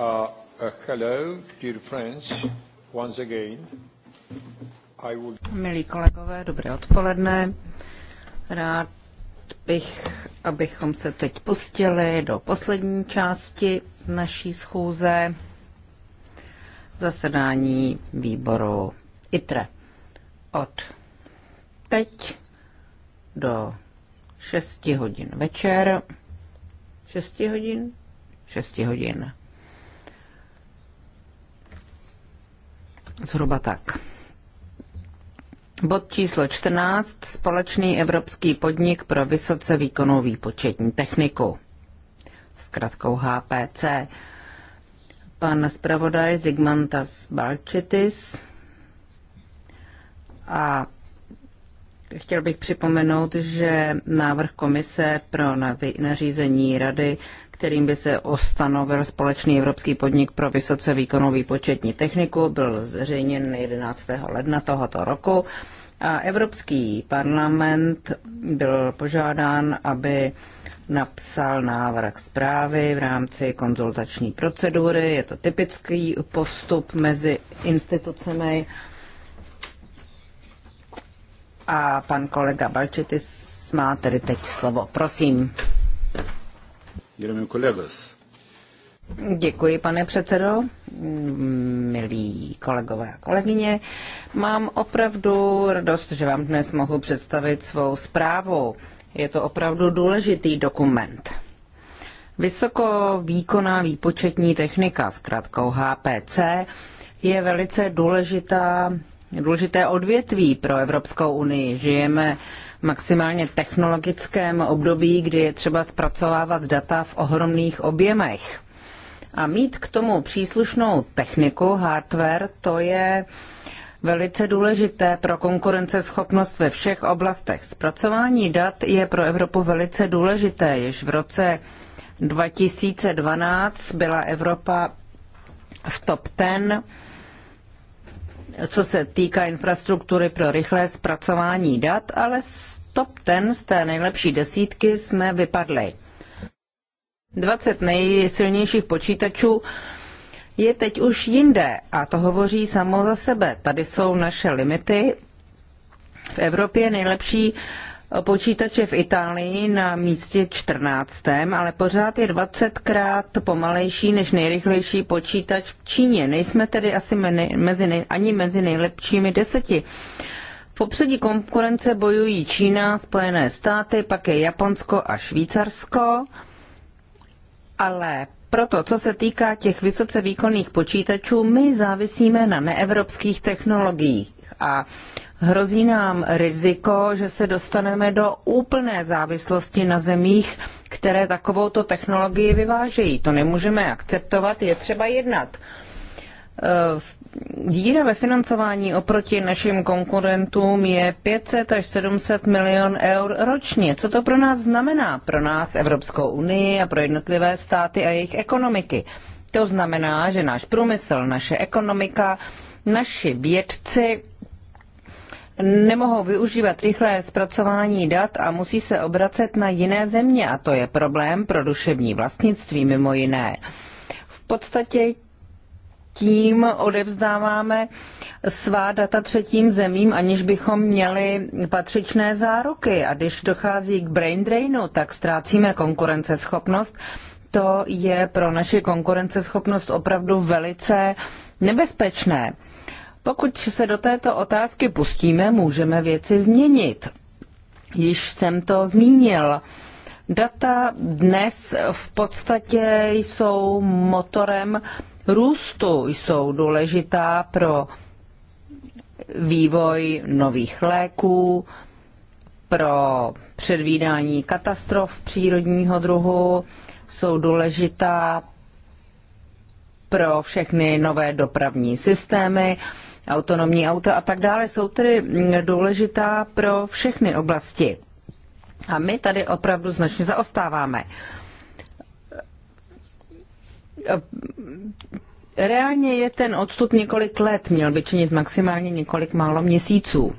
Uh, uh, Milí kolegové, dobré odpoledne. Rád bych, abychom se teď pustili do poslední části naší schůze zasedání výboru ITRE. Od teď do 6 hodin večer. 6 hodin? 6 hodin. Zhruba tak. Bod číslo 14. Společný evropský podnik pro vysoce výkonnou výpočetní techniku. S kratkou HPC. Pan zpravodaj Zigmantas Balčitis. A chtěl bych připomenout, že návrh komise pro nařízení rady kterým by se ostanovil společný evropský podnik pro vysoce výkonnou výpočetní techniku, byl zveřejněn 11. ledna tohoto roku. A Evropský parlament byl požádán, aby napsal návrh zprávy v rámci konzultační procedury. Je to typický postup mezi institucemi. A pan kolega Balčetis má tedy teď slovo. Prosím. Děkuji, pane předsedo. Milí kolegové a kolegyně, mám opravdu radost, že vám dnes mohu představit svou zprávu. Je to opravdu důležitý dokument. Vysokovýkonná výpočetní technika, s HPC, je velice důležitá, důležité odvětví pro Evropskou unii. Žijeme maximálně technologickém období, kdy je třeba zpracovávat data v ohromných objemech. A mít k tomu příslušnou techniku, hardware, to je velice důležité pro konkurenceschopnost ve všech oblastech. Zpracování dat je pro Evropu velice důležité. jež v roce 2012 byla Evropa v top 10 co se týká infrastruktury pro rychlé zpracování dat, ale z top ten z té nejlepší desítky jsme vypadli. 20 nejsilnějších počítačů je teď už jinde a to hovoří samo za sebe. Tady jsou naše limity. V Evropě nejlepší počítače v Itálii na místě 14., ale pořád je 20krát pomalejší než nejrychlejší počítač v Číně. Nejsme tedy asi mezi nej, ani mezi nejlepšími deseti. V popředí konkurence bojují Čína, Spojené státy, pak je Japonsko a Švýcarsko, ale proto, co se týká těch vysoce výkonných počítačů, my závisíme na neevropských technologiích a Hrozí nám riziko, že se dostaneme do úplné závislosti na zemích, které takovouto technologii vyvážejí. To nemůžeme akceptovat, je třeba jednat. Eh, díra ve financování oproti našim konkurentům je 500 až 700 milion eur ročně. Co to pro nás znamená? Pro nás, Evropskou unii a pro jednotlivé státy a jejich ekonomiky. To znamená, že náš průmysl, naše ekonomika, naši vědci nemohou využívat rychlé zpracování dat a musí se obracet na jiné země a to je problém pro duševní vlastnictví mimo jiné. V podstatě tím odevzdáváme svá data třetím zemím, aniž bychom měli patřičné záruky. A když dochází k brain drainu, tak ztrácíme konkurenceschopnost. To je pro naši konkurenceschopnost opravdu velice nebezpečné. Pokud se do této otázky pustíme, můžeme věci změnit. Již jsem to zmínil. Data dnes v podstatě jsou motorem růstu, jsou důležitá pro vývoj nových léků, pro předvídání katastrof přírodního druhu, jsou důležitá pro všechny nové dopravní systémy autonomní auta a tak dále, jsou tedy důležitá pro všechny oblasti. A my tady opravdu značně zaostáváme. Reálně je ten odstup několik let, měl by činit maximálně několik málo měsíců.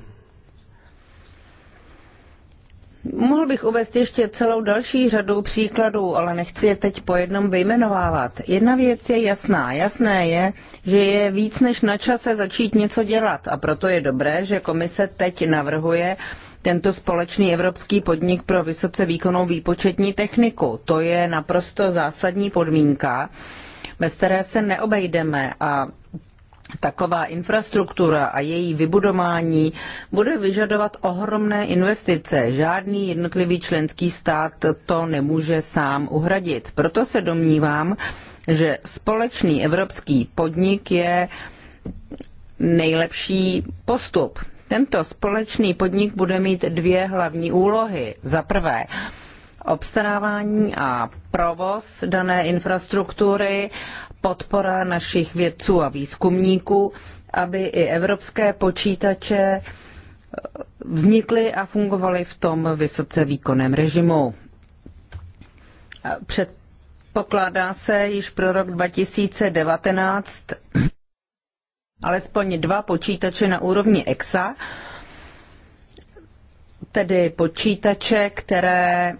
Mohl bych uvést ještě celou další řadu příkladů, ale nechci je teď po jednom vyjmenovávat. Jedna věc je jasná. Jasné je, že je víc než na čase začít něco dělat a proto je dobré, že komise teď navrhuje tento společný evropský podnik pro vysoce výkonnou výpočetní techniku. To je naprosto zásadní podmínka, bez které se neobejdeme a Taková infrastruktura a její vybudování bude vyžadovat ohromné investice. Žádný jednotlivý členský stát to nemůže sám uhradit. Proto se domnívám, že společný evropský podnik je nejlepší postup. Tento společný podnik bude mít dvě hlavní úlohy. Za prvé, obstarávání a provoz dané infrastruktury, podpora našich vědců a výzkumníků, aby i evropské počítače vznikly a fungovaly v tom vysoce výkonném režimu. Předpokládá se již pro rok 2019 alespoň dva počítače na úrovni EXA, tedy počítače, které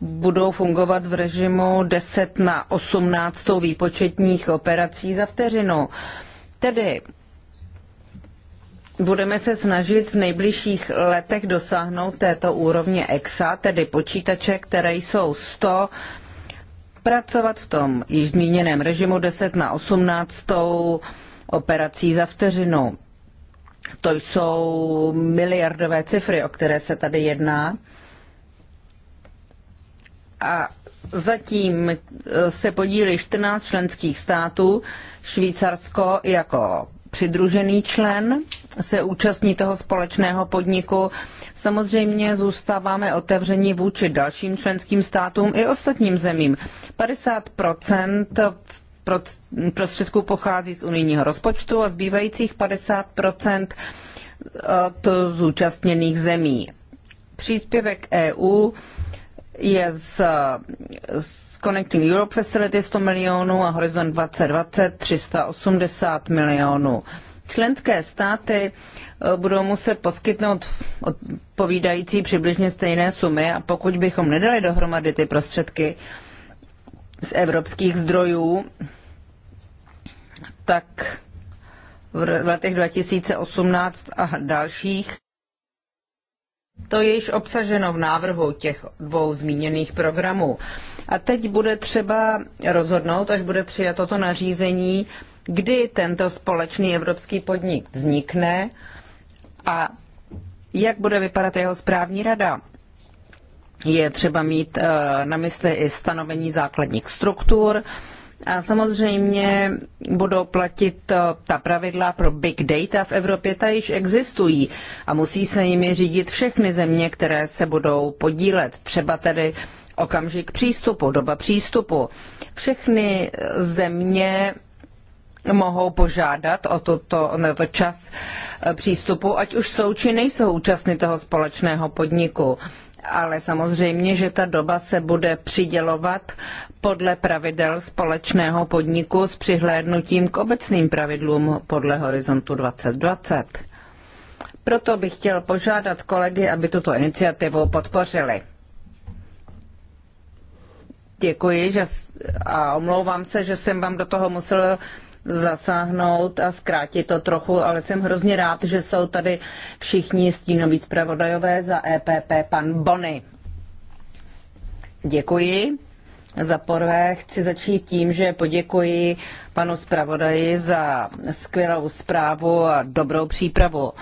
budou fungovat v režimu 10 na 18 výpočetních operací za vteřinu. Tedy budeme se snažit v nejbližších letech dosáhnout této úrovně EXA, tedy počítače, které jsou 100 pracovat v tom již zmíněném režimu 10 na 18 operací za vteřinu. To jsou miliardové cifry, o které se tady jedná a zatím eh, se podílí 14 členských států. Švýcarsko jako přidružený člen se účastní toho společného podniku. Samozřejmě zůstáváme otevření vůči dalším členským státům i ostatním zemím. 50 prostředků pochází z unijního rozpočtu a zbývajících 50 od eh, zúčastněných zemí. Příspěvek EU je z, Connecting Europe Facility 100 milionů a Horizon 2020 380 milionů. Členské státy eh, budou muset poskytnout odpovídající přibližně stejné sumy a pokud bychom nedali dohromady ty prostředky z evropských zdrojů, tak v letech 2018 a dalších to je již obsaženo v návrhu těch dvou zmíněných programů. A teď bude třeba rozhodnout, až bude přijato to nařízení, kdy tento společný evropský podnik vznikne a jak bude vypadat jeho správní rada. Je třeba mít eh, na mysli i stanovení základních struktur, a samozřejmě budou platit eh, ta pravidla pro big data v Evropě, ta již existují a musí se jimi řídit všechny země, které se budou podílet. Třeba tedy okamžik přístupu, doba přístupu. Všechny eh, země mohou požádat o toto, na to čas eh, přístupu, ať už jsou či nejsou účastny toho společného podniku ale samozřejmě, že ta doba se bude přidělovat podle pravidel společného podniku s přihlédnutím k obecným pravidlům podle Horizontu 2020. Proto bych chtěl požádat kolegy, aby tuto iniciativu podpořili. Děkuji že, a omlouvám se, že jsem vám do toho musel zasáhnout a zkrátit to trochu, ale jsem hrozně rád, že jsou tady všichni stínoví zpravodajové za EPP pan Bony. Děkuji. Za prvé chci začít tím, že poděkuji panu zpravodaji za skvělou zprávu a dobrou přípravu.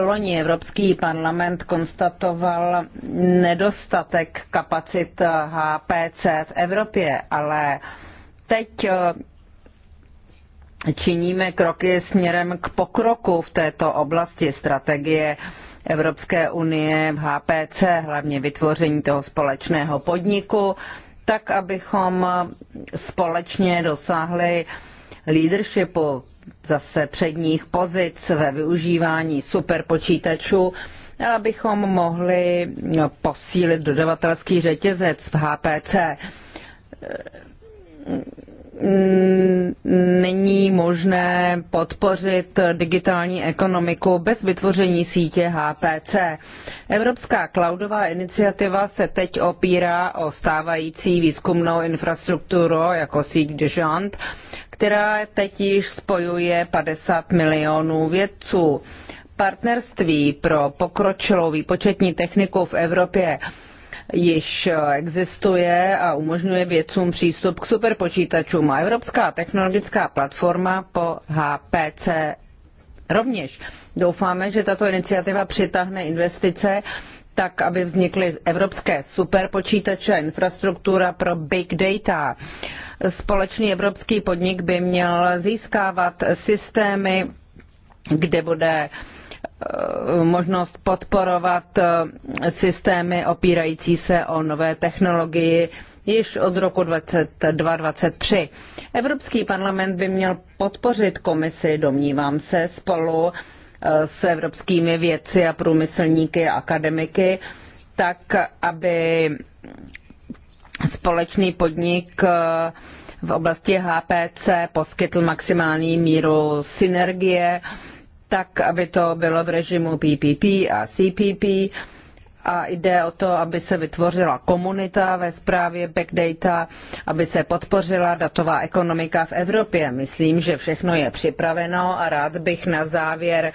Loni Evropský parlament konstatoval nedostatek kapacit HPC v Evropě, ale teď činíme kroky směrem k pokroku v této oblasti strategie Evropské unie v HPC, hlavně vytvoření toho společného podniku, tak abychom společně dosáhli leadershipu, zase předních pozic ve využívání superpočítačů, abychom mohli posílit dodavatelský řetězec v HPC Mm, není možné podpořit digitální ekonomiku bez vytvoření sítě HPC. Evropská cloudová iniciativa se teď opírá o stávající výzkumnou infrastrukturu jako síť Dejant, která teď již spojuje 50 milionů vědců. Partnerství pro pokročilou výpočetní techniku v Evropě již existuje a umožňuje vědcům přístup k superpočítačům. A Evropská technologická platforma po HPC rovněž. Doufáme, že tato iniciativa přitáhne investice tak, aby vznikly evropské superpočítače a infrastruktura pro big data. Společný evropský podnik by měl získávat systémy, kde bude uh, Eh, možnost podporovat eh, systémy opírající se o nové technologie již od roku 2022-2023. Evropský parlament by měl podpořit komisi, domnívám se, spolu eh, s evropskými vědci a průmyslníky a akademiky, tak aby společný podnik v oblasti HPC poskytl maximální míru synergie tak, aby to bylo v režimu PPP a CPP a jde o to, aby se vytvořila komunita ve správě backdata, aby se podpořila datová ekonomika v Evropě. Myslím, že všechno je připraveno a rád bych na závěr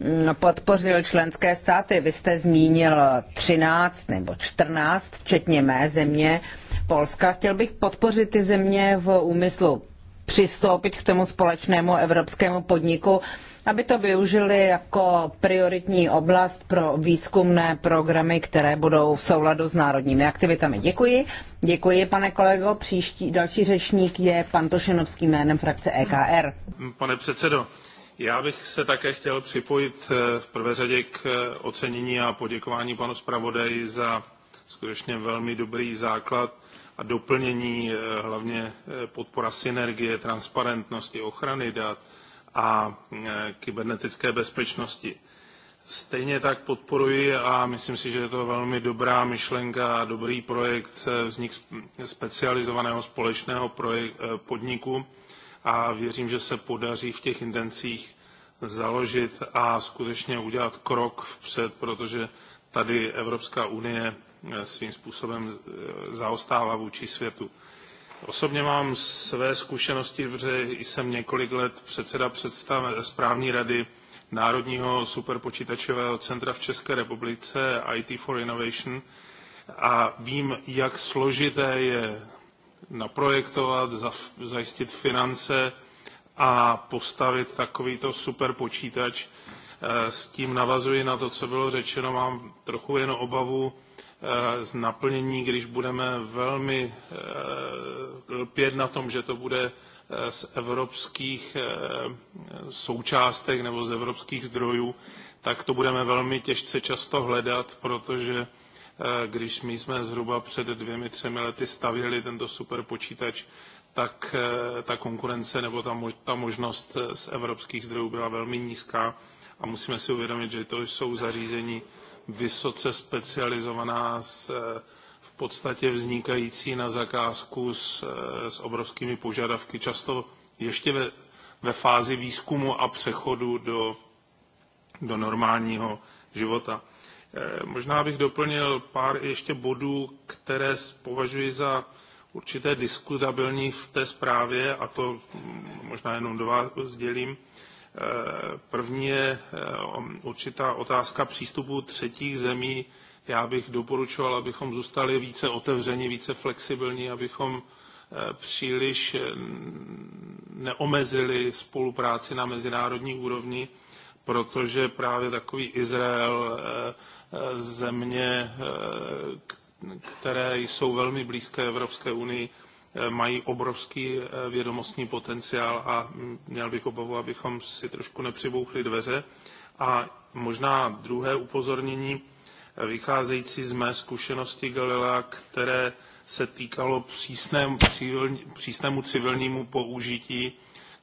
mm, podpořil členské státy. Vy jste zmínil 13 nebo 14, včetně mé země, Polska. Chtěl bych podpořit ty země v úmyslu přistoupit k tomu společnému evropskému podniku, aby to využili jako prioritní oblast pro výzkumné programy, které budou v souladu s národními aktivitami. Děkuji. Děkuji, pane kolego. Příští další řečník je pan Tošenovský jménem frakce EKR. Pane předsedo, já bych se také chtěl připojit eh, v prvé řadě k eh, ocenění a poděkování panu zpravodaji za skutečně velmi dobrý základ a doplnění, eh, hlavně eh, podpora synergie, transparentnosti, ochrany dat a eh, kybernetické bezpečnosti. Stejně tak podporuji a myslím si, že je to velmi dobrá myšlenka a dobrý projekt vznik specializovaného společného projekt, podniku a věřím, že se podaří v těch intencích založit a skutečně udělat krok vpřed, protože tady Evropská unie svým způsobem eh, zaostává vůči světu. Osobně mám své zkušenosti, protože jsem několik let předseda představ správní rady Národního superpočítačového centra v České republice IT for Innovation a vím, jak složité je naprojektovat, zajistit finance a postavit takovýto superpočítač. Eh, s tím navazuji na to, co bylo řečeno, mám trochu jen obavu, Eh, z naplnění, když budeme velmi eh, lpět na tom, že to bude eh, z evropských součástek nebo z evropských zdrojů, tak to budeme velmi těžce často hledat, protože když my jsme zhruba před dvěmi, třemi lety stavěli tento superpočítač, tak ta konkurence nebo ta, ta možnost z evropských zdrojů byla velmi nízká a musíme si uvědomit, že to jsou zařízení vysoce specializovaná s, eh, v podstatě vznikající na zakázku s, eh, s obrovskými požadavky, často ještě ve, ve fázi výzkumu a přechodu do, do normálního života. Eh, možná bych doplnil pár ještě bodů, které považuji za určité diskutabilní v té zprávě, a to mm, možná jenom do vás sdělím. První je eh, určitá otázka přístupu třetích zemí. Já bych doporučoval, abychom zůstali více otevřeni, více flexibilní, abychom eh, příliš eh, neomezili spolupráci na mezinárodní úrovni, protože právě takový Izrael, země, které jsou velmi blízké Evropské unii, Eh, mají obrovský eh, vědomostní potenciál a měl bych obavu, abychom si trošku nepřibouchli dveře. A možná druhé upozornění, eh, vycházející z mé zkušenosti Galilea, které se týkalo přísném, přísnému civilnímu použití,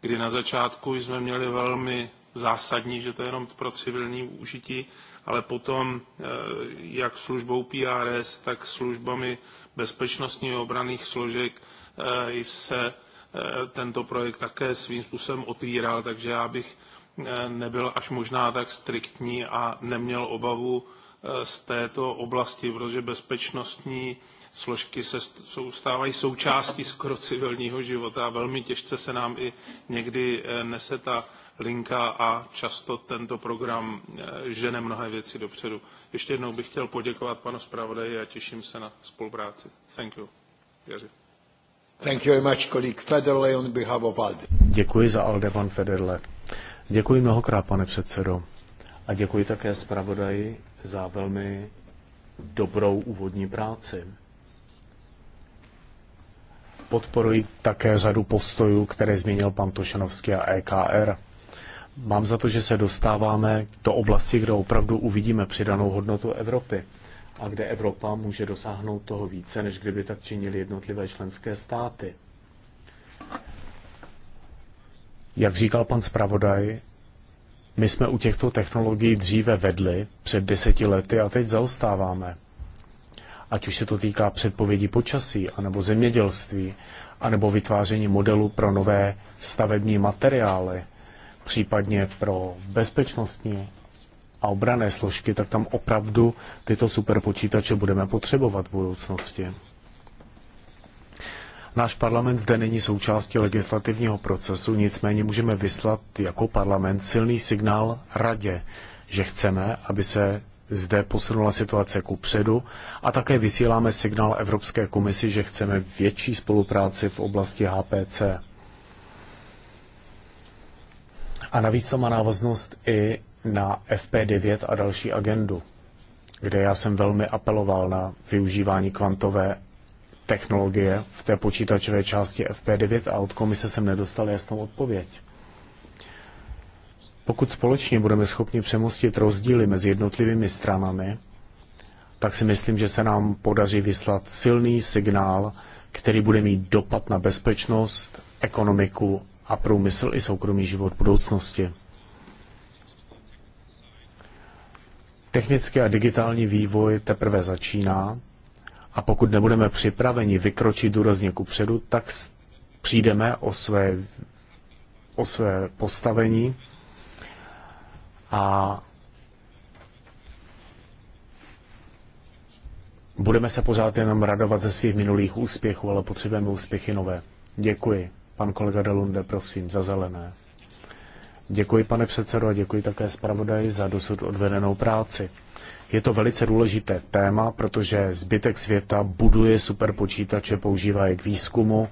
kdy na začátku jsme měli velmi zásadní, že to je jenom pro civilní užití, ale potom jak službou PRS, tak službami bezpečnostních obraných složek Eh, se eh, tento projekt také svým způsobem otvíral, takže já bych eh, nebyl až možná tak striktní a neměl obavu z této oblasti, protože bezpečnostní složky se stávají součástí skoro civilního života a velmi těžce se nám i někdy nese ta linka a často tento program žene mnohé věci dopředu. Ještě jednou bych chtěl poděkovat panu zpravodaji a těším se na spolupráci. Thank you. Věřím. Děkuji za aldevan Federle. Děkuji mnohokrát, pane předsedo. A děkuji také zpravodaji za velmi dobrou úvodní práci. Podporuji také řadu postojů, které změnil pan Tošenovský a EKR. Mám za to, že se dostáváme do oblasti, kde opravdu uvidíme přidanou hodnotu Evropy a kde Evropa může dosáhnout toho více, než kdyby tak činili jednotlivé členské státy. Jak říkal pan zpravodaj, my jsme u těchto technologií dříve vedli před deseti lety a teď zaostáváme. Ať už se to týká předpovědi počasí, anebo zemědělství, anebo vytváření modelů pro nové stavební materiály, případně pro bezpečnostní a obrané složky, tak tam opravdu tyto superpočítače budeme potřebovat v budoucnosti. Náš parlament zde není součástí legislativního procesu, nicméně můžeme vyslat jako parlament silný signál radě, že chceme, aby se zde posunula situace ku předu a také vysíláme signál Evropské komisi, že chceme větší spolupráci v oblasti HPC. A navíc to má návaznost i na FP9 a další agendu, kde já jsem velmi apeloval na využívání kvantové technologie v té počítačové části FP9 a od komise jsem nedostal jasnou odpověď. Pokud společně budeme schopni přemostit rozdíly mezi jednotlivými stranami, tak si myslím, že se nám podaří vyslat silný signál, který bude mít dopad na bezpečnost, ekonomiku a průmysl i soukromý život budoucnosti. Technický a digitální vývoj teprve začíná a pokud nebudeme připraveni vykročit důrazně ku předu, tak přijdeme o své, o své postavení a budeme se pořád jenom radovat ze svých minulých úspěchů, ale potřebujeme úspěchy nové. Děkuji. Pan kolega Delunde, prosím, za zelené. Děkuji, pane předsedo, a děkuji také zpravodaji za dosud odvedenou práci. Je to velice důležité téma, protože zbytek světa buduje superpočítače, používá je k výzkumu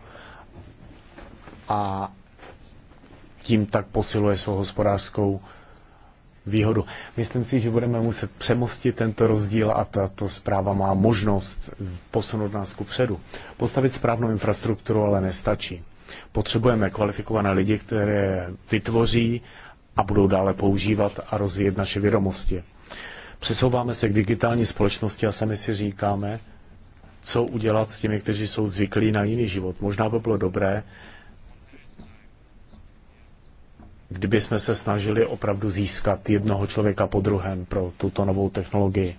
a tím tak posiluje svou hospodářskou výhodu. Myslím si, že budeme muset přemostit tento rozdíl a tato zpráva má možnost posunout nás ku předu. Postavit správnou infrastrukturu ale nestačí. Potřebujeme kvalifikované lidi, které vytvoří a budou dále používat a rozvíjet naše vědomosti. Přesouváme se k digitální společnosti a sami si říkáme, co udělat s těmi, kteří jsou zvyklí na jiný život. Možná by bylo dobré, kdyby jsme se snažili opravdu získat jednoho člověka po druhém pro tuto novou technologii.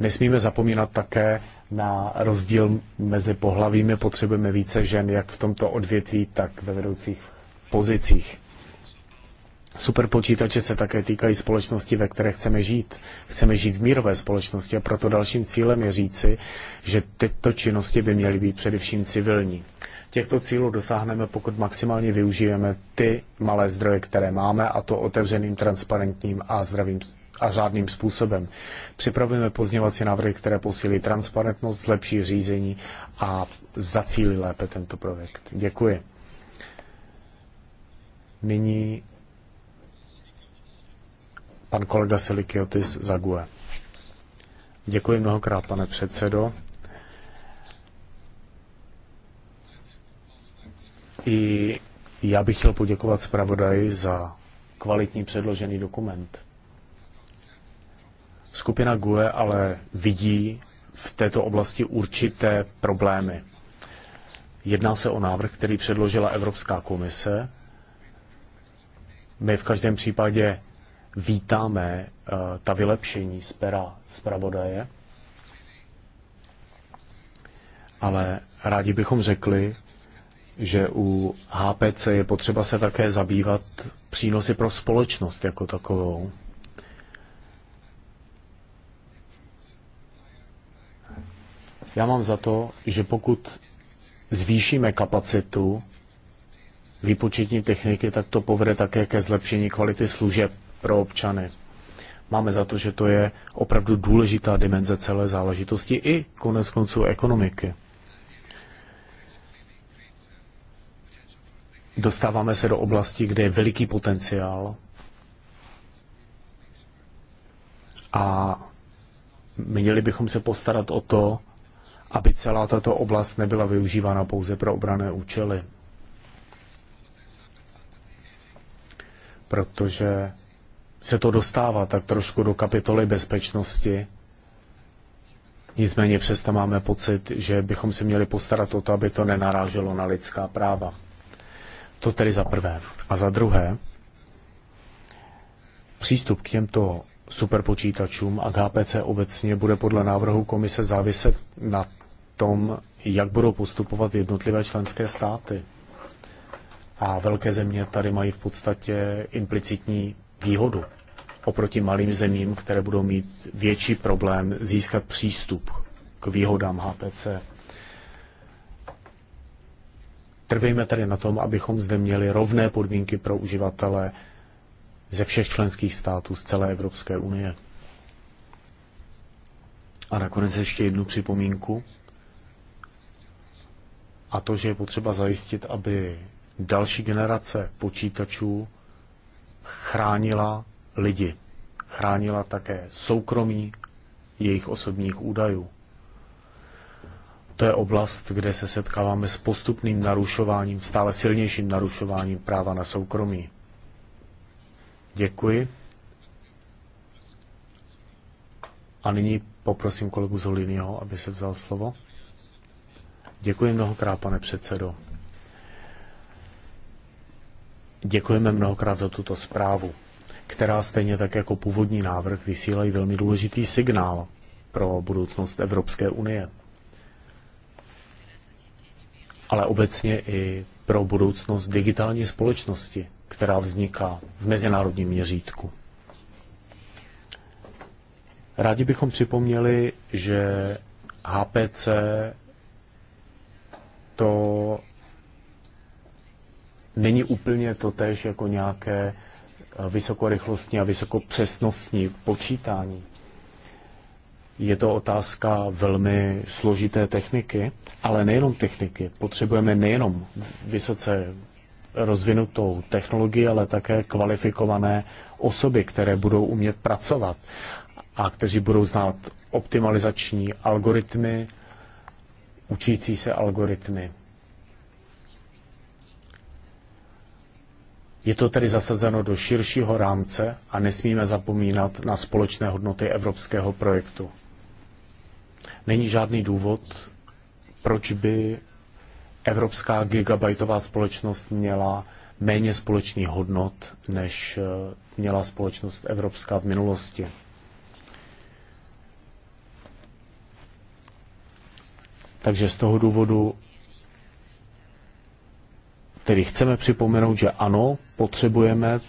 Nesmíme zapomínat také na rozdíl mezi pohlavími potřebujeme více žen, jak v tomto odvětví, tak ve vedoucích pozicích. Superpočítače se také týkají společnosti, ve které chceme žít. Chceme žít v mírové společnosti a proto dalším cílem je říci, že tyto činnosti by měly být především civilní. Těchto cílů dosáhneme, pokud maximálně využijeme ty malé zdroje, které máme, a to otevřeným, transparentním a zdravým a žádným způsobem. Připravujeme pozněvací návrhy, které posílí transparentnost, zlepší řízení a zacílí lépe tento projekt. Děkuji. Nyní pan kolega Silikiotis Zague. Děkuji mnohokrát, pane předsedo. I já bych chtěl poděkovat zpravodaji za kvalitní předložený dokument. Skupina GUE ale vidí v této oblasti určité problémy. Jedná se o návrh, který předložila Evropská komise. My v každém případě vítáme uh, ta vylepšení z pera zpravodaje, ale rádi bychom řekli, že u HPC je potřeba se také zabývat přínosy pro společnost jako takovou. Já mám za to, že pokud zvýšíme kapacitu výpočetní techniky, tak to povede také ke zlepšení kvality služeb pro občany. Máme za to, že to je opravdu důležitá dimenze celé záležitosti i konec konců ekonomiky. Dostáváme se do oblasti, kde je veliký potenciál a měli bychom se postarat o to, aby celá tato oblast nebyla využívána pouze pro obrané účely. Protože se to dostává tak trošku do kapitoly bezpečnosti. Nicméně přesto máme pocit, že bychom se měli postarat o to, aby to nenaráželo na lidská práva. To tedy za prvé. A za druhé, přístup k těmto superpočítačům a HPC obecně bude podle návrhu komise záviset na tom, jak budou postupovat jednotlivé členské státy. A velké země tady mají v podstatě implicitní výhodu oproti malým zemím, které budou mít větší problém získat přístup k výhodám HPC. Trvejme tedy na tom, abychom zde měli rovné podmínky pro uživatele ze všech členských států z celé Evropské unie. A nakonec ještě jednu připomínku a to, že je potřeba zajistit, aby další generace počítačů chránila lidi, chránila také soukromí jejich osobních údajů. To je oblast, kde se setkáváme s postupným narušováním, stále silnějším narušováním práva na soukromí. Děkuji. A nyní poprosím kolegu Zolínyho, aby se vzal slovo. Děkuji mnohokrát, pane předsedo. Děkujeme mnohokrát za tuto zprávu, která stejně tak jako původní návrh vysílají velmi důležitý signál pro budoucnost Evropské unie. Ale obecně i pro budoucnost digitální společnosti, která vzniká v mezinárodním měřítku. Rádi bychom připomněli, že HPC to není úplně tež jako nějaké eh, vysokorychlostní a vysokopřesnostní počítání. Je to otázka velmi složité techniky, ale nejenom techniky. Potřebujeme nejenom vysoce rozvinutou technologii, ale také kvalifikované osoby, které budou umět pracovat a kteří budou znát optimalizační algoritmy, učící se algoritmy. Je to tedy zasazeno do širšího rámce a nesmíme zapomínat na společné hodnoty evropského projektu. Není žádný důvod, proč by evropská gigabajtová společnost měla méně společných hodnot, než eh, měla společnost evropská v minulosti. Takže z toho důvodu tedy chceme připomenout, že ano, potřebujeme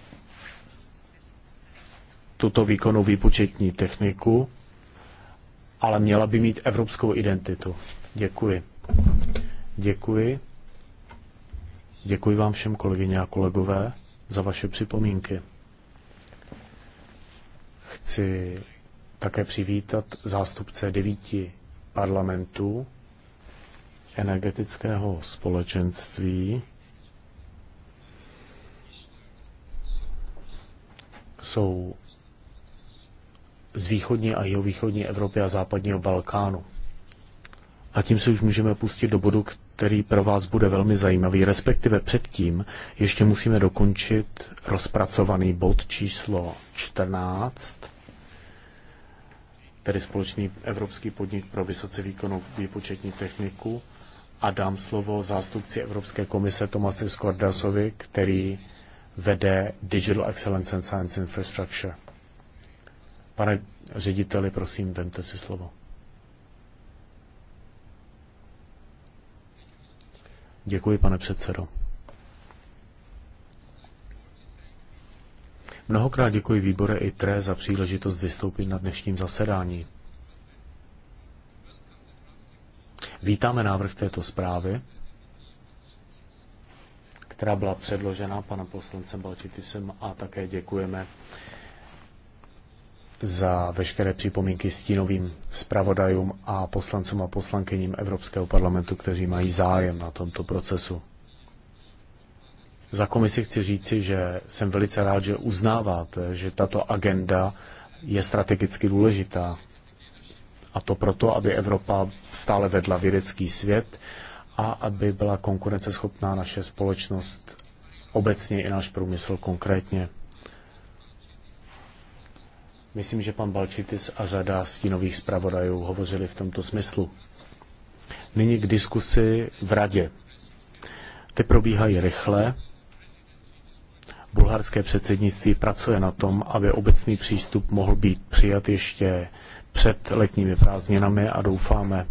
tuto výkonu výpočetní techniku, ale měla by mít evropskou identitu. Děkuji. Děkuji. Děkuji vám všem kolegyně a kolegové za vaše připomínky. Chci také přivítat zástupce devíti parlamentů, energetického společenství jsou z východní a jihovýchodní Evropy a západního Balkánu. A tím se už můžeme pustit do bodu, který pro vás bude velmi zajímavý. Respektive předtím ještě musíme dokončit rozpracovaný bod číslo 14, tedy společný evropský podnik pro vysoce výkonnou výpočetní techniku a dám slovo zástupci Evropské komise Tomasi Skordasovi, který vede Digital Excellence and Science Infrastructure. Pane řediteli, prosím, vemte si slovo. Děkuji, pane předsedo. Mnohokrát děkuji výbore ITRE za příležitost vystoupit na dnešním zasedání. Vítáme návrh této zprávy, která byla předložena panem poslancem Balčitisem a také děkujeme za veškeré připomínky stínovým zpravodajům a poslancům a poslankyním Evropského parlamentu, kteří mají zájem na tomto procesu. Za komisi chci říci, že jsem velice rád, že uznáváte, že tato agenda je strategicky důležitá. A to proto, aby Evropa stále vedla vědecký svět a aby byla konkurenceschopná naše společnost obecně i náš průmysl konkrétně. Myslím, že pan Balčitis a řada stínových zpravodajů hovořili v tomto smyslu. Nyní k diskusi v radě. Ty probíhají rychle. Bulharské předsednictví pracuje na tom, aby obecný přístup mohl být přijat ještě před letními prázdninami a doufáme,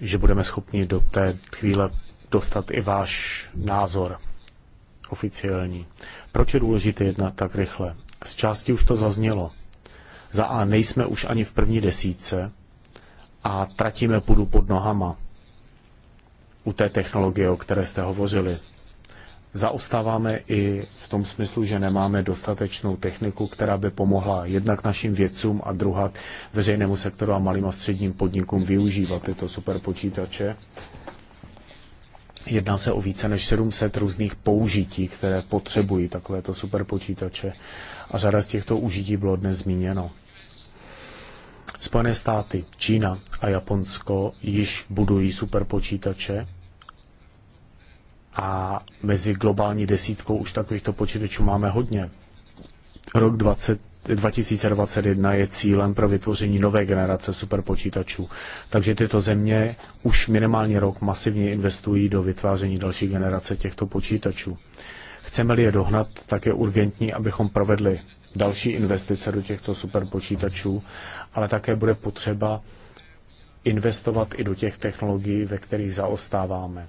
že budeme schopni do té chvíle dostat i váš názor oficiální. Proč je důležité jednat tak rychle? Z části už to zaznělo. Za A nejsme už ani v první desíce a tratíme půdu pod nohama u té technologie, o které jste hovořili. Zaostáváme i v tom smyslu, že nemáme dostatečnou techniku, která by pomohla jednak našim vědcům a druhá veřejnému sektoru a malým a středním podnikům využívat tyto superpočítače. Jedná se o více než 700 různých použití, které potřebují takovéto superpočítače a řada z těchto užití bylo dnes zmíněno. Spojené státy, Čína a Japonsko již budují superpočítače, a mezi globální desítkou už takovýchto počítačů máme hodně. Rok 20, 2021 je cílem pro vytvoření nové generace superpočítačů. Takže tyto země už minimálně rok masivně investují do vytváření další generace těchto počítačů. Chceme-li je dohnat, tak je urgentní, abychom provedli další investice do těchto superpočítačů, ale také bude potřeba investovat i do těch technologií, ve kterých zaostáváme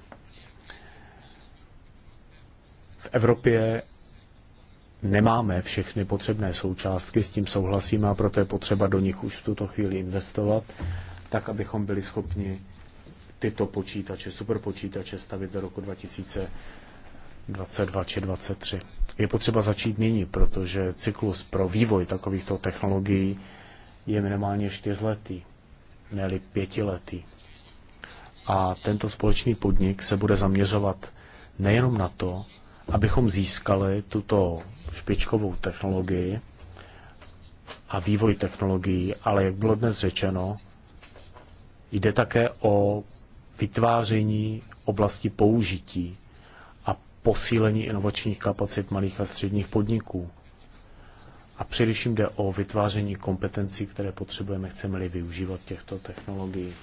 v Evropě nemáme všechny potřebné součástky, s tím souhlasíme a proto je potřeba do nich už v tuto chvíli investovat, tak abychom byli schopni tyto počítače, superpočítače stavit do roku 2022 či 2023. Je potřeba začít nyní, protože cyklus pro vývoj takovýchto technologií je minimálně čtyřletý, ne pětiletý. A tento společný podnik se bude zaměřovat nejenom na to, abychom získali tuto špičkovou technologii a vývoj technologií, ale jak bylo dnes řečeno, jde také o vytváření oblasti použití a posílení inovačních kapacit malých a středních podniků. A především jde o vytváření kompetencí, které potřebujeme, chceme-li využívat těchto technologií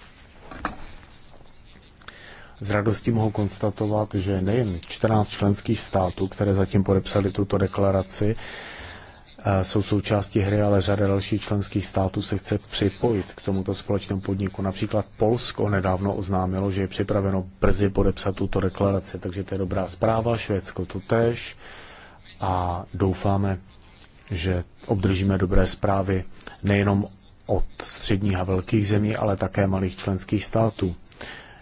s radostí mohu konstatovat, že nejen 14 členských států, které zatím podepsali tuto deklaraci, eh, jsou součástí hry, ale řada dalších členských států se chce připojit k tomuto společnému podniku. Například Polsko nedávno oznámilo, že je připraveno brzy podepsat tuto deklaraci, takže to je dobrá zpráva, Švédsko to tež a doufáme, že obdržíme dobré zprávy nejenom od středních a velkých zemí, ale také malých členských států.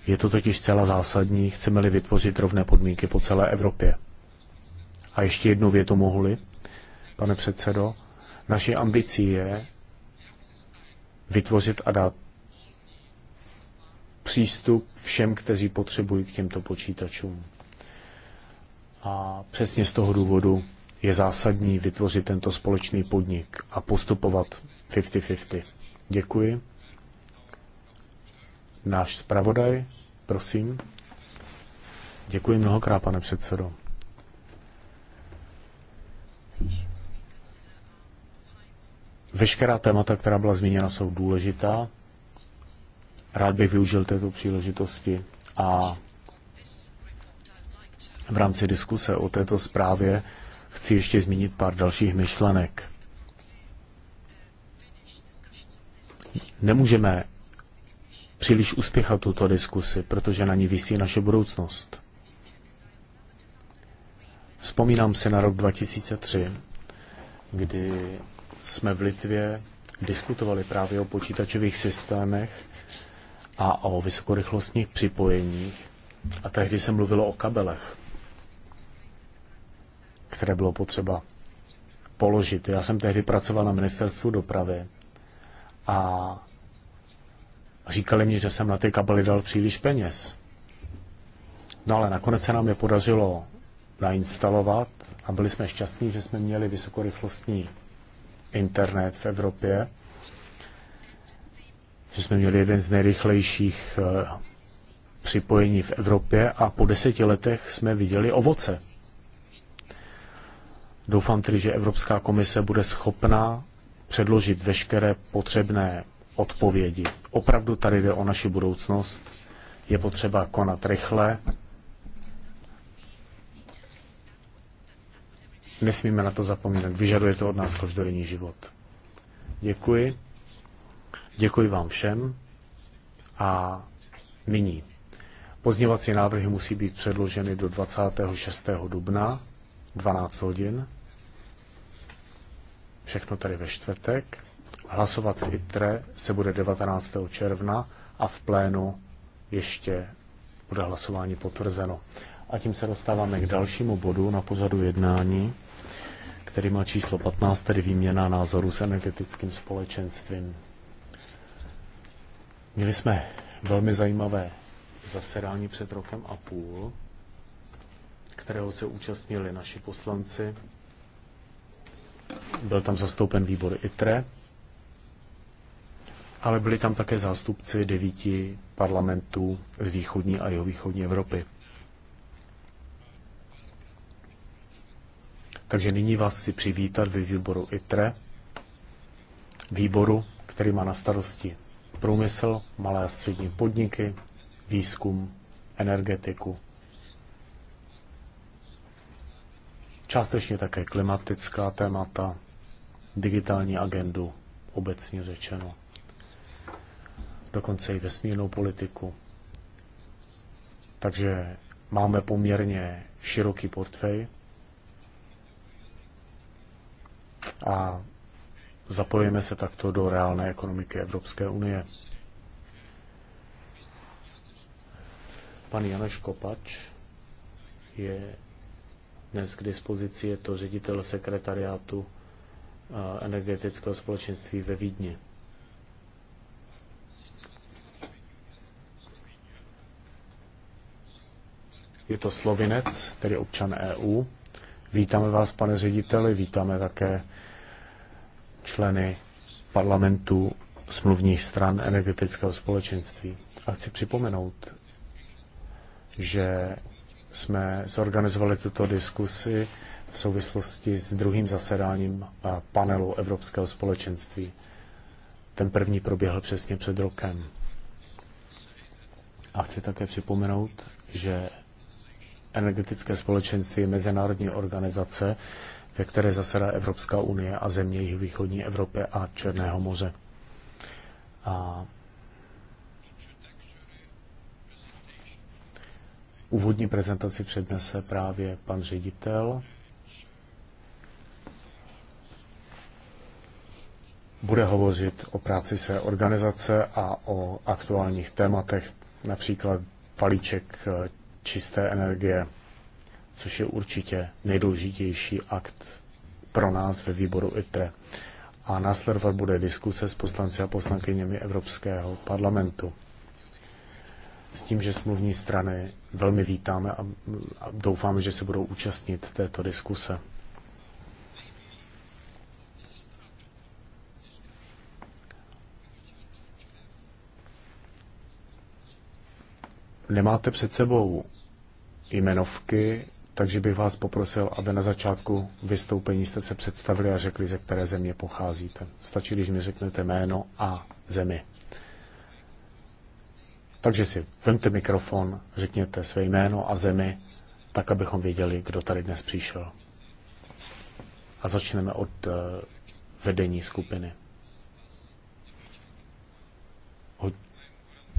Je to totiž zcela zásadní, chceme-li vytvořit rovné podmínky po celé Evropě. A ještě jednu větu mohli, pane předsedo. Naší ambicí je vytvořit a dát přístup všem, kteří potřebují k těmto počítačům. A přesně z toho důvodu je zásadní vytvořit tento společný podnik a postupovat 50-50. Děkuji. Náš zpravodaj, Prosím. Děkuji mnohokrát, pane předsedo. Veškerá témata, která byla zmíněna, jsou důležitá. Rád bych využil této příležitosti a v rámci diskuse o této zprávě chci ještě zmínit pár dalších myšlenek. Nemůžeme příliš uspěchat tuto diskusi, protože na ní vysí naše budoucnost. Vzpomínám si na rok 2003, kdy jsme v Litvě diskutovali právě o počítačových systémech a o vysokorychlostních připojeních. A tehdy se mluvilo o kabelech, které bylo potřeba položit. Já jsem tehdy pracoval na ministerstvu dopravy a Říkali mi, že jsem na ty kabely dal příliš peněz. No ale nakonec se nám je podařilo nainstalovat a byli jsme šťastní, že jsme měli vysokorychlostní internet v Evropě, že jsme měli jeden z nejrychlejších eh, připojení v Evropě a po deseti letech jsme viděli ovoce. Doufám tedy, že Evropská komise bude schopná předložit veškeré potřebné odpovědi. Opravdu tady jde o naši budoucnost. Je potřeba konat rychle. Nesmíme na to zapomínat. Vyžaduje to od nás každodenní život. Děkuji. Děkuji vám všem. A nyní. Pozněvací návrhy musí být předloženy do 26. dubna 12 hodin. Všechno tady ve čtvrtek. Hlasovat v ITRE se bude 19. června a v plénu ještě bude hlasování potvrzeno. A tím se dostáváme k dalšímu bodu na pozadu jednání, který má číslo 15, tedy výměna názorů s energetickým společenstvím. Měli jsme velmi zajímavé zasedání před rokem a půl, kterého se účastnili naši poslanci. Byl tam zastoupen výbor ITRE, ale byli tam také zástupci devíti parlamentů z východní a východní Evropy. Takže nyní vás chci přivítat ve výboru ITRE, výboru, který má na starosti průmysl, malé a střední podniky, výzkum, energetiku, částečně také klimatická témata, digitální agendu, obecně řečeno dokonce i vesmírnou politiku. Takže máme poměrně široký portfej a zapojíme se takto do reálné ekonomiky Evropské unie. Pan Janeš Kopač je dnes k dispozici, je to ředitel sekretariátu eh, energetického společenství ve Vídni. Je to Slovinec, tedy občan EU. Vítáme vás, pane řediteli, vítáme také členy parlamentu smluvních stran energetického společenství. A chci připomenout, že jsme zorganizovali tuto diskusi v souvislosti s druhým zasedáním panelu Evropského společenství. Ten první proběhl přesně před rokem. A chci také připomenout, že energetické společenství je mezinárodní organizace, ve které zasedá Evropská unie a země jich východní Evropy a Černého moře. A úvodní prezentaci přednese právě pan ředitel. Bude hovořit o práci své organizace a o aktuálních tématech, například palíček eh, čisté energie, což je určitě nejdůležitější akt pro nás ve výboru ITRE. A následovat bude diskuse s poslanci a poslankyněmi Evropského parlamentu. S tím, že smluvní strany velmi vítáme a doufáme, že se budou účastnit této diskuse. Nemáte před sebou jmenovky, takže bych vás poprosil, aby na začátku vystoupení jste se představili a řekli, ze které země pocházíte. Stačí, když mi řeknete jméno a zemi. Takže si vemte mikrofon, řekněte své jméno a zemi, tak abychom věděli, kdo tady dnes přišel. A začneme od eh, vedení skupiny. Od...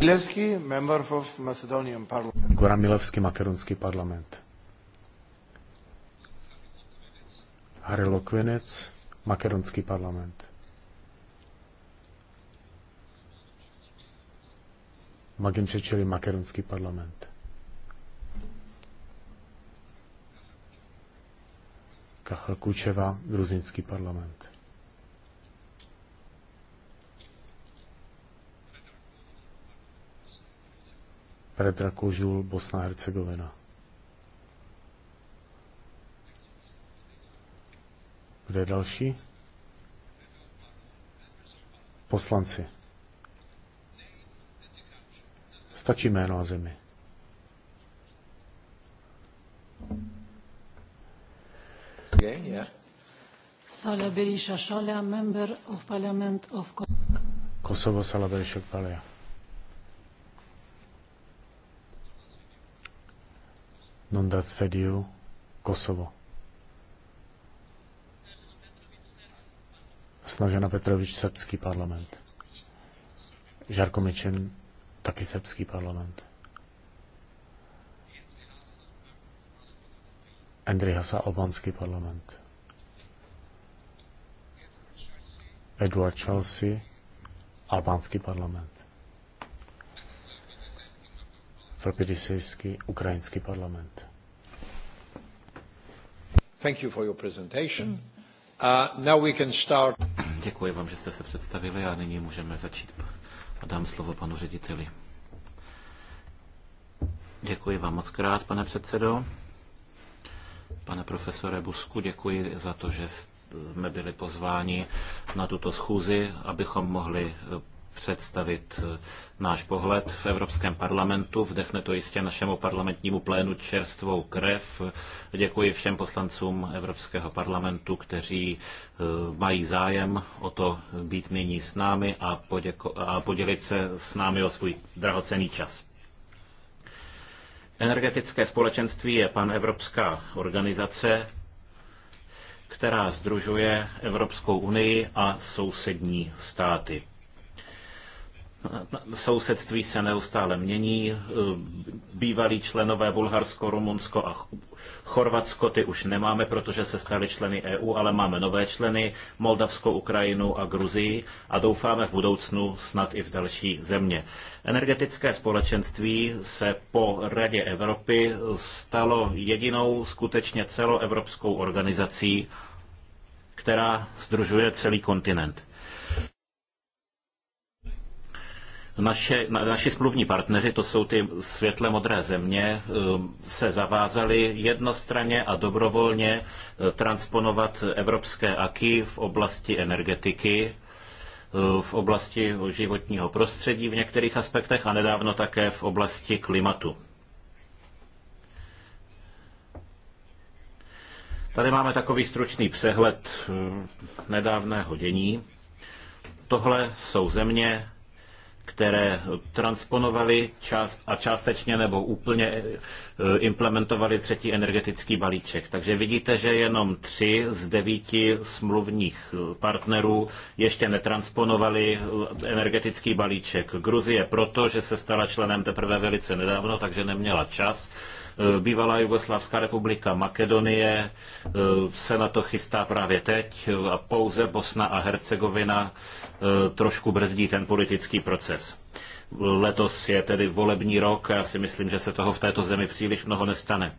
Lesky, member of Macedonian Parliament. Goran Milevsky, makedonský parlament. Harry Lokvinec, makedonský parlament. Magin Čečeli, makedonský parlament. Kacha Kučeva, gruzinský parlament. Predra Kožul, Bosna a Hercegovina. Kde je další? Poslanci. Stačí jméno a zemi. Again, Šalia, member of parliament of Kosovo. Kosovo Sala Šalia. Nonda Svediu, Kosovo. Snažena Petrovič, srbský parlament. Žarko Mičin, taky srbský parlament. Andrej Hasa, albánský parlament. Edward Chelsea, albánský parlament. Velký ukrajinský parlament. Thank you for your presentation. Uh, now we can start. Děkuji vám, že jste se představili a nyní můžeme začít a dám slovo panu řediteli. Děkuji vám moc krát, pane předsedo. Pane profesore Busku, děkuji za to, že jsme byli pozváni na tuto schůzi, abychom mohli představit eh, náš pohled v Evropském parlamentu. Vdechne to jistě našemu parlamentnímu plénu čerstvou krev. Děkuji všem poslancům Evropského parlamentu, kteří eh, mají zájem o to být nyní s námi a, poděko- a podělit se s námi o svůj drahocený čas. Energetické společenství je panevropská organizace, která združuje Evropskou unii a sousední státy. Sousedství se neustále mění. Bývalí členové Bulharsko, Rumunsko a Chorvatsko, ty už nemáme, protože se staly členy EU, ale máme nové členy, Moldavsko, Ukrajinu a Gruzii a doufáme v budoucnu snad i v další země. Energetické společenství se po Radě Evropy stalo jedinou skutečně celoevropskou organizací, která združuje celý kontinent. Naše, na, naši smluvní partneři, to jsou ty světle modré země, eh, se zavázali jednostranně a dobrovolně eh, transponovat evropské aky v oblasti energetiky eh, v oblasti životního prostředí v některých aspektech a nedávno také v oblasti klimatu. Tady máme takový stručný přehled nedávného dění. Tohle jsou země, které transponovaly část a částečně nebo úplně eh, implementovaly třetí energetický balíček. Takže vidíte, že jenom tři z devíti smluvních eh, partnerů ještě netransponovali eh, energetický balíček. Gruzie proto, že se stala členem teprve velice nedávno, takže neměla čas Eh, bývalá Jugoslávská republika Makedonie eh, se na to chystá právě teď eh, a pouze Bosna a Hercegovina trošku brzdí ten politický proces. Letos je tedy volební rok a já si myslím, že se toho v této zemi příliš mnoho nestane.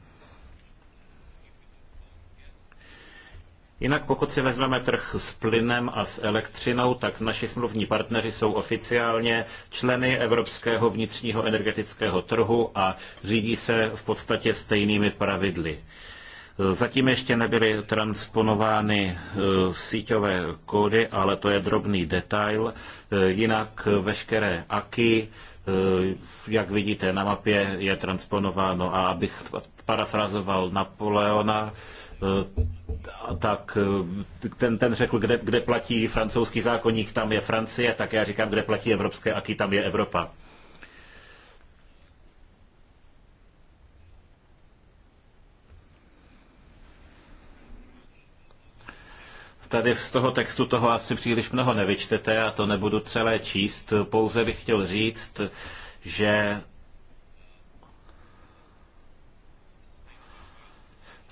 Jinak pokud si vezmeme trh s plynem a s elektřinou, tak naši smluvní partneři jsou oficiálně členy Evropského vnitřního energetického trhu a řídí se v podstatě stejnými pravidly. Zatím ještě nebyly transponovány e, síťové kódy, ale to je drobný detail. E, jinak veškeré AKI, e, jak vidíte na mapě, je transponováno. A abych parafrazoval Napoleona, Eh, tak eh, ten, ten řekl, kde, kde platí francouzský zákonník, tam je Francie, tak já říkám, kde platí evropské, aký tam je Evropa. Tady z toho textu toho asi příliš mnoho nevyčtete, já to nebudu celé číst, pouze bych chtěl říct, že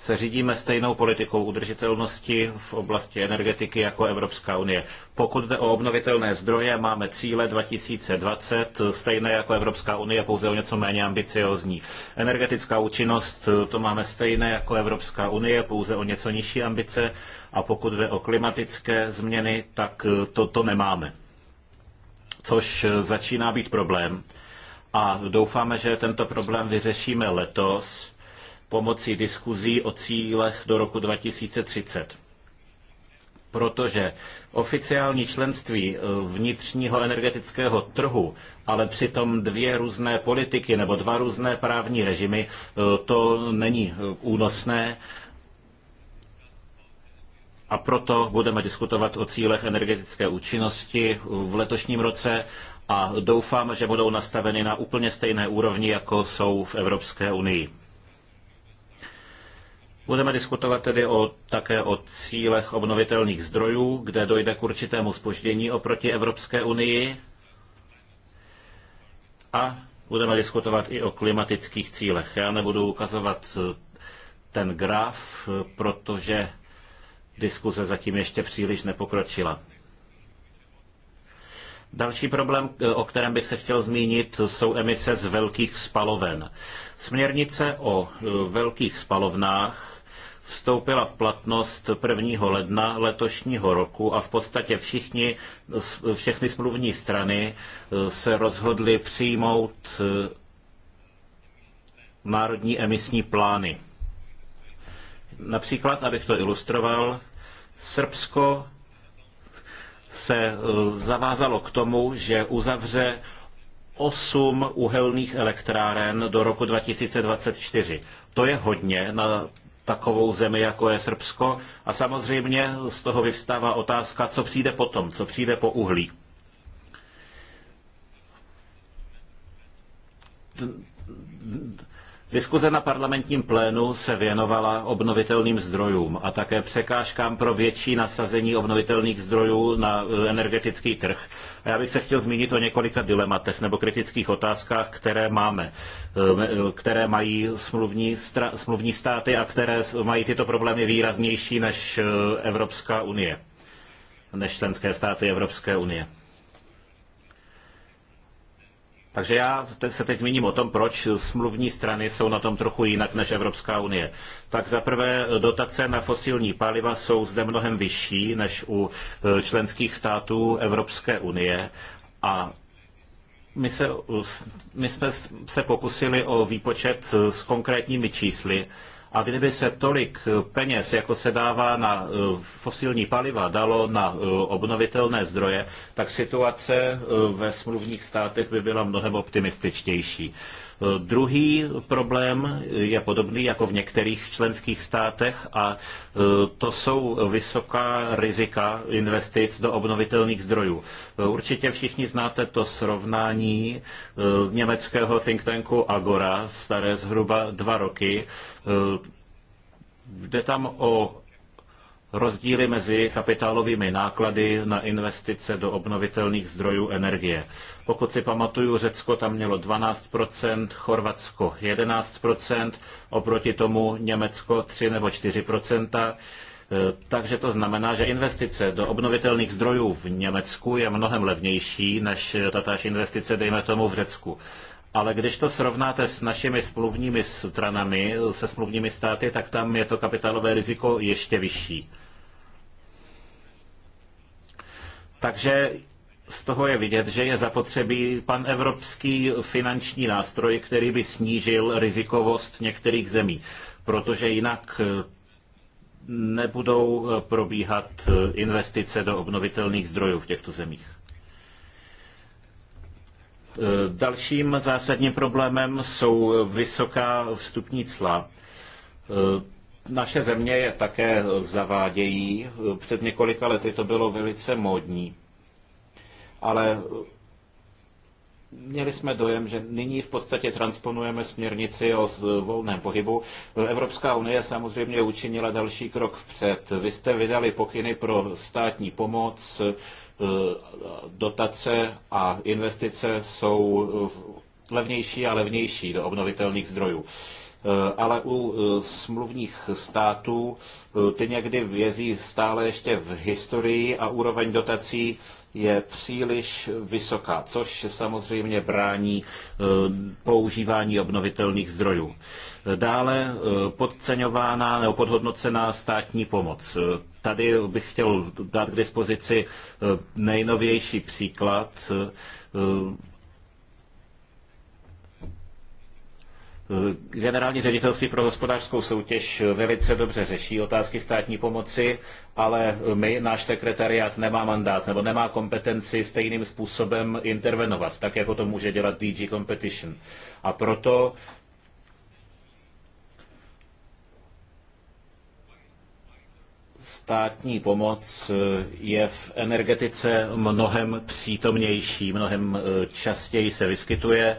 se řídíme stejnou politikou udržitelnosti v oblasti energetiky jako Evropská unie. Pokud jde o obnovitelné zdroje, máme cíle 2020, stejné jako Evropská unie, pouze o něco méně ambiciozní. Energetická účinnost, to máme stejné jako Evropská unie, pouze o něco nižší ambice. A pokud jde o klimatické změny, tak to, to nemáme. Což začíná být problém. A doufáme, že tento problém vyřešíme letos pomocí diskuzí o cílech do roku 2030 protože oficiální členství eh, vnitřního energetického trhu, ale přitom dvě různé politiky nebo dva různé právní režimy, eh, to není eh, únosné. A proto budeme diskutovat o cílech energetické účinnosti v letošním roce a doufám, že budou nastaveny na úplně stejné úrovni, jako jsou v Evropské unii. Budeme diskutovat tedy o, také o cílech obnovitelných zdrojů, kde dojde k určitému spoždění oproti Evropské unii. A budeme diskutovat i o klimatických cílech. Já nebudu ukazovat eh, ten graf, eh, protože diskuze zatím ještě příliš nepokročila. Další problém, eh, o kterém bych se chtěl zmínit, jsou emise z velkých spaloven. Směrnice o velkých spalovnách vstoupila v platnost 1. ledna letošního roku a v podstatě všichni, všechny smluvní strany e, se rozhodly přijmout e, národní emisní plány. Například, abych to ilustroval, Srbsko se e, zavázalo k tomu, že uzavře osm uhelných elektráren do roku 2024. To je hodně na takovou zemi, jako je Srbsko. A samozřejmě z toho vyvstává otázka, co přijde potom, co přijde po uhlí. Diskuze na parlamentním plénu se věnovala obnovitelným zdrojům a také překážkám pro větší nasazení obnovitelných zdrojů na energetický trh. A já bych se chtěl zmínit o několika dilematech nebo kritických otázkách, které máme, eh, které mají smluvní, smluvní státy a které mají tyto problémy výraznější než eh, Evropská unie, než členské státy Evropské unie. Takže já se teď zmíním o tom, proč smluvní strany jsou na tom trochu jinak než Evropská unie. Tak za prvé dotace na fosilní paliva jsou zde mnohem vyšší než u e, členských států Evropské unie a my, se, my jsme se pokusili o výpočet s konkrétními čísly a kdyby se tolik eh, peněz, jako se dává na eh, fosilní paliva, dalo na eh, obnovitelné zdroje, tak situace ve smluvních státech by byla mnohem optimističtější. Druhý problém je podobný jako v některých členských státech a e, to jsou vysoká rizika investic do obnovitelných zdrojů. Určitě všichni znáte to srovnání e, německého think tanku Agora, staré zhruba dva roky, e, Jde tam o rozdíly mezi kapitálovými náklady na investice do obnovitelných zdrojů energie. Pokud si pamatuju, Řecko tam mělo 12%, Chorvatsko 11%, oproti tomu Německo 3 nebo 4%. E, takže to znamená, že investice do obnovitelných zdrojů v Německu je mnohem levnější než tatáž investice, dejme tomu, v Řecku. Ale když to srovnáte s našimi smluvními stranami, se smluvními státy, tak tam je to kapitálové riziko ještě vyšší. Takže z toho je vidět, že je zapotřebí pan evropský finanční nástroj, který by snížil rizikovost některých zemí, protože jinak eh, nebudou eh, probíhat eh, investice do obnovitelných zdrojů v těchto zemích. Dalším zásadním problémem jsou vysoká vstupní cla naše země je také zavádějí. Před několika lety to bylo velice módní. Ale Měli jsme dojem, že nyní v podstatě transponujeme směrnici o volném pohybu. Evropská unie samozřejmě učinila další krok vpřed. Vy jste vydali pokyny pro státní pomoc, eh, dotace a investice jsou levnější a levnější do obnovitelných zdrojů. Eh, ale u eh, smluvních států eh, ty někdy vězí stále ještě v historii a úroveň dotací je příliš vysoká, což samozřejmě brání používání obnovitelných zdrojů. Dále podceňována nebo podhodnocená státní pomoc. Tady bych chtěl dát k dispozici nejnovější příklad Eh, Generální ředitelství pro hospodářskou soutěž velice dobře řeší otázky státní pomoci, ale my, náš sekretariát nemá mandát nebo nemá kompetenci stejným způsobem intervenovat, tak jako to může dělat DG Competition. A proto státní pomoc eh, je v energetice mnohem přítomnější, mnohem eh, častěji se vyskytuje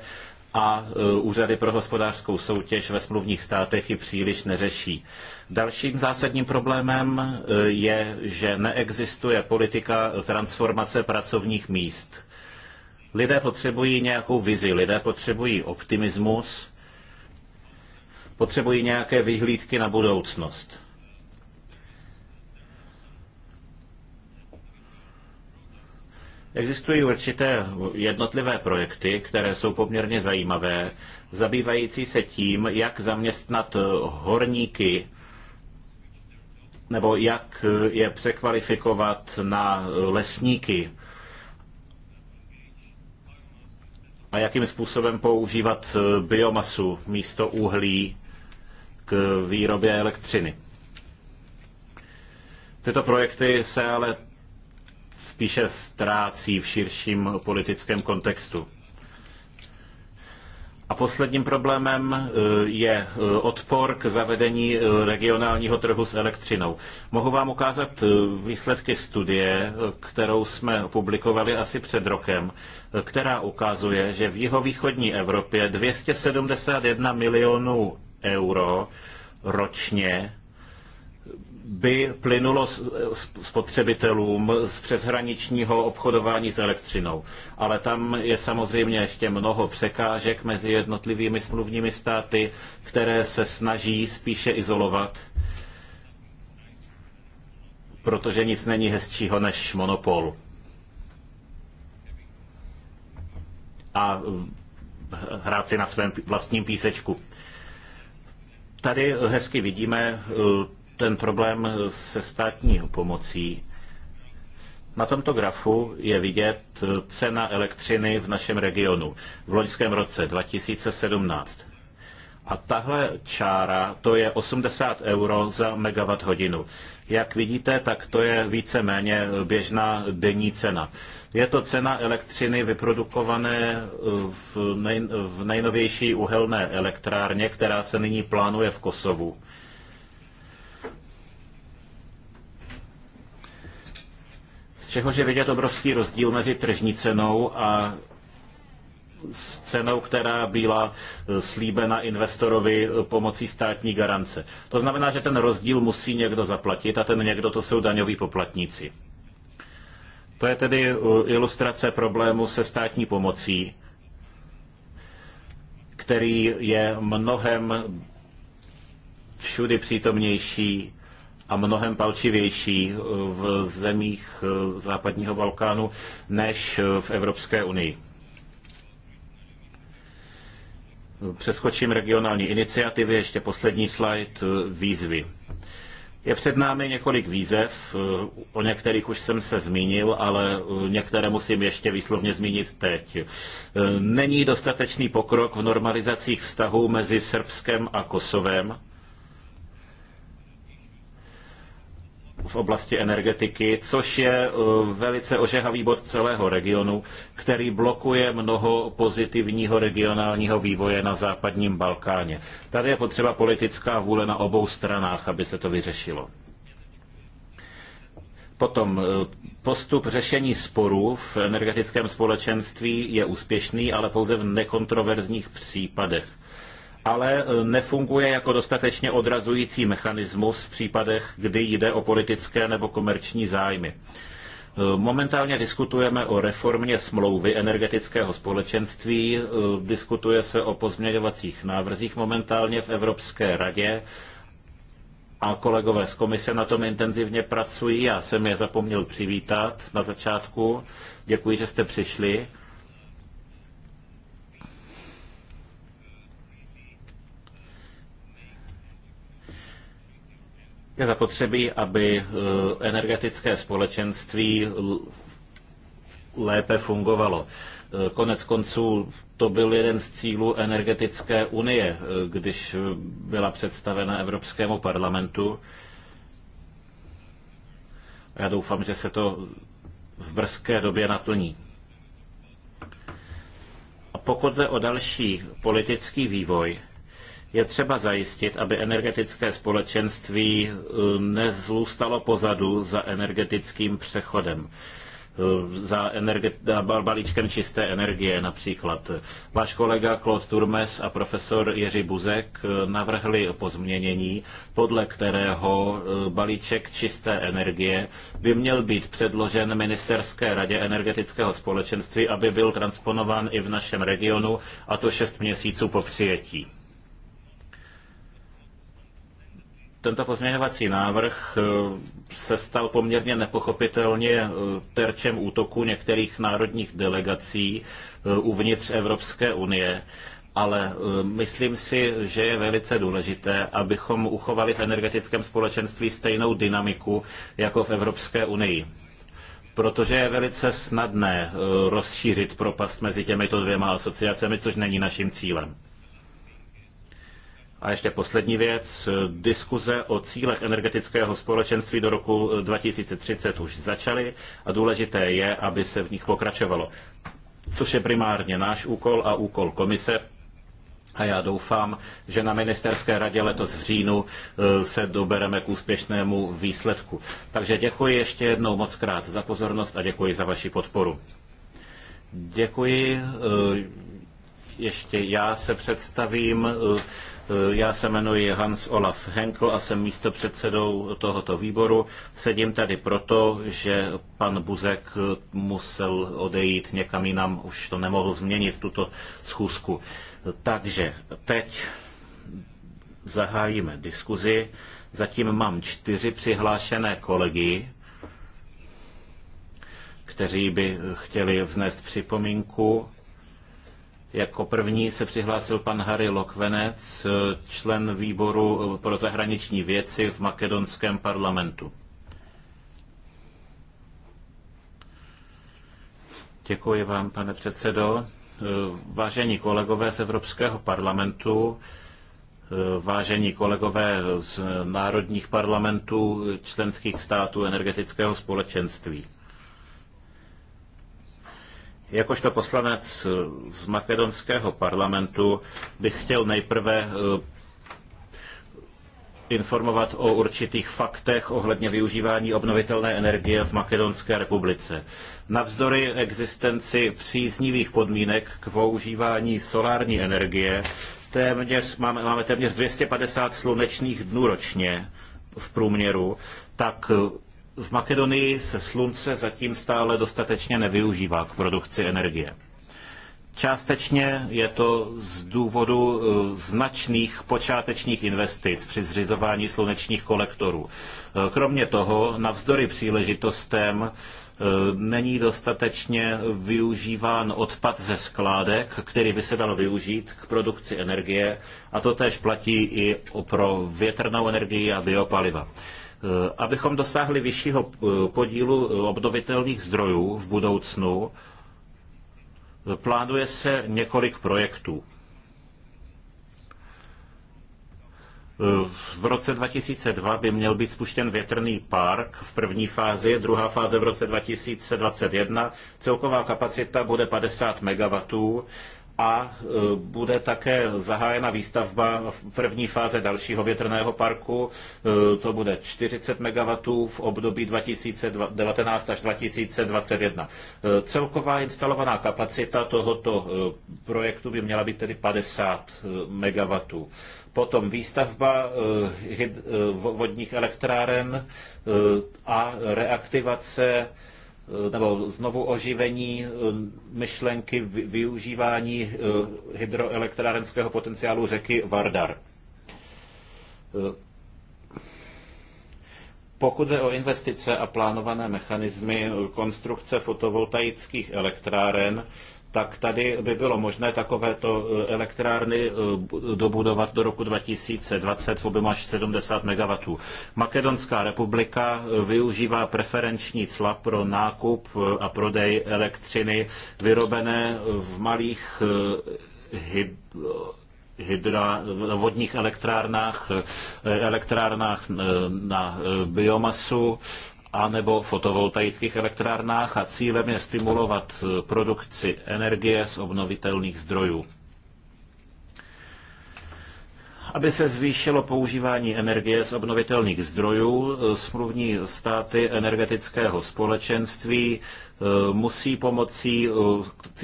a e, úřady pro hospodářskou soutěž ve smluvních státech ji příliš neřeší. Dalším zásadním problémem e, je, že neexistuje politika transformace pracovních míst. Lidé potřebují nějakou vizi, lidé potřebují optimismus, potřebují nějaké vyhlídky na budoucnost. Existují určité jednotlivé projekty, které jsou poměrně zajímavé, zabývající se tím, jak zaměstnat horníky nebo jak je překvalifikovat na lesníky a jakým způsobem používat biomasu místo uhlí k výrobě elektřiny. Tyto projekty se ale spíše ztrácí v širším politickém kontextu. A posledním problémem e, je e, odpor k zavedení e, regionálního trhu s elektřinou. Mohu vám ukázat výsledky studie, kterou jsme publikovali asi před rokem, která ukazuje, že v jihovýchodní Evropě 271 milionů euro ročně by plynulo spotřebitelům z přeshraničního obchodování s elektřinou. Ale tam je samozřejmě ještě mnoho překážek mezi jednotlivými smluvními státy, které se snaží spíše izolovat, protože nic není hezčího než monopol. A hm, hrát si na svém vlastním písečku. Tady hezky vidíme hm, ten problém se státní pomocí. Na tomto grafu je vidět cena elektřiny v našem regionu v loňském roce 2017. A tahle čára, to je 80 euro za megawatt hodinu. Jak vidíte, tak to je víceméně běžná denní cena. Je to cena elektřiny vyprodukované v, nej, v nejnovější uhelné elektrárně, která se nyní plánuje v Kosovu čehož je vidět obrovský rozdíl mezi tržní cenou a s cenou, která byla eh, slíbena investorovi eh, pomocí státní garance. To znamená, že ten rozdíl musí někdo zaplatit a ten někdo to jsou daňoví poplatníci. To je tedy eh, ilustrace problému se státní pomocí, který je mnohem všudy přítomnější a mnohem palčivější eh, v zemích eh, západního Balkánu než eh, v Evropské unii. Přeskočím regionální iniciativy, ještě poslední slide, výzvy. Je před námi několik výzev, o některých už jsem se zmínil, ale některé musím ještě výslovně zmínit teď. Není dostatečný pokrok v normalizacích vztahů mezi Srbskem a Kosovem. v oblasti energetiky, což je eh, velice ožehavý bod celého regionu, který blokuje mnoho pozitivního regionálního vývoje na západním Balkáně. Tady je potřeba politická vůle na obou stranách, aby se to vyřešilo. Potom eh, postup řešení sporů v energetickém společenství je úspěšný, ale pouze v nekontroverzních případech ale e, nefunguje jako dostatečně odrazující mechanismus v případech, kdy jde o politické nebo komerční zájmy. E, momentálně diskutujeme o reformě smlouvy energetického společenství, e, diskutuje se o pozměňovacích návrzích momentálně v Evropské radě a kolegové z komise na tom intenzivně pracují. Já jsem je zapomněl přivítat na začátku. Děkuji, že jste přišli. Je zapotřebí, aby eh, energetické společenství lépe fungovalo. Eh, konec konců to byl jeden z cílů energetické unie, eh, když byla představena Evropskému parlamentu. Já doufám, že se to v brzké době naplní. A pokud jde o další politický vývoj, je třeba zajistit, aby energetické společenství eh, nezůstalo pozadu za energetickým přechodem eh, za energe- balíčkem čisté energie například. Váš kolega Claude Turmes a profesor Jiří Buzek eh, navrhli pozměnění, podle kterého balíček čisté energie by měl být předložen Ministerské radě energetického společenství, aby byl transponován i v našem regionu, a to šest měsíců po přijetí. Tento pozměňovací návrh eh, se stal poměrně nepochopitelně eh, terčem útoku některých národních delegací eh, uvnitř Evropské unie ale myslím si, že je velice důležité, abychom uchovali v energetickém společenství stejnou dynamiku jako v Evropské unii. Protože je velice snadné rozšířit propast mezi těmito dvěma asociacemi, což není naším cílem. A ještě poslední věc. Diskuze o cílech energetického společenství do roku 2030 už začaly a důležité je, aby se v nich pokračovalo. Což je primárně náš úkol a úkol komise. A já doufám, že na ministerské radě letos v říjnu eh, se dobereme k úspěšnému výsledku. Takže děkuji ještě jednou moc krát za pozornost a děkuji za vaši podporu. Děkuji. Eh, ještě já se představím. Eh, já se jmenuji Hans Olaf Henkel a jsem místopředsedou tohoto výboru. Sedím tady proto, že pan Buzek musel odejít někam jinam, už to nemohl změnit, tuto schůzku. Takže teď zahájíme diskuzi. Zatím mám čtyři přihlášené kolegy, kteří by chtěli vznést připomínku jako první se přihlásil pan Harry Lokvenec, člen výboru pro zahraniční věci v makedonském parlamentu. Děkuji vám, pane předsedo. Vážení kolegové z Evropského parlamentu, vážení kolegové z národních parlamentů členských států energetického společenství. Jakožto poslanec z makedonského parlamentu bych chtěl nejprve eh, informovat o určitých faktech ohledně využívání obnovitelné energie v Makedonské republice. Navzdory existenci příznivých podmínek k používání solární energie, téměř, máme, máme téměř 250 slunečných dnů ročně v průměru, tak v Makedonii se slunce zatím stále dostatečně nevyužívá k produkci energie. Částečně je to z důvodu eh, značných počátečních investic při zřizování slunečních kolektorů. Eh, kromě toho, navzdory příležitostem, eh, není dostatečně využíván odpad ze skládek, který by se dal využít k produkci energie a to též platí i pro větrnou energii a biopaliva. Eh, abychom dosáhli vyššího eh, podílu eh, obnovitelných zdrojů v budoucnu, plánuje se několik projektů. V roce 2002 by měl být spuštěn větrný park v první fázi, druhá fáze v roce 2021. Celková kapacita bude 50 MW a e, bude také zahájena výstavba v první fáze dalšího větrného parku. E, to bude 40 MW v období 2019 až 2021. E, celková instalovaná kapacita tohoto projektu by měla být tedy 50 MW. Potom výstavba vodních elektráren a reaktivace Eh, nebo znovu oživení eh, myšlenky využívání eh, hydroelektrárenského potenciálu řeky Vardar. Pokud jde o investice a plánované mechanismy konstrukce fotovoltaických elektráren, tak tady by bylo možné takovéto e, elektrárny e, dobudovat do roku 2020 v objemu až 70 MW. Makedonská republika e, využívá preferenční cla pro nákup a prodej elektřiny vyrobené v malých hydra, vodních elektrárnách, elektrárnách na biomasu anebo fotovoltaických elektrárnách a cílem je stimulovat produkci energie z obnovitelných zdrojů. Aby se zvýšilo používání energie z obnovitelných zdrojů, smluvní státy energetického společenství e, musí pomocí e,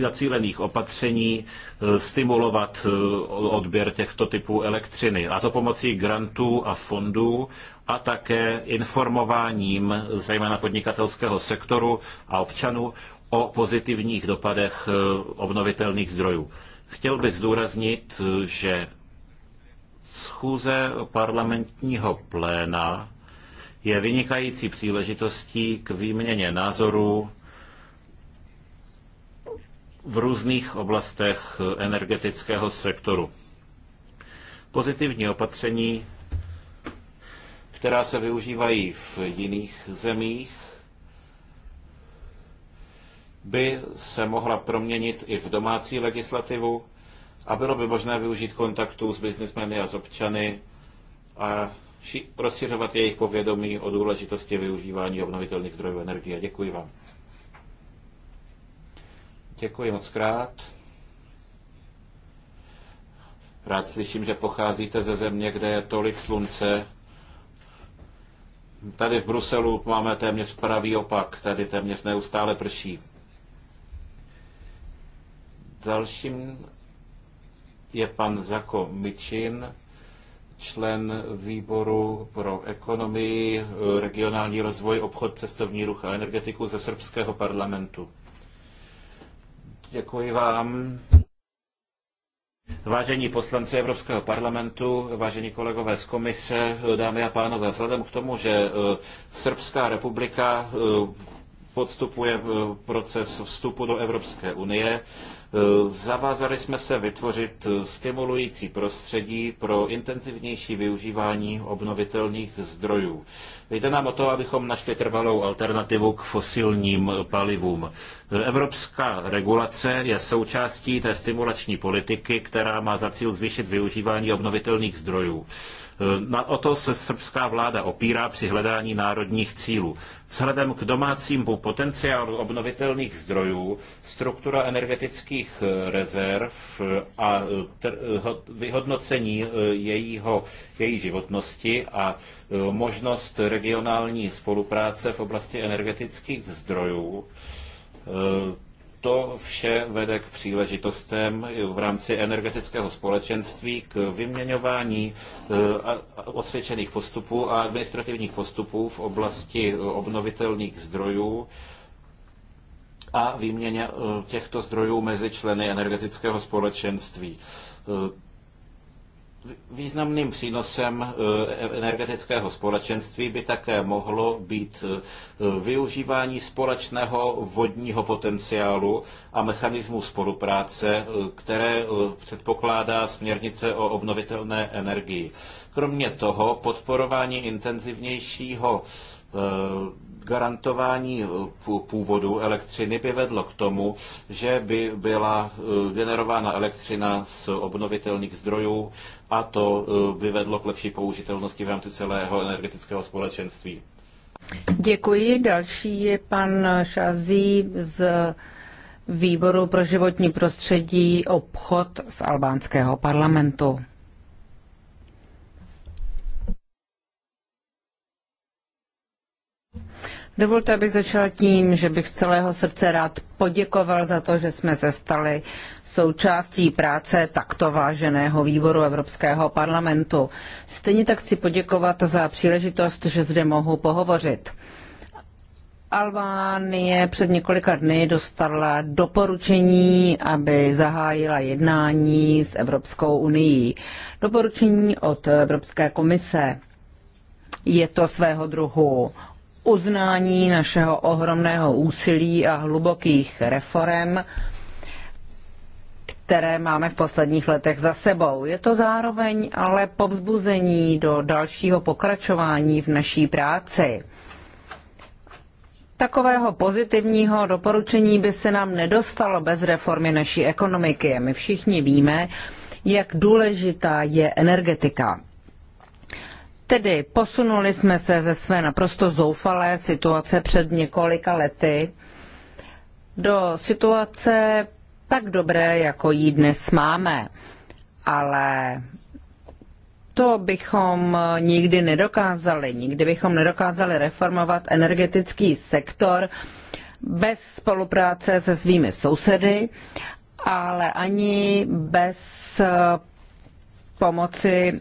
zacílených opatření e, stimulovat odběr těchto typů elektřiny. A to pomocí grantů a fondů a také informováním zejména podnikatelského sektoru a občanů o pozitivních dopadech obnovitelných zdrojů. Chtěl bych zdůraznit, že Schůze parlamentního pléna je vynikající příležitostí k výměně názorů v různých oblastech energetického sektoru. Pozitivní opatření, která se využívají v jiných zemích, by se mohla proměnit i v domácí legislativu a bylo by možné využít kontaktů s biznismeny a s občany a rozšiřovat jejich povědomí o důležitosti využívání obnovitelných zdrojů energie. Děkuji vám. Děkuji moc krát. Rád slyším, že pocházíte ze země, kde je tolik slunce. Tady v Bruselu máme téměř pravý opak, tady téměř neustále prší. Dalším je pan Zako Mičin, člen výboru pro ekonomii, regionální rozvoj, obchod, cestovní ruch a energetiku ze srbského parlamentu. Děkuji vám. Vážení poslanci Evropského parlamentu, vážení kolegové z komise, dámy a pánové, vzhledem k tomu, že eh, Srbská republika eh, podstupuje proces vstupu do Evropské unie, Eh, zavázali jsme se vytvořit eh, stimulující prostředí pro intenzivnější využívání obnovitelných zdrojů. Jde nám o to, abychom našli trvalou alternativu k fosilním eh, palivům. Evropská regulace je součástí té stimulační politiky, která má za cíl zvýšit využívání obnovitelných zdrojů. Eh, na, o to se srbská vláda opírá při hledání národních cílů. Vzhledem k domácímu potenciálu obnovitelných zdrojů, struktura energetických eh, rezerv eh, a vyhodnocení jejího, její životnosti a možnost regionální spolupráce v oblasti energetických zdrojů, to vše vede k příležitostem v rámci energetického společenství k vyměňování eh, osvědčených postupů a administrativních postupů v oblasti obnovitelných zdrojů a výměně eh, těchto zdrojů mezi členy energetického společenství. Eh, Významným přínosem eh, energetického společenství by také mohlo být eh, využívání společného vodního potenciálu a mechanismu spolupráce, eh, které předpokládá směrnice o obnovitelné energii. Kromě toho podporování intenzivnějšího garantování eh, původu elektřiny by vedlo k tomu, že by byla eh, generována elektřina z obnovitelných zdrojů a to eh, by vedlo k lepší použitelnosti v rámci celého energetického společenství. Děkuji. Další je pan Šazí z Výboru pro životní prostředí obchod z albánského parlamentu. Dovolte, abych začal tím, že bych z celého srdce rád poděkoval za to, že jsme se stali součástí práce takto váženého výboru Evropského parlamentu. Stejně tak chci poděkovat za příležitost, že zde mohu pohovořit. Albánie před několika dny dostala doporučení, aby zahájila jednání s Evropskou unii. Doporučení od Evropské komise. Je to svého druhu uznání našeho ohromného úsilí a hlubokých reform, které máme v posledních letech za sebou. Je to zároveň ale povzbuzení do dalšího pokračování v naší práci. Takového pozitivního doporučení by se nám nedostalo bez reformy naší ekonomiky. My všichni víme, jak důležitá je energetika. Tedy posunuli jsme se ze své naprosto zoufalé situace před několika lety do situace tak dobré, jako ji dnes máme. Ale to bychom nikdy nedokázali. Nikdy bychom nedokázali reformovat energetický sektor bez spolupráce se svými sousedy, ale ani bez eh, pomoci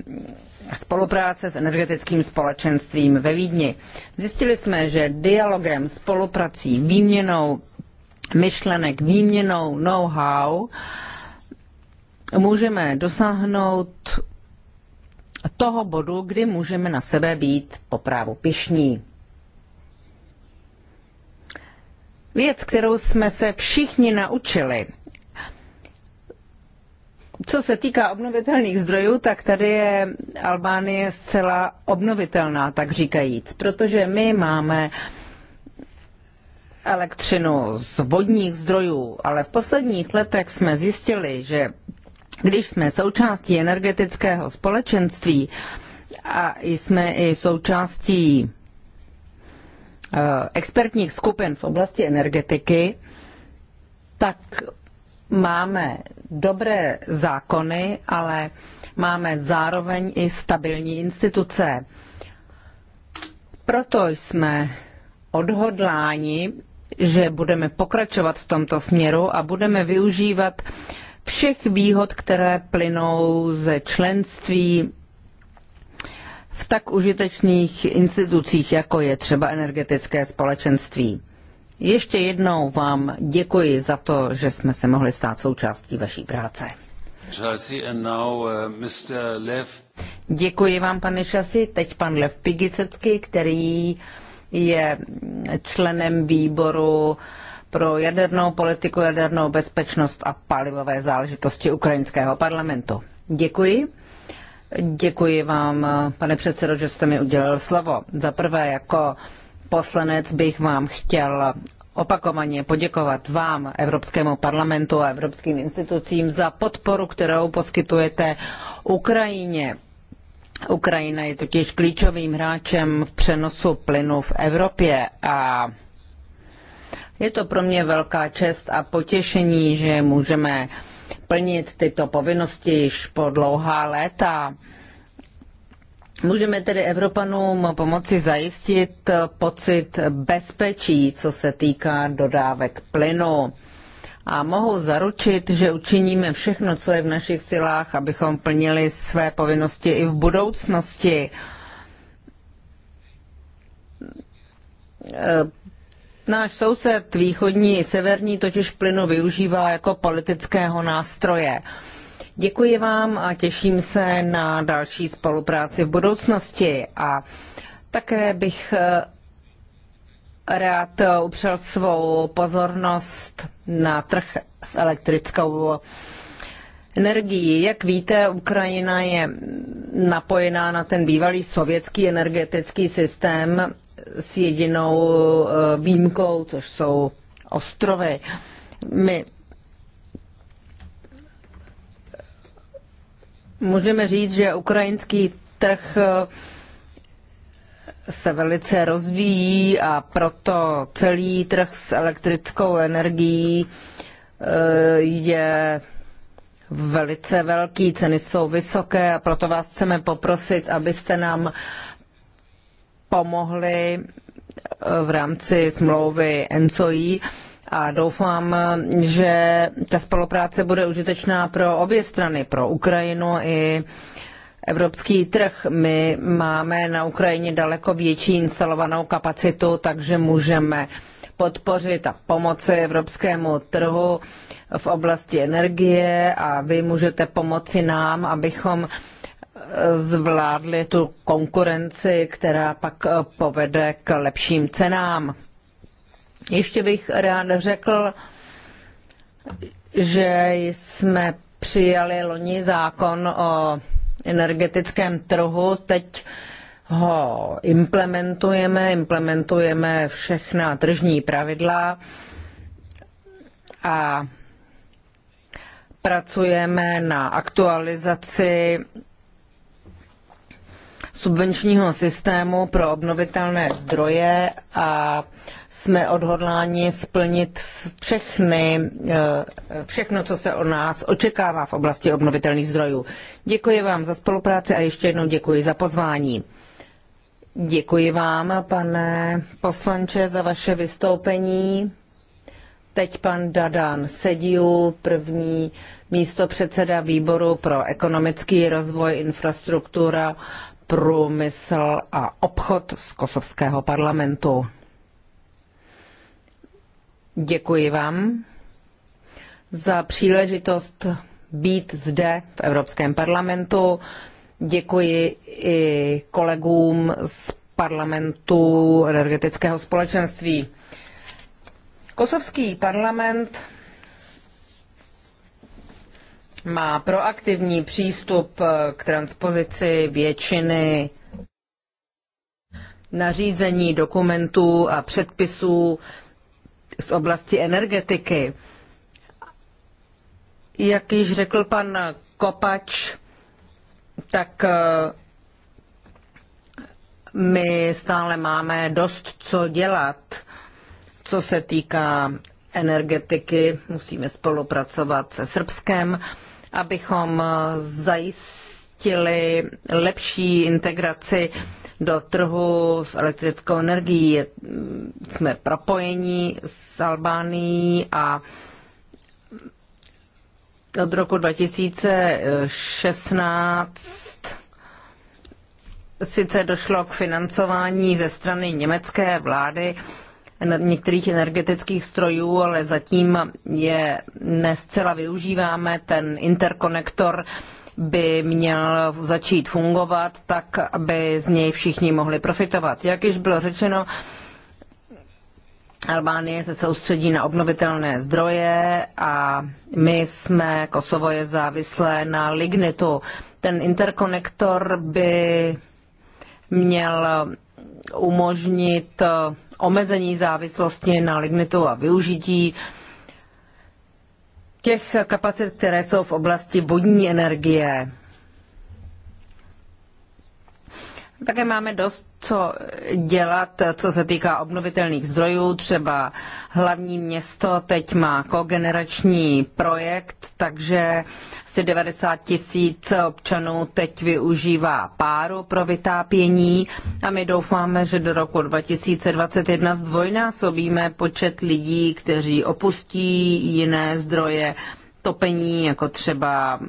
spolupráce s energetickým společenstvím ve Vídni. Zjistili jsme, že dialogem, spoluprací, výměnou myšlenek, výměnou know-how můžeme dosáhnout toho bodu, kdy můžeme na sebe být poprávu pišní. Věc, kterou jsme se všichni naučili – co se týká obnovitelných zdrojů, tak tady je Albánie zcela obnovitelná, tak říkajíc, protože my máme elektřinu z vodních zdrojů, ale v posledních letech jsme zjistili, že když jsme součástí energetického společenství a jsme i součástí eh, expertních skupin v oblasti energetiky, tak máme dobré zákony, ale máme zároveň i stabilní instituce. Proto jsme odhodláni, že budeme pokračovat v tomto směru a budeme využívat všech výhod, které plynou ze členství v tak užitečných institucích, jako je třeba energetické společenství. Ještě jednou vám děkuji za to, že jsme se mohli stát součástí vaší práce. Uh, děkuji vám, pane Šasi. Teď pan Lev Pigicecky, který je členem výboru pro jadernou politiku, jadernou bezpečnost a palivové záležitosti ukrajinského parlamentu. Děkuji. Děkuji vám, pane předsedo, že jste mi udělal slovo. Za prvé, jako poslanec, bych vám chtěl opakovaně poděkovat vám, Evropskému parlamentu a evropským institucím za podporu, kterou poskytujete Ukrajině. Ukrajina je totiž klíčovým hráčem v přenosu plynu v Evropě a je to pro mě velká čest a potěšení, že můžeme plnit tyto povinnosti již po dlouhá léta. Můžeme tedy Evropanům pomoci zajistit pocit bezpečí, co se týká dodávek plynu. A mohu zaručit, že učiníme všechno, co je v našich silách, abychom plnili své povinnosti i v budoucnosti. E, náš soused východní i severní totiž plynu využívá jako politického nástroje. Děkuji vám a těším se na další spolupráci v budoucnosti. A také bych eh, rád upřel svou pozornost na trh s elektrickou energií. Jak víte, Ukrajina je napojená na ten bývalý sovětský energetický systém s jedinou eh, výjimkou, což jsou ostrovy. My můžeme říct, že ukrajinský trh eh, se velice rozvíjí a proto celý trh s elektrickou energií eh, je velice velký, ceny jsou vysoké a proto vás chceme poprosit, abyste nám pomohli eh, v rámci smlouvy ENSOI a doufám, že ta spolupráce bude užitečná pro obě strany, pro Ukrajinu i evropský trh. My máme na Ukrajině daleko větší instalovanou kapacitu, takže můžeme podpořit a pomoci evropskému trhu v oblasti energie a vy můžete pomoci nám, abychom zvládli tu konkurenci, která pak povede k lepším cenám. Ještě bych rád řekl, že jsme přijali loni zákon o energetickém trhu. Teď ho implementujeme, implementujeme všechna tržní pravidla a pracujeme na aktualizaci subvenčního systému pro obnovitelné zdroje a jsme odhodláni splnit všechny, eh, všechno, co se od nás očekává v oblasti obnovitelných zdrojů. Děkuji vám za spolupráci a ještě jednou děkuji za pozvání. Děkuji vám, pane poslanče, za vaše vystoupení. Teď pan Dadan Sediu, první místo předseda výboru pro ekonomický rozvoj, infrastruktura, průmysl a obchod z kosovského parlamentu. Děkuji vám za příležitost být zde v Evropském parlamentu. Děkuji i kolegům z parlamentu energetického společenství. Kosovský parlament má proaktivní přístup k transpozici většiny nařízení dokumentů a předpisů z oblasti energetiky. Jak již řekl pan Kopač, tak eh, my stále máme dost co dělat, co se týká energetiky. Musíme spolupracovat se Srbskem abychom eh, zajistili lepší integraci do trhu s elektrickou energií. Jsme propojení s Albánií a od roku 2016 sice došlo k financování ze strany německé vlády, některých energetických strojů, ale zatím je nescela využíváme. Ten interkonektor by měl začít fungovat tak, aby z něj všichni mohli profitovat. Jak již bylo řečeno, Albánie se soustředí na obnovitelné zdroje a my jsme, Kosovo je závislé na lignitu. Ten interkonektor by měl umožnit eh, omezení závislosti na lignitu a využití těch kapacit, které jsou v oblasti vodní energie. Také máme dost co dělat, co se týká obnovitelných zdrojů. Třeba hlavní město teď má kogenerační projekt, takže asi 90 tisíc občanů teď využívá páru pro vytápění a my doufáme, že do roku 2021 zdvojnásobíme počet lidí, kteří opustí jiné zdroje topení, jako třeba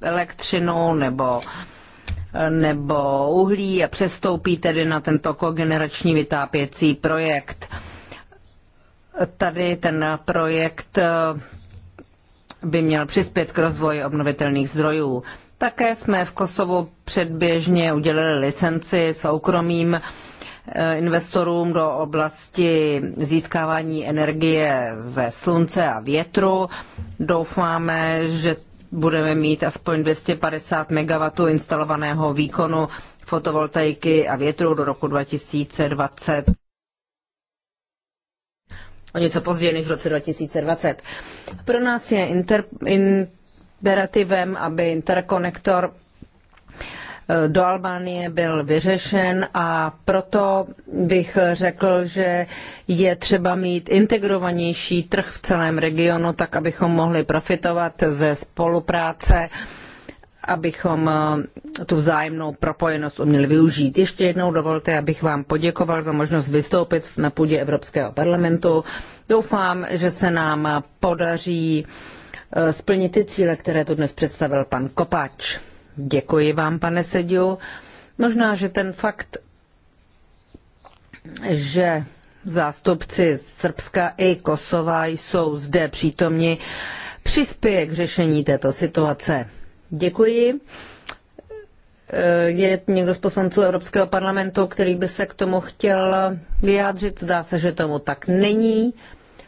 elektřinu nebo nebo uhlí a přestoupí tedy na tento kogenerační vytápěcí projekt. Tady ten projekt eh, by měl přispět k rozvoji obnovitelných zdrojů. Také jsme v Kosovu předběžně udělili licenci soukromým eh, investorům do oblasti získávání energie ze slunce a větru. Doufáme, že budeme mít aspoň 250 MW instalovaného výkonu fotovoltaiky a větru do roku 2020. O něco později než v roce 2020. Pro nás je inter, imperativem, aby interkonektor Eh, do Albánie byl vyřešen a proto bych řekl, že je třeba mít integrovanější trh v celém regionu, tak abychom mohli profitovat ze spolupráce abychom eh, tu vzájemnou propojenost uměli využít. Ještě jednou dovolte, abych vám poděkoval za možnost vystoupit na půdě Evropského parlamentu. Doufám, že se nám podaří eh, splnit ty cíle, které tu dnes představil pan Kopač. Děkuji vám, pane Sediu. Možná, že ten fakt, že zástupci z Srbska i Kosova jsou zde přítomni, přispěje k řešení této situace. Děkuji. Eh, je někdo z poslanců Evropského parlamentu, který by se k tomu chtěl vyjádřit? Zdá se, že tomu tak není.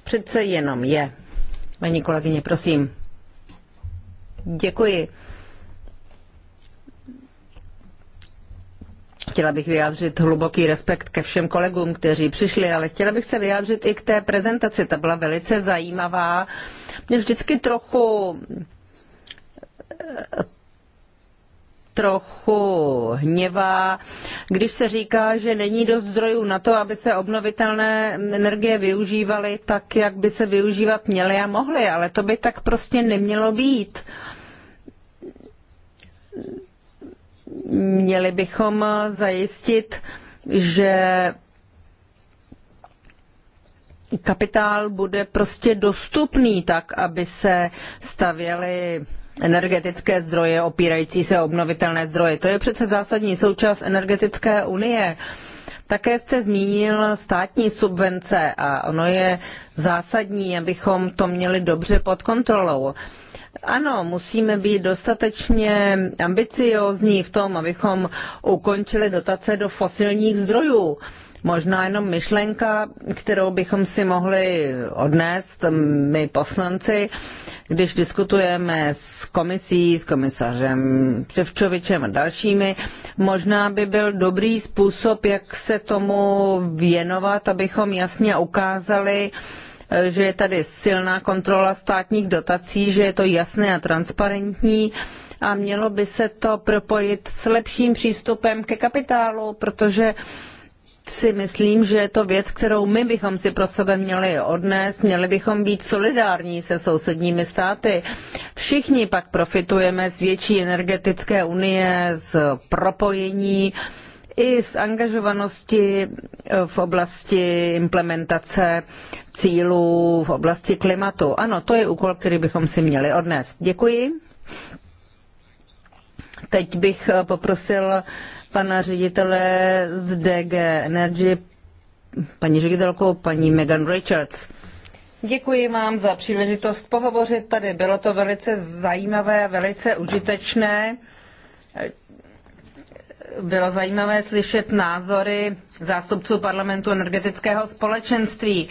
Přece jenom je. Paní kolegyně, prosím. Děkuji. Chtěla bych vyjádřit hluboký respekt ke všem kolegům, kteří přišli, ale chtěla bych se vyjádřit i k té prezentaci. Ta byla velice zajímavá. Mě vždycky trochu trochu hněvá, když se říká, že není dost zdrojů na to, aby se obnovitelné energie využívaly tak, jak by se využívat měly a mohly, ale to by tak prostě nemělo být Měli bychom zajistit, že kapitál bude prostě dostupný tak, aby se stavěly energetické zdroje opírající se o obnovitelné zdroje. To je přece zásadní součást energetické unie. Také jste zmínil státní subvence a ono je zásadní, abychom to měli dobře pod kontrolou. Ano, musíme být dostatečně ambiciózní v tom, abychom ukončili dotace do fosilních zdrojů. Možná jenom myšlenka, kterou bychom si mohli odnést my poslanci, když diskutujeme s komisí, s komisařem Ševčovičem a dalšími, možná by byl dobrý způsob, jak se tomu věnovat, abychom jasně ukázali, Eh, že je tady silná kontrola státních dotací, že je to jasné a transparentní a mělo by se to propojit s lepším přístupem ke kapitálu, protože si myslím, že je to věc, kterou my bychom si pro sebe měli odnést, měli bychom být solidární se sousedními státy. Všichni pak profitujeme z větší energetické unie, z propojení i z angažovanosti v oblasti implementace cílů v oblasti klimatu. Ano, to je úkol, který bychom si měli odnést. Děkuji. Teď bych eh, poprosil pana ředitele z DG Energy, paní ředitelku, paní Megan Richards. Děkuji vám za příležitost pohovořit tady. Bylo to velice zajímavé, velice užitečné. Bylo zajímavé slyšet názory zástupců parlamentu energetického společenství.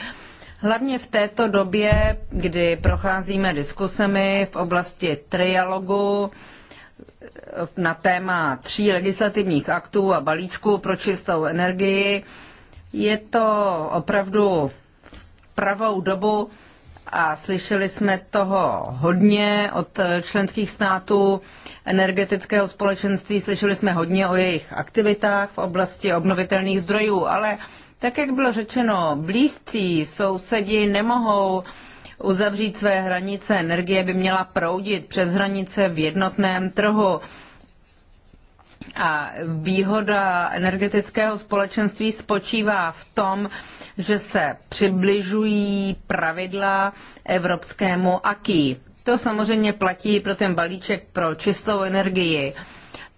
Hlavně v této době, kdy procházíme diskusemi v oblasti trialogu na téma tří legislativních aktů a balíčků pro čistou energii, je to opravdu pravou dobu a slyšeli jsme toho hodně od členských států energetického společenství, slyšeli jsme hodně o jejich aktivitách v oblasti obnovitelných zdrojů, ale tak, jak bylo řečeno, blízcí sousedi nemohou uzavřít své hranice. Energie by měla proudit přes hranice v jednotném trhu. A výhoda energetického společenství spočívá v tom, že se přibližují pravidla evropskému AKI. To samozřejmě platí pro ten balíček pro čistou energii.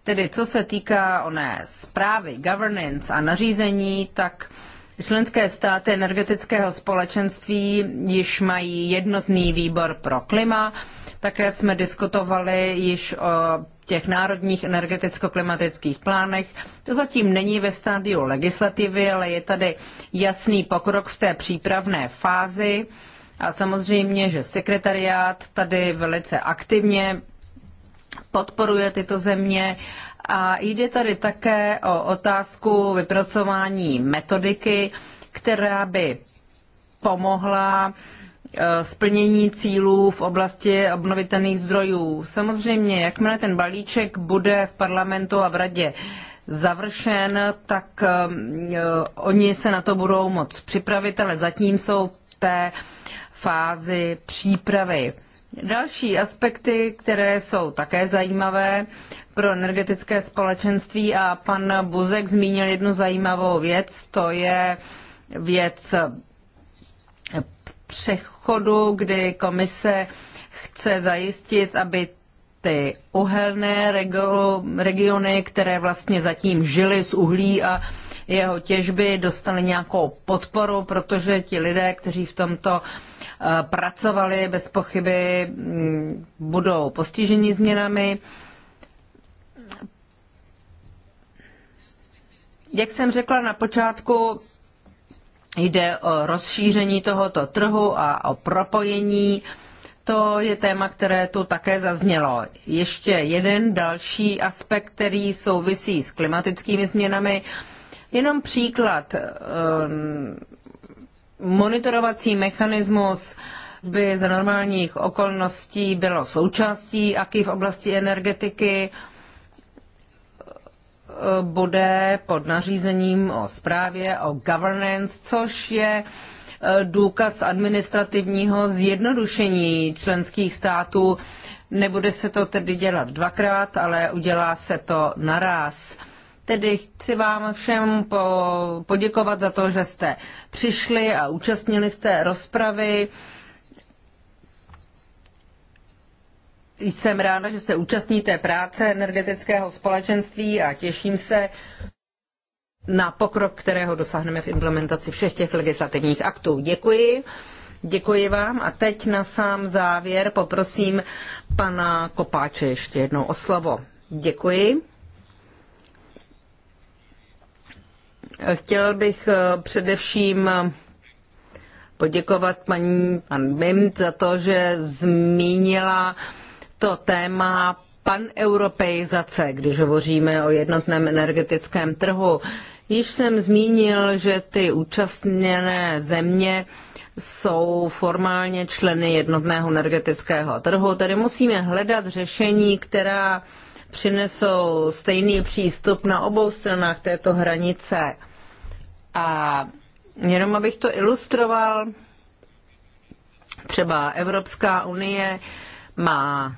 Tedy co se týká oné zprávy, governance a nařízení, tak Členské státy energetického společenství již mají jednotný výbor pro klima. Také jsme diskutovali již o těch národních energeticko-klimatických plánech. To zatím není ve stádiu legislativy, ale je tady jasný pokrok v té přípravné fázi. A samozřejmě, že sekretariát tady velice aktivně podporuje tyto země a jde tady také o otázku vypracování metodiky, která by pomohla eh, splnění cílů v oblasti obnovitelných zdrojů. Samozřejmě, jakmile ten balíček bude v parlamentu a v radě završen, tak eh, eh, oni se na to budou moc připravit, ale zatím jsou v té fázi přípravy. Další aspekty, které jsou také zajímavé, pro energetické společenství a pan Buzek zmínil jednu zajímavou věc, to je věc přechodu, kdy komise chce zajistit, aby ty uhelné regiony, které vlastně zatím žily z uhlí a jeho těžby, dostaly nějakou podporu, protože ti lidé, kteří v tomto eh, pracovali, bez pochyby mm, budou postiženi změnami. Jak jsem řekla na počátku, jde o rozšíření tohoto trhu a o propojení. To je téma, které tu také zaznělo. Ještě jeden další aspekt, který souvisí s klimatickými změnami. Jenom příklad. Ehm, monitorovací mechanismus by za normálních okolností bylo součástí aký v oblasti energetiky bude pod nařízením o zprávě, o governance, což je e, důkaz administrativního zjednodušení členských států. Nebude se to tedy dělat dvakrát, ale udělá se to naraz. Tedy chci vám všem po, poděkovat za to, že jste přišli a účastnili jste rozpravy. jsem ráda, že se účastníte práce energetického společenství a těším se na pokrok, kterého dosáhneme v implementaci všech těch legislativních aktů. Děkuji. Děkuji vám a teď na sám závěr poprosím pana Kopáče ještě jednou o slovo. Děkuji. Chtěl bych eh, především eh, poděkovat paní pan Bimt za to, že zmínila to téma paneuropeizace, když hovoříme o jednotném energetickém trhu. Již jsem zmínil, že ty účastněné země jsou formálně členy jednotného energetického trhu, tedy musíme hledat řešení, která přinesou stejný přístup na obou stranách této hranice. A jenom abych to ilustroval, třeba Evropská unie má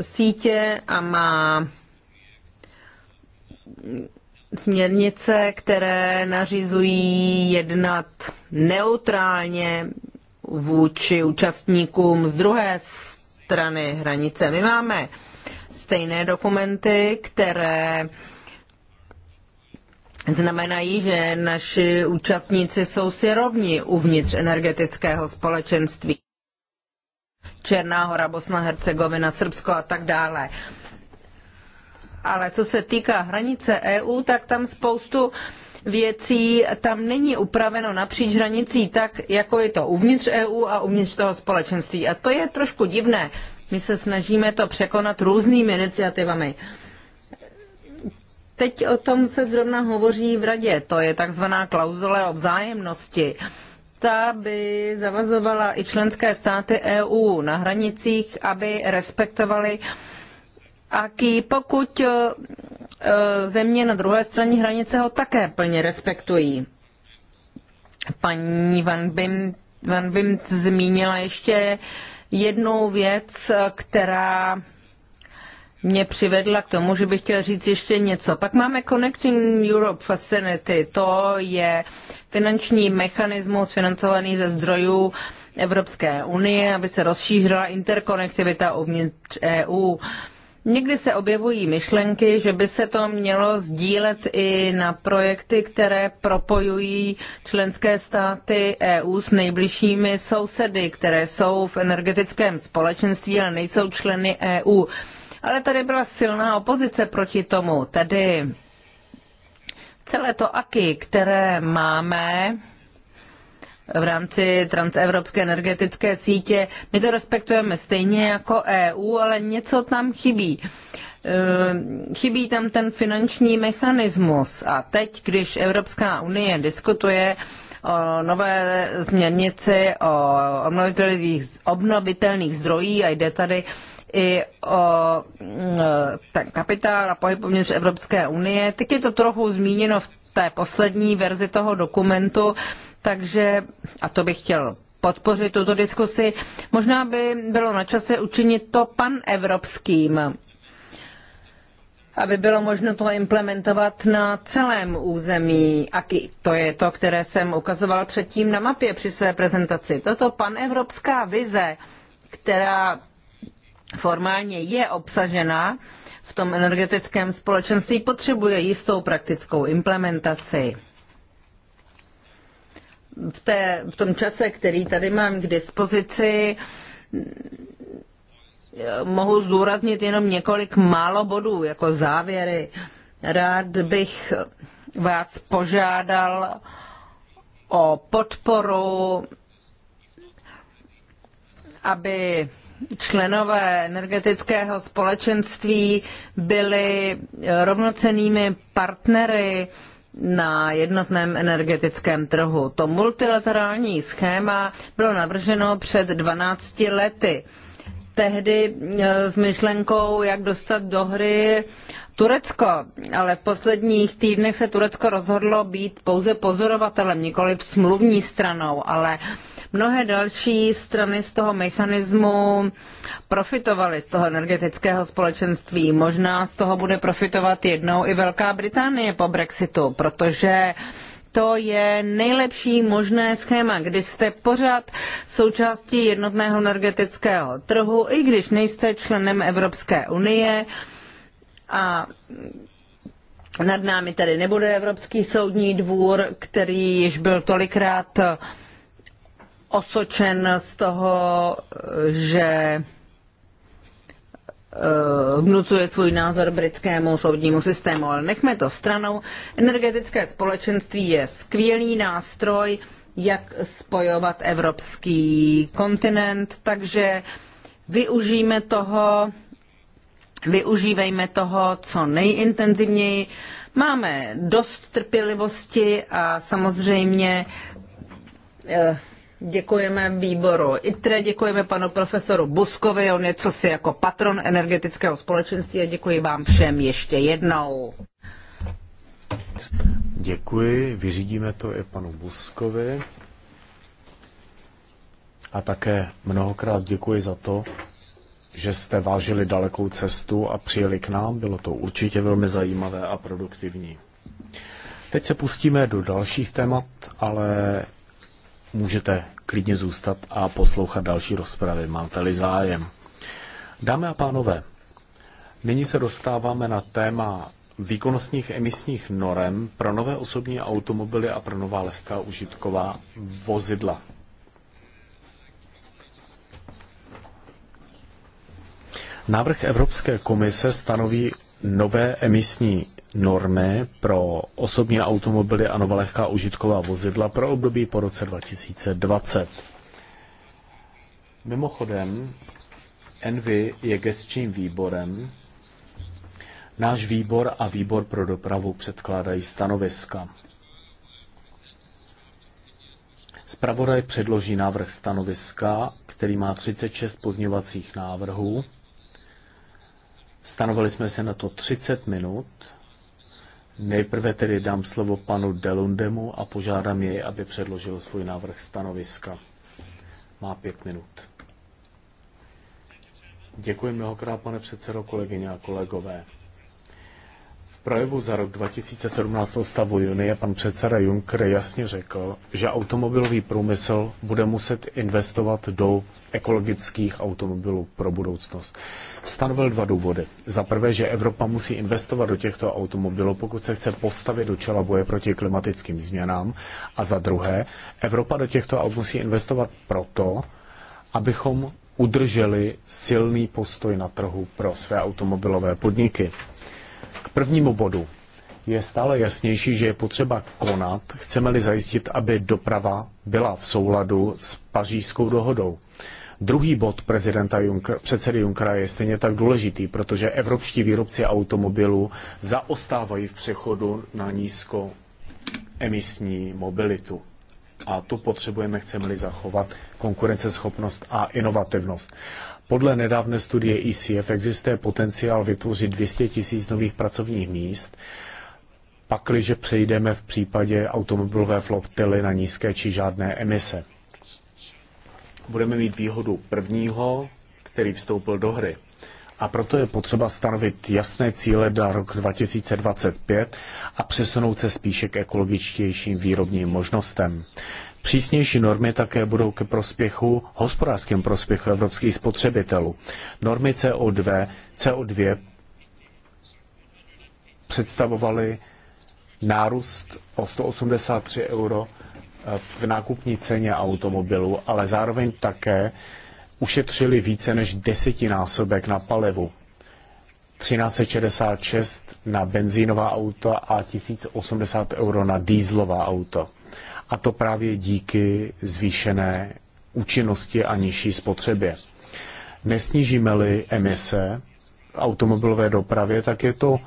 sítě a má směrnice, které nařizují jednat neutrálně vůči účastníkům z druhé strany hranice. My máme stejné dokumenty, které znamenají, že naši účastníci jsou si rovni uvnitř energetického společenství. Černá hora, Bosna, Hercegovina, Srbsko a tak dále. Ale co se týká hranice EU, tak tam spoustu věcí tam není upraveno napříč hranicí tak, jako je to uvnitř EU a uvnitř toho společenství. A to je trošku divné. My se snažíme to překonat různými iniciativami. Teď o tom se zrovna hovoří v radě. To je takzvaná klauzule o vzájemnosti ta by zavazovala i členské státy EU na hranicích, aby respektovali aký, pokud e, země na druhé straně hranice ho také plně respektují. Paní Van Bimt, Van Bimt zmínila ještě jednu věc, která mě přivedla k tomu, že bych chtěl říct ještě něco. Pak máme Connecting Europe Facility, to je finanční mechanismus financovaný ze zdrojů Evropské unie, aby se rozšířila interkonektivita uvnitř EU. Někdy se objevují myšlenky, že by se to mělo sdílet i na projekty, které propojují členské státy EU s nejbližšími sousedy, které jsou v energetickém společenství, ale nejsou členy EU. Ale tady byla silná opozice proti tomu. Tedy celé to aky, které máme, v rámci transevropské energetické sítě. My to respektujeme stejně jako EU, ale něco tam chybí. E, chybí tam ten finanční mechanismus. A teď, když Evropská unie diskutuje o nové směrnici o obnovitelných, obnovitelných zdrojích a jde tady i o mm, e, ten kapitál a pohyb uvnitř Evropské unie. Teď je to trochu zmíněno v té poslední verzi toho dokumentu, takže, a to bych chtěl podpořit tuto diskusi, možná by bylo na čase učinit to panevropským aby bylo možno to implementovat na celém území. A to je to, které jsem ukazoval předtím na mapě při své prezentaci. Toto panevropská vize, která formálně je obsažena v tom energetickém společenství, potřebuje jistou praktickou implementaci. V, té, v tom čase, který tady mám k dispozici, mohu zdůraznit jenom několik málo bodů jako závěry. Rád bych vás požádal o podporu, aby členové energetického společenství byli eh, rovnocenými partnery na jednotném energetickém trhu. To multilaterální schéma bylo navrženo před 12 lety. Tehdy eh, s myšlenkou, jak dostat do hry Turecko, ale v posledních týdnech se Turecko rozhodlo být pouze pozorovatelem, nikoli smluvní stranou, ale uh, Mnohé další strany z toho mechanismu profitovaly z toho energetického společenství. Možná z toho bude profitovat jednou i Velká Británie po Brexitu, protože to je nejlepší možné schéma, kdy jste pořád součástí jednotného energetického trhu, i když nejste členem Evropské unie a nad námi tady nebude Evropský soudní dvůr, který již byl tolikrát uh, osočen z toho, že e, vnucuje svůj názor britskému soudnímu systému. Ale nechme to stranou. Energetické společenství je skvělý nástroj, jak spojovat evropský kontinent, takže využijeme toho, využívejme toho co nejintenzivněji. Máme dost trpělivosti a samozřejmě eh, Děkujeme výboru ITRE, děkujeme panu profesoru Buskovi, on je cosi jako patron energetického společenství a děkuji vám všem ještě jednou. Děkuji, vyřídíme to i panu Buskovi. A také mnohokrát děkuji za to, že jste vážili dalekou cestu a přijeli k nám. Bylo to určitě velmi zajímavé a produktivní. Teď se pustíme do dalších témat, ale můžete klidně zůstat a poslouchat další rozpravy, máte-li zájem. Dámy a pánové, nyní se dostáváme na téma výkonnostních emisních norem pro nové osobní automobily a pro nová lehká užitková vozidla. Návrh Evropské komise stanoví nové emisní normy pro osobní automobily a novolehká užitková vozidla pro období po roce 2020. Mimochodem, Envy je gestčním výborem. Náš výbor a výbor pro dopravu předkládají stanoviska. Spravodaj předloží návrh stanoviska, který má 36 pozměňovacích návrhů. Stanovili jsme se na to 30 minut Nejprve tedy dám slovo panu Delundemu a požádám jej, aby předložil svůj návrh stanoviska. Má pět minut. Děkuji mnohokrát, pane předsedo, kolegyně a kolegové projevu za rok 2017 o stavu Unie pan předseda Juncker jasně řekl, že automobilový průmysl bude muset investovat do ekologických automobilů pro budoucnost. Stanovil dva důvody. Za prvé, že Evropa musí investovat do těchto automobilů, pokud se chce postavit do čela boje proti klimatickým změnám. A za druhé, Evropa do těchto aut musí investovat proto, abychom udrželi silný postoj na trhu pro své automobilové podniky. K prvnímu bodu. Je stále jasnější, že je potřeba konat, chceme-li zajistit, aby doprava byla v souladu s pařížskou dohodou. Druhý bod prezidenta Juncker, předsedy Junckera je stejně tak důležitý, protože evropští výrobci automobilů zaostávají v přechodu na nízkoemisní mobilitu. A tu potřebujeme, chceme-li zachovat konkurenceschopnost a inovativnost. Podle nedávné studie ECF existuje potenciál vytvořit 200 tisíc nových pracovních míst, pakliže přejdeme v případě automobilové flotily na nízké či žádné emise. Budeme mít výhodu prvního, který vstoupil do hry. A proto je potřeba stanovit jasné cíle na rok 2025 a přesunout se spíše k ekologičtějším výrobním možnostem. Přísnější normy také budou ke prospěchu, hospodářském prospěchu evropských spotřebitelů. Normy CO2, CO2 představovaly nárůst o 183 euro eh, v nákupní ceně automobilu, ale zároveň také ušetřili více než desetinásobek na palivu. 1366 na benzínová auta a 1080 euro na dýzlová auto a to právě díky zvýšené účinnosti a nižší spotřebě. Nesnížíme-li emise v automobilové dopravě, tak je to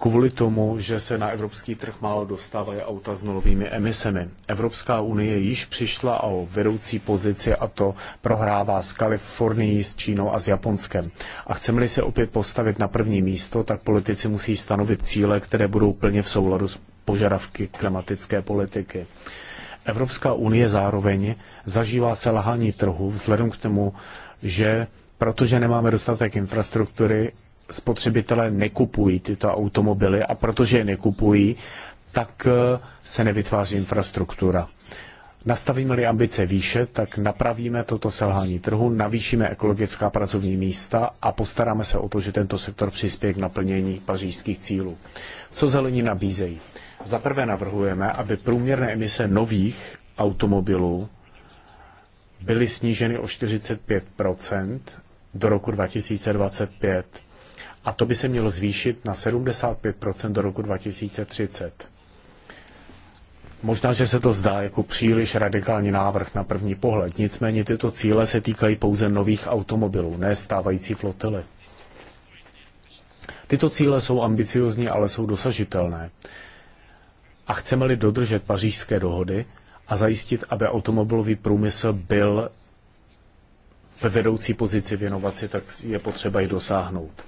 kvůli tomu, že se na evropský trh málo dostávají auta s nulovými emisemi. Evropská unie již přišla o vedoucí pozici a to prohrává s Kalifornií, s Čínou a s Japonskem. A chceme-li se opět postavit na první místo, tak politici musí stanovit cíle, které budou plně v souladu s požadavky klimatické politiky. Evropská unie zároveň zažívá selhání trhu vzhledem k tomu, že protože nemáme dostatek infrastruktury spotřebitelé nekupují tyto automobily a protože je nekupují, tak eh, se nevytváří infrastruktura. Nastavíme-li ambice výše, tak napravíme toto selhání trhu, navýšíme ekologická pracovní místa a postaráme se o to, že tento sektor přispěje k naplnění pařížských cílů. Co zelení nabízejí? Za prvé navrhujeme, aby průměrné emise nových automobilů byly sníženy o 45 do roku 2025 a to by se mělo zvýšit na 75% do roku 2030. Možná, že se to zdá jako příliš radikální návrh na první pohled, nicméně tyto cíle se týkají pouze nových automobilů, ne stávající flotily. Tyto cíle jsou ambiciozní, ale jsou dosažitelné. A chceme-li dodržet pařížské dohody a zajistit, aby automobilový průmysl byl ve vedoucí pozici v inovaci, tak je potřeba ji dosáhnout.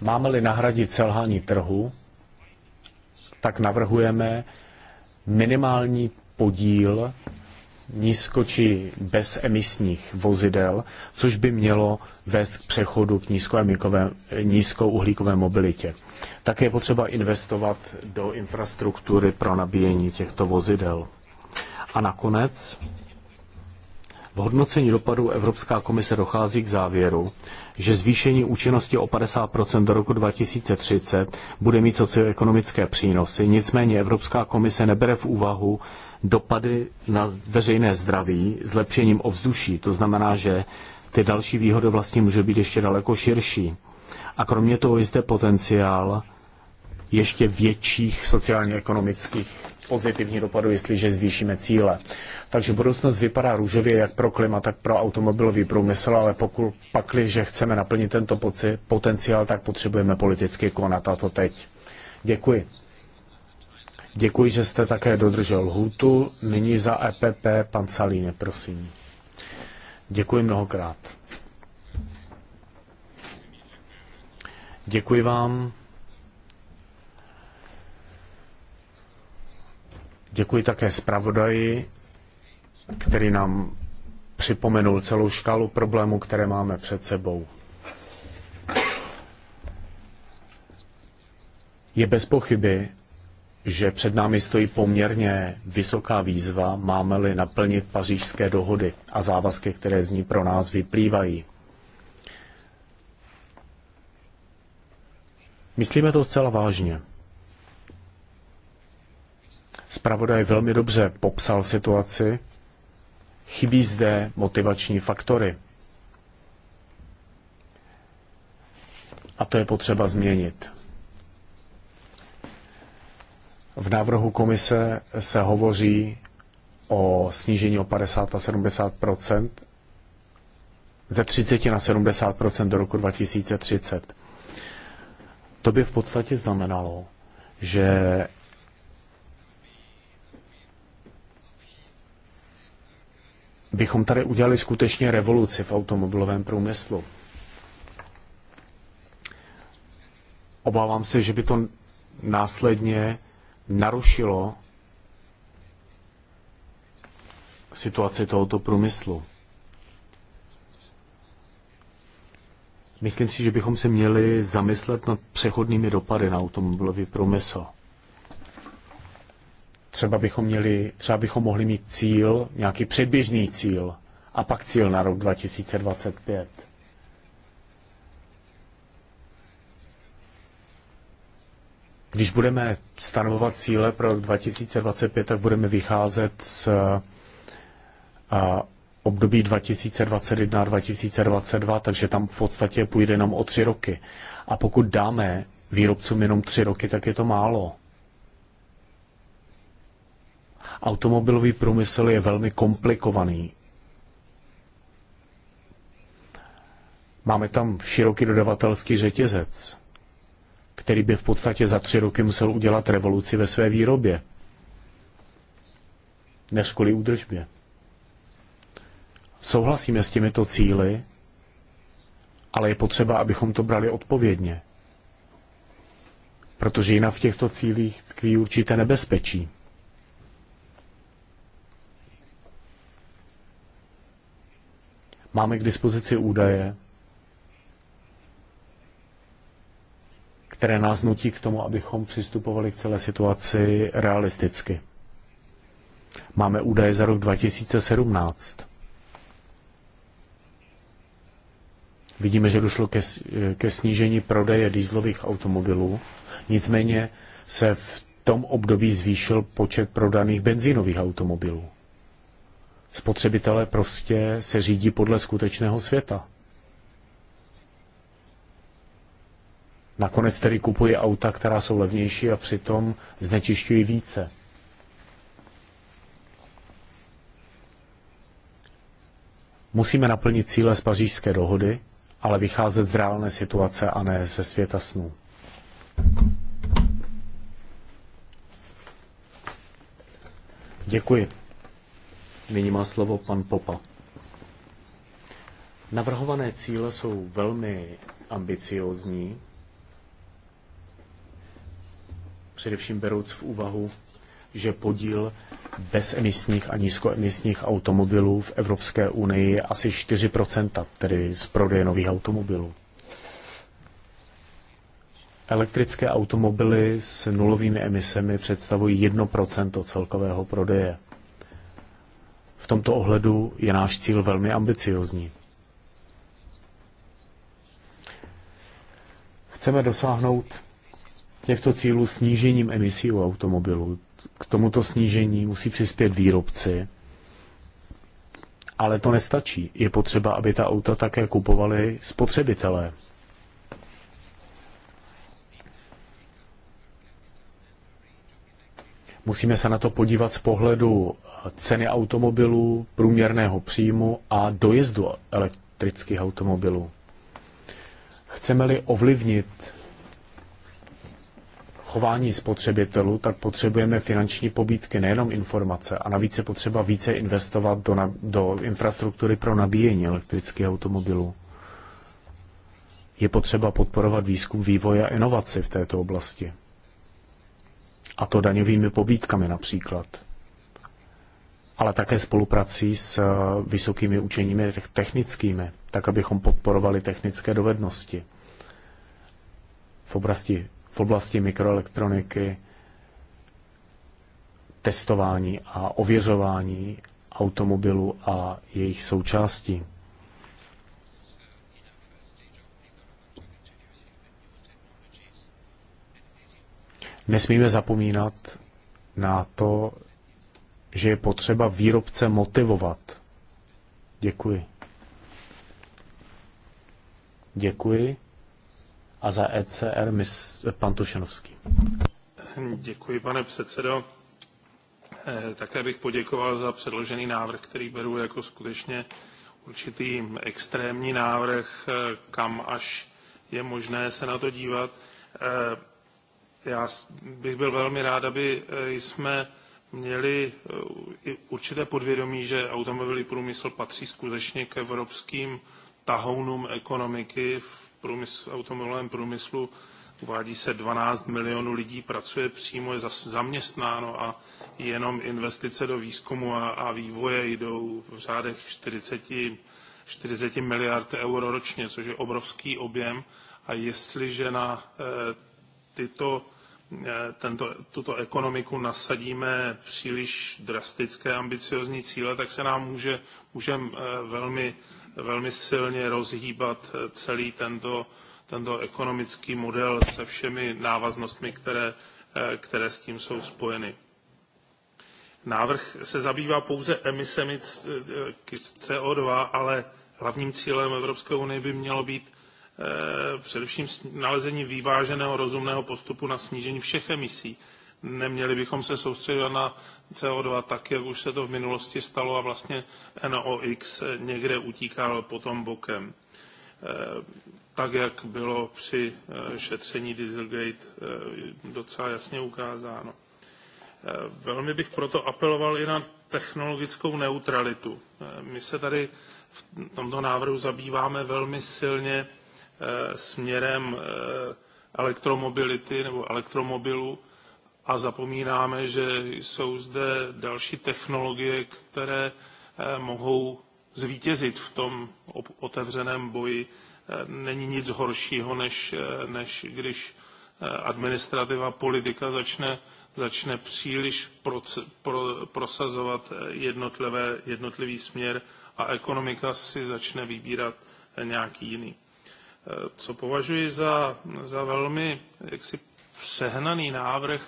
Máme-li nahradit selhání trhu, tak navrhujeme minimální podíl nízko či bezemisních vozidel, což by mělo vést k přechodu k nízkouhlíkové mobilitě. Také je potřeba investovat do infrastruktury pro nabíjení těchto vozidel. A nakonec v hodnocení dopadů Evropská komise dochází k závěru, že zvýšení účinnosti o 50% do roku 2030 bude mít socioekonomické přínosy, nicméně Evropská komise nebere v úvahu dopady na veřejné zdraví zlepšením ovzduší. To znamená, že ty další výhody vlastně může být ještě daleko širší. A kromě toho je zde potenciál ještě větších sociálně-ekonomických pozitivní dopadu, jestliže zvýšíme cíle. Takže budoucnost vypadá růžově jak pro klima, tak pro automobilový průmysl, ale pokud pakli, že chceme naplnit tento potenciál, tak potřebujeme politicky konat a to teď. Děkuji. Děkuji, že jste také dodržel lhůtu. Nyní za EPP pan Salíne, prosím. Děkuji mnohokrát. Děkuji vám. Děkuji také zpravodaji, který nám připomenul celou škálu problémů, které máme před sebou. Je bez pochyby, že před námi stojí poměrně vysoká výzva, máme-li naplnit pařížské dohody a závazky, které z ní pro nás vyplývají. Myslíme to zcela vážně. Spravodaj velmi dobře popsal situaci. Chybí zde motivační faktory. A to je potřeba změnit. V návrhu komise se hovoří o snížení o 50 a 70 ze 30 na 70 do roku 2030. To by v podstatě znamenalo, že bychom tady udělali skutečně revoluci v automobilovém průmyslu. Obávám se, že by to následně narušilo situaci tohoto průmyslu. Myslím si, že bychom se měli zamyslet nad přechodnými dopady na automobilový průmysl. Třeba bychom, měli, třeba bychom mohli mít cíl, nějaký předběžný cíl a pak cíl na rok 2025. Když budeme stanovovat cíle pro rok 2025, tak budeme vycházet z eh, období 2021 2022, takže tam v podstatě půjde jenom o tři roky. A pokud dáme výrobcům jenom tři roky, tak je to málo. Automobilový průmysl je velmi komplikovaný. Máme tam široký dodavatelský řetězec, který by v podstatě za tři roky musel udělat revoluci ve své výrobě, než kvůli údržbě. Souhlasíme s těmito cíly, ale je potřeba, abychom to brali odpovědně, protože jinak v těchto cílích tkví určité nebezpečí. Máme k dispozici údaje, které nás nutí k tomu, abychom přistupovali k celé situaci realisticky. Máme údaje za rok 2017. Vidíme, že došlo ke, ke snížení prodeje dýzlových automobilů, nicméně se v tom období zvýšil počet prodaných benzínových automobilů. Spotřebitelé prostě se řídí podle skutečného světa. Nakonec tedy kupuje auta, která jsou levnější a přitom znečišťují více. Musíme naplnit cíle z pařížské dohody, ale vycházet z reálné situace a ne ze světa snů. Děkuji. Nyní má slovo pan Popa. Navrhované cíle jsou velmi ambiciozní, především berouc v úvahu, že podíl bezemisních a nízkoemisních automobilů v Evropské unii je asi 4%, tedy z prodeje nových automobilů. Elektrické automobily s nulovými emisemi představují 1% celkového prodeje v tomto ohledu je náš cíl velmi ambiciozní. Chceme dosáhnout těchto cílů snížením emisí u automobilů. K tomuto snížení musí přispět výrobci, ale to nestačí. Je potřeba, aby ta auta také kupovali spotřebitelé. Musíme se na to podívat z pohledu ceny automobilů, průměrného příjmu a dojezdu elektrických automobilů. Chceme-li ovlivnit chování spotřebitelů, tak potřebujeme finanční pobídky, nejenom informace. A navíc je potřeba více investovat do, na, do infrastruktury pro nabíjení elektrických automobilů. Je potřeba podporovat výzkum, vývoj a inovaci v této oblasti. A to daňovými pobídkami například ale také spoluprací s eh, vysokými učeními technickými, tak abychom podporovali technické dovednosti v oblasti, v oblasti mikroelektroniky, testování a ověřování automobilů a jejich součástí. Nesmíme zapomínat na to, že je potřeba výrobce motivovat. Děkuji. Děkuji. A za ECR mis, pan Tušenovský. Děkuji, pane předsedo. Eh, také bych poděkoval za předložený návrh, který beru jako skutečně určitý extrémní návrh, eh, kam až je možné se na to dívat. Eh, já bych byl velmi rád, aby jsme měli eh, i určité podvědomí, že automobilový průmysl patří skutečně k evropským tahounům ekonomiky. V průmysl, automobilovém průmyslu uvádí se 12 milionů lidí, pracuje přímo, je zaměstnáno a jenom investice do výzkumu a, a vývoje jdou v řádech 40, 40 miliard euro ročně, což je obrovský objem. A jestliže na e, tyto Eh, tento, tuto ekonomiku nasadíme příliš drastické ambiciozní cíle, tak se nám může eh, velmi, velmi silně rozhýbat eh, celý tento, tento ekonomický model se všemi návaznostmi, které, které s tím jsou spojeny. Návrh se zabývá pouze emisemi CO2, ale hlavním cílem Evropské unie by mělo být Eh, především nalezení vyváženého rozumného postupu na snížení všech emisí. Neměli bychom se soustředit na CO2 tak, jak už se to v minulosti stalo a vlastně NOx někde utíkal potom bokem. Eh, tak, jak bylo při eh, šetření Dieselgate docela jasně ukázáno. Velmi bych proto apeloval i na technologickou neutralitu. My se tady v tomto návrhu zabýváme velmi silně Eh, směrem eh, elektromobility nebo elektromobilů a zapomínáme, že jsou zde další technologie, které eh, mohou zvítězit v tom otevřeném boji. Není nic horšího, než, než když administrativa politika začne, začne příliš proce, pro, prosazovat jednotlivé, jednotlivý směr a ekonomika si začne vybírat nějaký jiný. Co považuji za, za velmi jaksi přehnaný návrh,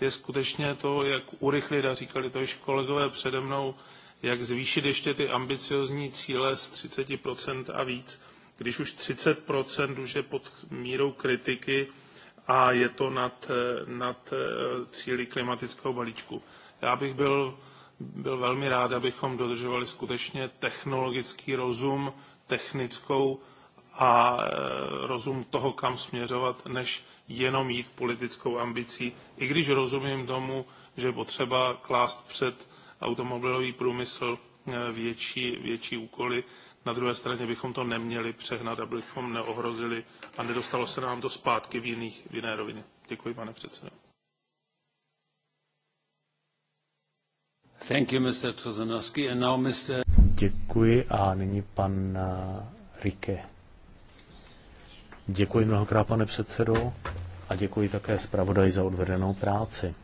je skutečně to, jak urychlit, a říkali to již kolegové přede mnou, jak zvýšit ještě ty ambiciozní cíle z 30% a víc, když už 30% už je pod mírou kritiky a je to nad, nad eh, cíly klimatického balíčku. Já bych byl, byl velmi rád, abychom dodržovali skutečně technologický rozum, technickou a e, rozum toho, kam směřovat, než jenom jít politickou ambicí, i když rozumím tomu, že je potřeba klást před automobilový průmysl e, větší, větší úkoly. Na druhé straně bychom to neměli přehnat, abychom neohrozili a nedostalo se nám to zpátky v, jiných, v jiné rovině. Děkuji, pane předsedo. Thank you, Mr. And now Mr. Děkuji a nyní pan e, Rike. Děkuji mnohokrát, pane předsedo, a děkuji také zpravodaj za odvedenou práci.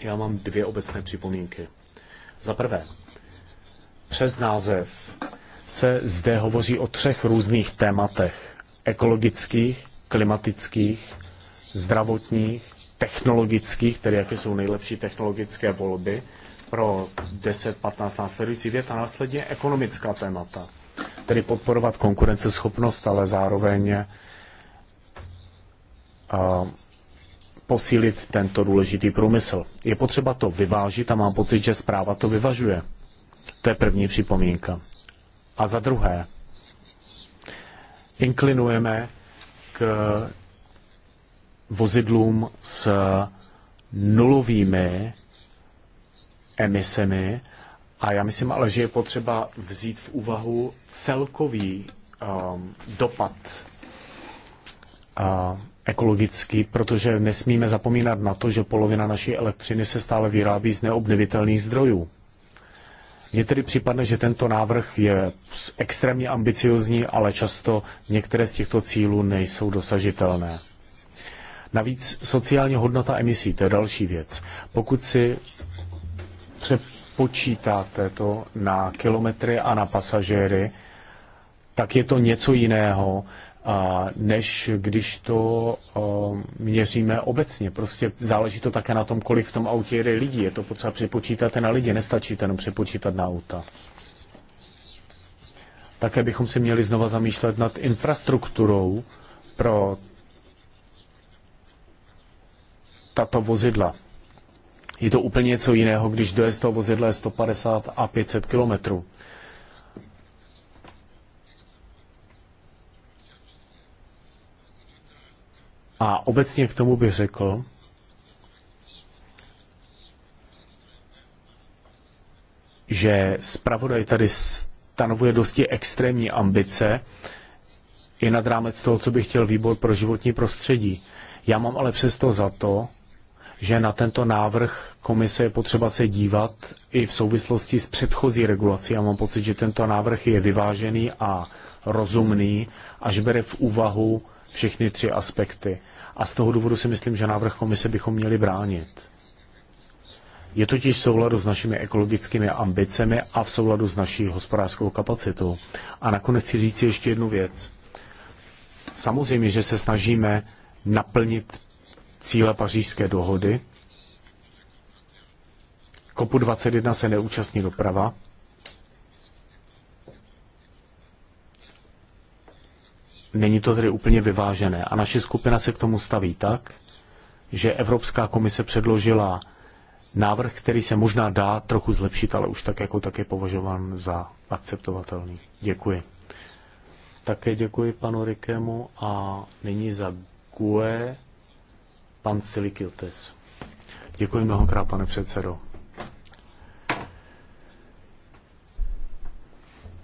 Já mám dvě obecné připomínky. Za prvé, přes název se zde hovoří o třech různých tématech. Ekologických, klimatických, zdravotních, technologických, tedy jaké jsou nejlepší technologické volby pro 10, 15 následujících vět a následně ekonomická témata tedy podporovat konkurenceschopnost, ale zároveň eh, posílit tento důležitý průmysl. Je potřeba to vyvážit a mám pocit, že zpráva to vyvažuje. To je první připomínka. A za druhé, inklinujeme k vozidlům s nulovými emisemi a já myslím ale, že je potřeba vzít v úvahu celkový um, dopad uh, ekologický, protože nesmíme zapomínat na to, že polovina naší elektřiny se stále vyrábí z neobnovitelných zdrojů. Mně tedy připadne, že tento návrh je extrémně ambiciozní, ale často některé z těchto cílů nejsou dosažitelné. Navíc sociální hodnota emisí, to je další věc. Pokud si pře- počítáte to na kilometry a na pasažéry, tak je to něco jiného, než když to měříme obecně. Prostě záleží to také na tom, kolik v tom autě jede lidí. Je to potřeba přepočítat na lidi, nestačí to jenom přepočítat na auta. Také bychom si měli znova zamýšlet nad infrastrukturou pro tato vozidla. Je to úplně něco jiného, když dojezd toho vozidla je 150 a 500 kilometrů. A obecně k tomu bych řekl, že zpravodaj tady stanovuje dosti extrémní ambice i nad rámec toho, co by chtěl výbor pro životní prostředí. Já mám ale přesto za to, že na tento návrh komise je potřeba se dívat i v souvislosti s předchozí regulací. Já mám pocit, že tento návrh je vyvážený a rozumný a že bere v úvahu všechny tři aspekty. A z toho důvodu si myslím, že návrh komise bychom měli bránit. Je totiž v souladu s našimi ekologickými ambicemi a v souladu s naší hospodářskou kapacitou. A nakonec chci říct ještě jednu věc. Samozřejmě, že se snažíme naplnit cíle pařížské dohody. Kopu 21 se neúčastní doprava. Není to tedy úplně vyvážené. A naše skupina se k tomu staví tak, že Evropská komise předložila návrh, který se možná dá trochu zlepšit, ale už tak jako tak je považován za akceptovatelný. Děkuji. Také děkuji panu Rikému a nyní za GUE Pan Silikiotis. Děkuji mnohokrát, pane předsedo.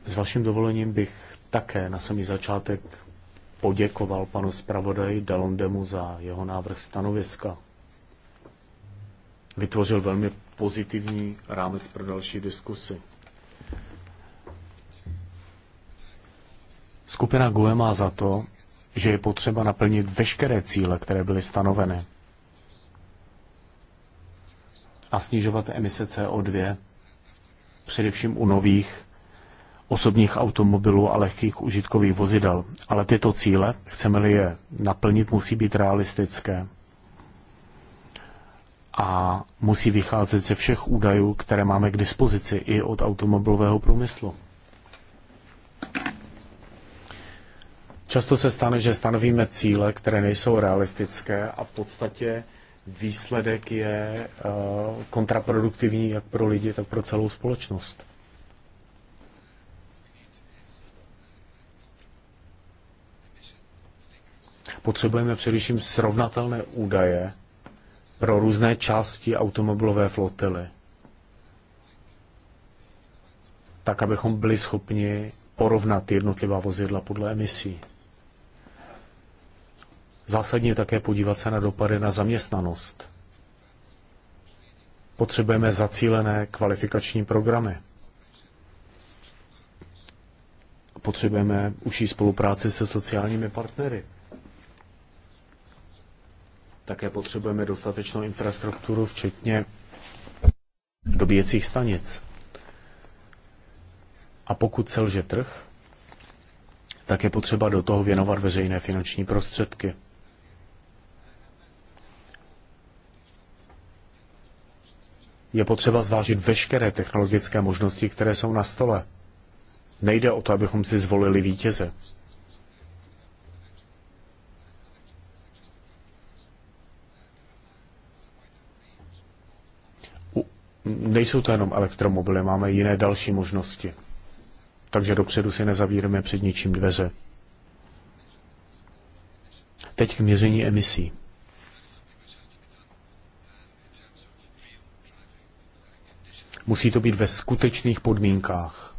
S vaším dovolením bych také na samý začátek poděkoval panu zpravodaji Dalondemu za jeho návrh stanoviska. Vytvořil velmi pozitivní rámec pro další diskusy. Skupina GUE má za to, že je potřeba naplnit veškeré cíle, které byly stanoveny a snižovat emise CO2, především u nových osobních automobilů a lehkých užitkových vozidel. Ale tyto cíle, chceme-li je naplnit, musí být realistické a musí vycházet ze všech údajů, které máme k dispozici i od automobilového průmyslu. Často se stane, že stanovíme cíle, které nejsou realistické a v podstatě výsledek je eh, kontraproduktivní jak pro lidi, tak pro celou společnost. Potřebujeme především srovnatelné údaje pro různé části automobilové flotily, tak abychom byli schopni porovnat jednotlivá vozidla podle emisí. Zásadně také podívat se na dopady na zaměstnanost. Potřebujeme zacílené kvalifikační programy. Potřebujeme užší spolupráci se sociálními partnery. Také potřebujeme dostatečnou infrastrukturu, včetně dobíjecích stanic. A pokud selže trh, tak je potřeba do toho věnovat veřejné finanční prostředky. je potřeba zvážit veškeré technologické možnosti, které jsou na stole. Nejde o to, abychom si zvolili vítěze. nejsou to jenom elektromobily, máme jiné další možnosti. Takže dopředu si nezavíráme před ničím dveře. Teď k měření emisí. Musí to být ve skutečných podmínkách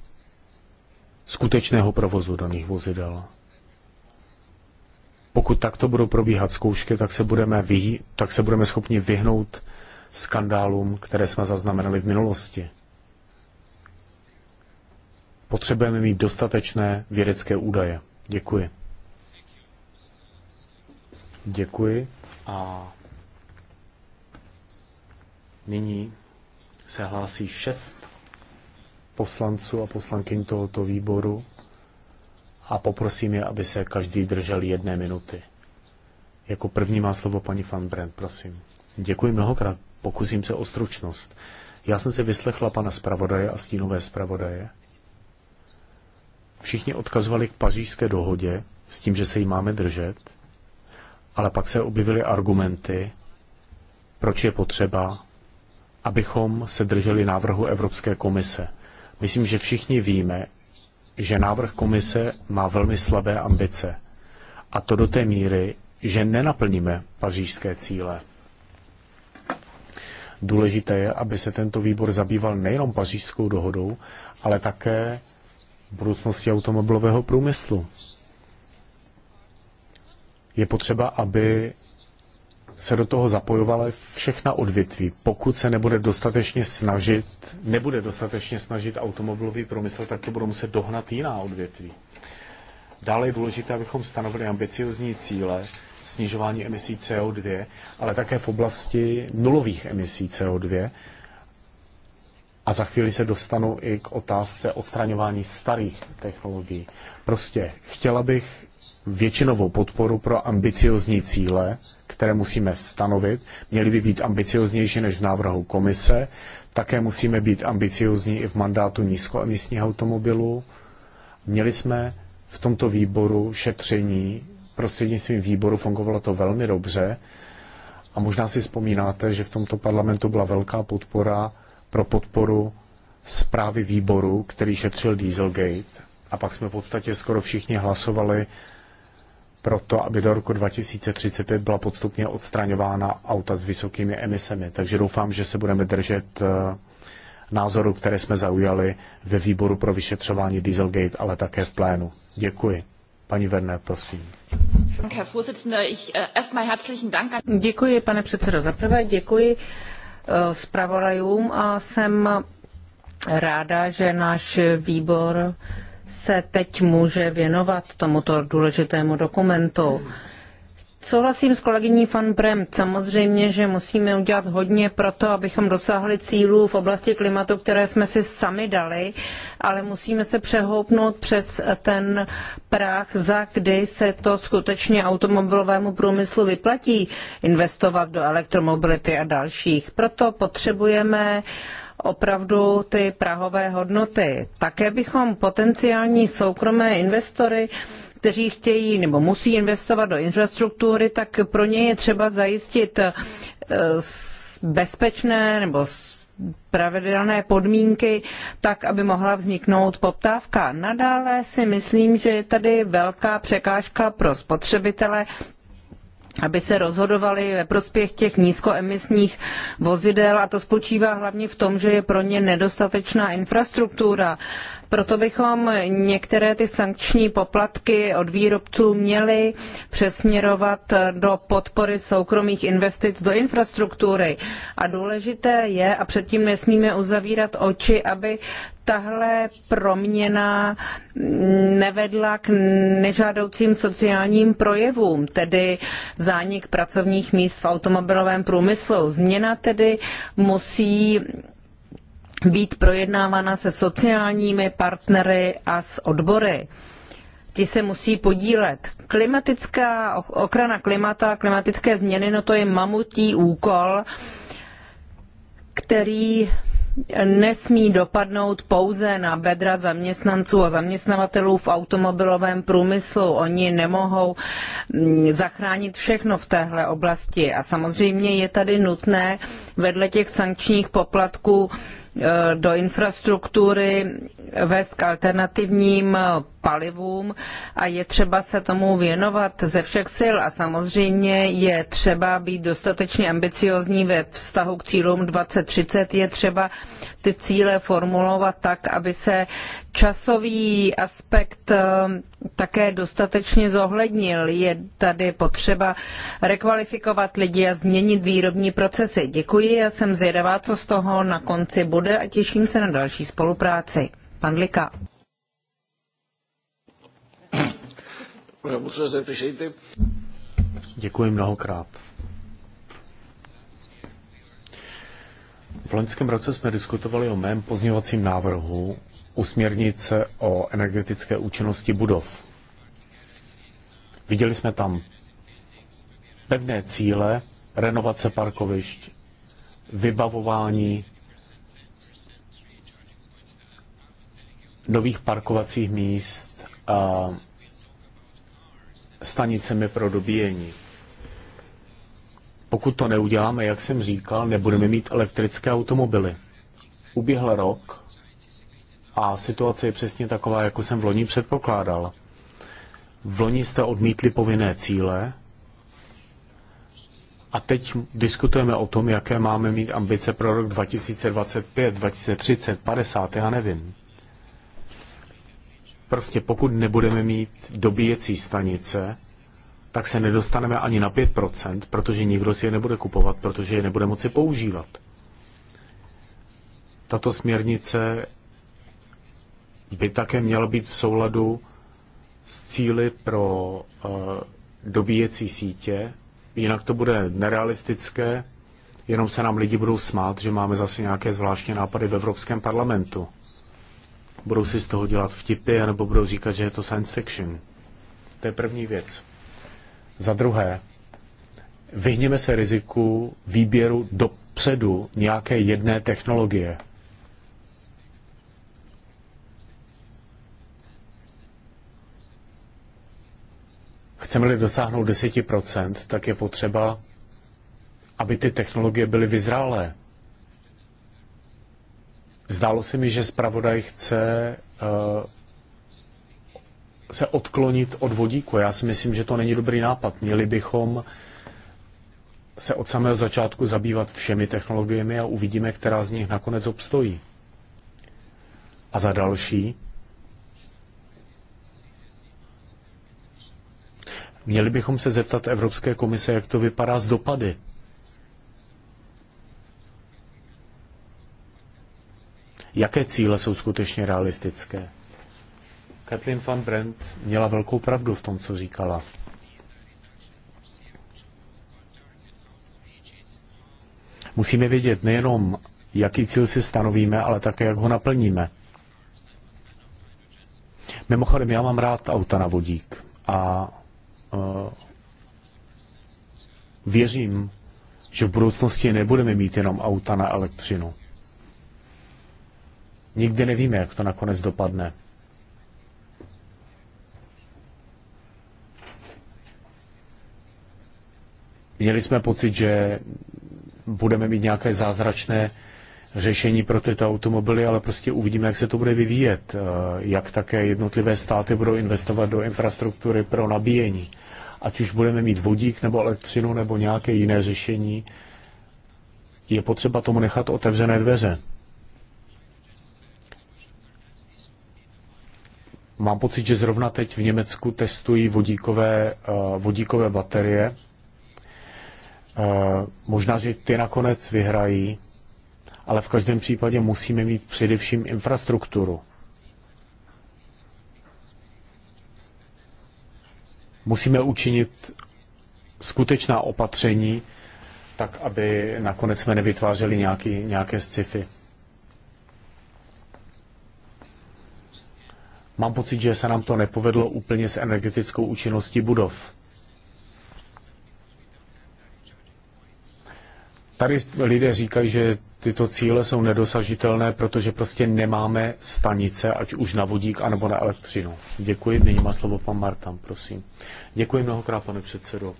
skutečného provozu daných vozidel. Pokud takto budou probíhat zkoušky, tak se budeme, vy, tak se budeme schopni vyhnout skandálům, které jsme zaznamenali v minulosti. Potřebujeme mít dostatečné vědecké údaje. Děkuji. Děkuji a nyní se hlásí šest poslanců a poslankyň tohoto výboru a poprosím je, aby se každý držel jedné minuty. Jako první má slovo paní Van Brent, prosím. Děkuji mnohokrát, pokusím se o stručnost. Já jsem si vyslechla pana zpravodaje a stínové zpravodaje. Všichni odkazovali k pařížské dohodě s tím, že se jí máme držet, ale pak se objevily argumenty, proč je potřeba abychom se drželi návrhu Evropské komise. Myslím, že všichni víme, že návrh komise má velmi slabé ambice. A to do té míry, že nenaplníme pařížské cíle. Důležité je, aby se tento výbor zabýval nejenom pařížskou dohodou, ale také budoucností automobilového průmyslu. Je potřeba, aby se do toho zapojovala všechna odvětví. Pokud se nebude dostatečně snažit, nebude dostatečně snažit automobilový průmysl, tak to budou muset dohnat jiná odvětví. Dále je důležité, abychom stanovili ambiciozní cíle snižování emisí CO2, ale také v oblasti nulových emisí CO2. A za chvíli se dostanu i k otázce odstraňování starých technologií. Prostě chtěla bych většinovou podporu pro ambiciozní cíle, které musíme stanovit. Měly by být ambicioznější než v návrhu komise. Také musíme být ambiciozní i v mandátu nízkoemisních automobilů. Měli jsme v tomto výboru šetření, prostřednictvím výboru fungovalo to velmi dobře. A možná si vzpomínáte, že v tomto parlamentu byla velká podpora pro podporu zprávy výboru, který šetřil Dieselgate. A pak jsme v podstatě skoro všichni hlasovali proto, aby do roku 2035 byla postupně odstraňována auta s vysokými emisemi. Takže doufám, že se budeme držet eh, názoru, které jsme zaujali ve výboru pro vyšetřování Dieselgate, ale také v plénu. Děkuji. Paní Verne, prosím. Eh, děkuji, pane předsedo. Za prvé děkuji eh, zpravodajům a jsem ráda, že náš výbor se teď může věnovat tomuto důležitému dokumentu. Souhlasím s kolegyní van Bremt. Samozřejmě, že musíme udělat hodně pro to, abychom dosáhli cílů v oblasti klimatu, které jsme si sami dali, ale musíme se přehoupnout přes ten práh, za kdy se to skutečně automobilovému průmyslu vyplatí investovat do elektromobility a dalších. Proto potřebujeme uh, opravdu ty prahové hodnoty. Také bychom potenciální soukromé investory kteří chtějí nebo musí investovat do infrastruktury, tak pro ně je třeba zajistit eh, bezpečné nebo pravidelné podmínky, tak aby mohla vzniknout poptávka. Nadále si myslím, že je tady velká překážka pro spotřebitele, aby se rozhodovali ve prospěch těch nízkoemisních vozidel a to spočívá hlavně v tom, že je pro ně nedostatečná infrastruktura. Proto bychom některé ty sankční poplatky od výrobců měli přesměrovat do podpory soukromých investic do infrastruktury. A důležité je, a předtím nesmíme uzavírat oči, aby tahle proměna nevedla k nežádoucím sociálním projevům, tedy zánik pracovních míst v automobilovém průmyslu. Změna tedy musí být projednávána se sociálními partnery a s odbory. Ti se musí podílet. Klimatická ochrana klimata, klimatické změny, no to je mamutí úkol, který nesmí dopadnout pouze na bedra zaměstnanců a zaměstnavatelů v automobilovém průmyslu. Oni nemohou mm, zachránit všechno v téhle oblasti. A samozřejmě je tady nutné vedle těch sankčních poplatků Eh, do infrastruktury, vést k alternativním palivům a je třeba se tomu věnovat ze všech sil a samozřejmě je třeba být dostatečně ambiciozní ve vztahu k cílům 2030, je třeba ty cíle formulovat tak, aby se časový aspekt eh, také dostatečně zohlednil. Je tady potřeba rekvalifikovat lidi a změnit výrobní procesy. Děkuji a jsem zvědavá, co z toho na konci bude a těším se na další spolupráci. Pan Lika. Děkuji mnohokrát. V loňském roce jsme diskutovali o mém pozměňovacím návrhu, u směrnice o energetické účinnosti budov. Viděli jsme tam pevné cíle, renovace parkovišť, vybavování nových parkovacích míst a stanicemi pro dobíjení. Pokud to neuděláme, jak jsem říkal, nebudeme mít elektrické automobily. Uběhl rok a situace je přesně taková, jako jsem v loni předpokládal. V loni jste odmítli povinné cíle a teď diskutujeme o tom, jaké máme mít ambice pro rok 2025, 2030, 50, já nevím. Prostě pokud nebudeme mít dobíjecí stanice, tak se nedostaneme ani na 5%, protože nikdo si je nebude kupovat, protože je nebude moci používat. Tato směrnice by také měla být v souladu s cíly pro eh, dobíjecí sítě, jinak to bude nerealistické, jenom se nám lidi budou smát, že máme zase nějaké zvláštní nápady v Evropském parlamentu. Budou si z toho dělat vtipy, nebo budou říkat, že je to science fiction. To je první věc. Za druhé, vyhněme se riziku výběru dopředu nějaké jedné technologie. Chceme-li dosáhnout 10%, tak je potřeba, aby ty technologie byly vyzrálé. Zdálo se mi, že zpravodaj chce uh, se odklonit od vodíku. Já si myslím, že to není dobrý nápad. Měli bychom se od samého začátku zabývat všemi technologiemi a uvidíme, která z nich nakonec obstojí. A za další, Měli bychom se zeptat Evropské komise, jak to vypadá s dopady. Jaké cíle jsou skutečně realistické? Kathleen van Brent měla velkou pravdu v tom, co říkala. Musíme vědět nejenom, jaký cíl si stanovíme, ale také, jak ho naplníme. Mimochodem, já mám rád auta na vodík a Eh, věřím, že v budoucnosti nebudeme mít jenom auta na elektřinu. Nikdy nevíme, jak to nakonec dopadne. Měli jsme pocit, že budeme mít nějaké zázračné řešení pro tyto automobily, ale prostě uvidíme, jak se to bude vyvíjet, eh, jak také jednotlivé státy budou investovat do infrastruktury pro nabíjení. Ať už budeme mít vodík nebo elektřinu nebo nějaké jiné řešení, je potřeba tomu nechat otevřené dveře. Mám pocit, že zrovna teď v Německu testují vodíkové, eh, vodíkové baterie. Eh, možná, že ty nakonec vyhrají, ale v každém případě musíme mít především infrastrukturu. Musíme učinit skutečná opatření, tak aby nakonec jsme nevytvářeli nějaký, nějaké sci-fi. Mám pocit, že se nám to nepovedlo úplně s energetickou účinností budov. Tady lidé říkají, že tyto cíle jsou nedosažitelné, protože prostě nemáme stanice, ať už na vodík, anebo na elektřinu. Děkuji, nyní má slovo pan Martan, prosím. Děkuji mnohokrát, pane předsedo.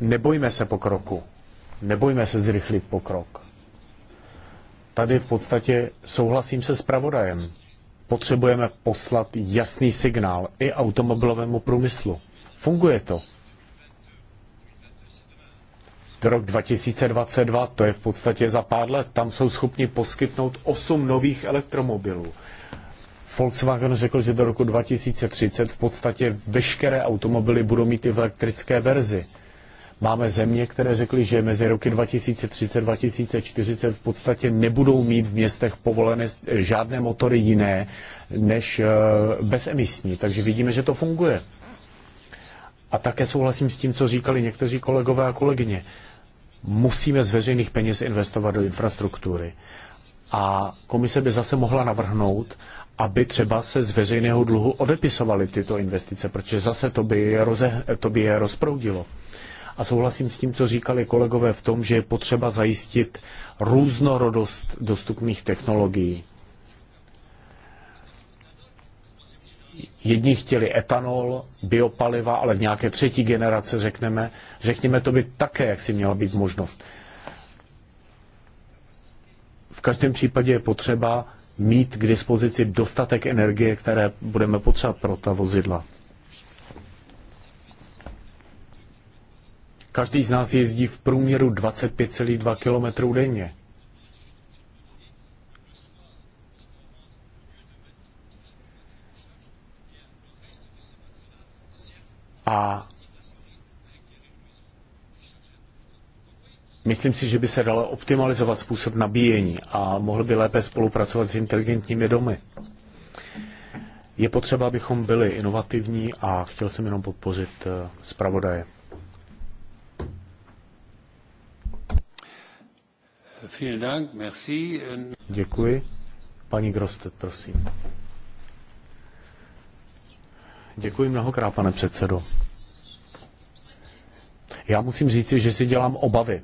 Nebojme se pokroku. Nebojme se zrychlit pokrok. Tady v podstatě souhlasím se pravodajem. Potřebujeme poslat jasný signál i automobilovému průmyslu. Funguje to rok 2022, to je v podstatě za pár let, tam jsou schopni poskytnout 8 nových elektromobilů. Volkswagen řekl, že do roku 2030 v podstatě veškeré automobily budou mít i v elektrické verzi. Máme země, které řekly, že mezi roky 2030 a 2040 v podstatě nebudou mít v městech povolené žádné motory jiné než eh, bezemisní. Takže vidíme, že to funguje. A také souhlasím s tím, co říkali někteří kolegové a kolegyně musíme z veřejných peněz investovat do infrastruktury. A komise by zase mohla navrhnout, aby třeba se z veřejného dluhu odepisovaly tyto investice, protože zase to by, je roze, to by je rozproudilo. A souhlasím s tím, co říkali kolegové v tom, že je potřeba zajistit různorodost dostupných technologií. jedni chtěli etanol, biopaliva, ale v nějaké třetí generace, řekneme, řekněme, to by také jak si měla být možnost. V každém případě je potřeba mít k dispozici dostatek energie, které budeme potřebovat pro ta vozidla. Každý z nás jezdí v průměru 25,2 km denně. A Myslím si, že by se dalo optimalizovat způsob nabíjení a mohl by lépe spolupracovat s inteligentními domy. Je potřeba, abychom byli inovativní a chtěl jsem jenom podpořit eh, zpravodaje. Děkuji. Paní Grostet, prosím. Děkuji mnohokrát, pane předsedo. Já musím říci, že si dělám obavy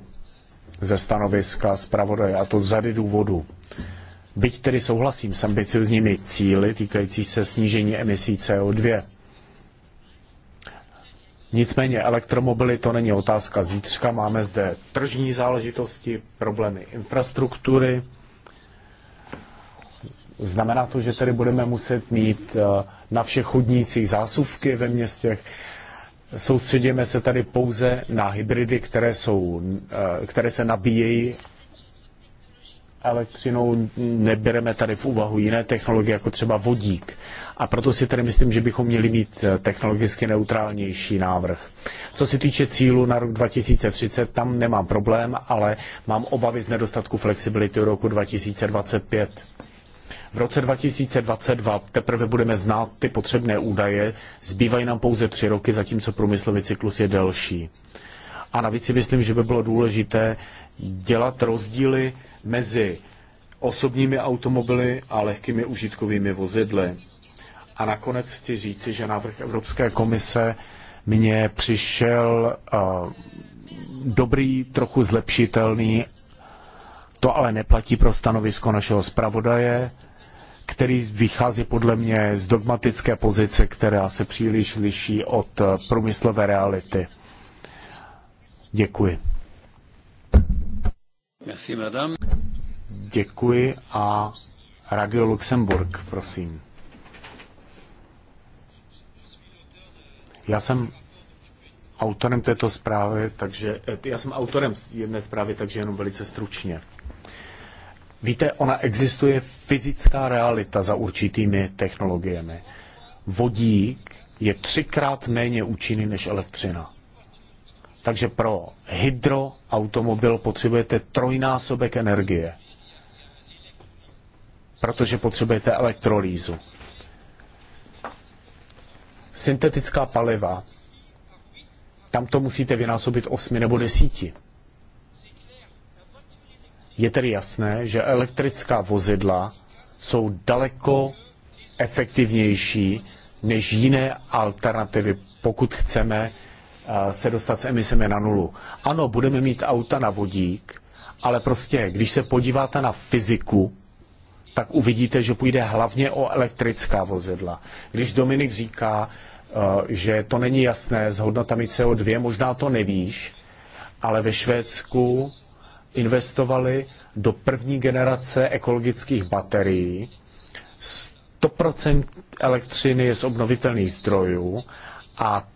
ze stanoviska zpravodaje, a to z řady důvodů. Byť tedy souhlasím s ambiciozními cíly týkající se snížení emisí CO2. Nicméně elektromobily to není otázka zítřka. Máme zde tržní záležitosti, problémy infrastruktury, Znamená to, že tady budeme muset mít eh, na všech chodnících zásuvky ve městech. Soustředíme se tady pouze na hybridy, které, jsou, eh, které se nabíjejí elektřinou, nebereme tady v úvahu jiné technologie, jako třeba vodík. A proto si tady myslím, že bychom měli mít eh, technologicky neutrálnější návrh. Co se týče cílu na rok 2030, tam nemám problém, ale mám obavy z nedostatku flexibility roku 2025. V roce 2022 teprve budeme znát ty potřebné údaje, zbývají nám pouze tři roky, zatímco průmyslový cyklus je delší. A navíc si myslím, že by bylo důležité dělat rozdíly mezi osobními automobily a lehkými užitkovými vozidly. A nakonec chci říci, že návrh Evropské komise mně přišel uh, dobrý, trochu zlepšitelný. To ale neplatí pro stanovisko našeho zpravodaje který vychází podle mě z dogmatické pozice, která se příliš liší od eh, průmyslové reality. Děkuji. Merci, madame. Děkuji a Radio Luxemburg, prosím. Já jsem autorem této zprávy, takže eh, já jsem autorem jedné zprávy, takže jenom velice stručně. Víte, ona existuje fyzická realita za určitými technologiemi. Vodík je třikrát méně účinný než elektřina. Takže pro hydroautomobil potřebujete trojnásobek energie, protože potřebujete elektrolýzu. Syntetická paliva, tam to musíte vynásobit osmi nebo desíti. Je tedy jasné, že elektrická vozidla jsou daleko efektivnější než jiné alternativy, pokud chceme eh, se dostat s emisemi na nulu. Ano, budeme mít auta na vodík, ale prostě, když se podíváte na fyziku, tak uvidíte, že půjde hlavně o elektrická vozidla. Když Dominik říká, eh, že to není jasné s hodnotami CO2, možná to nevíš, ale ve Švédsku investovali do první generace ekologických baterií. 100% elektřiny je z obnovitelných zdrojů a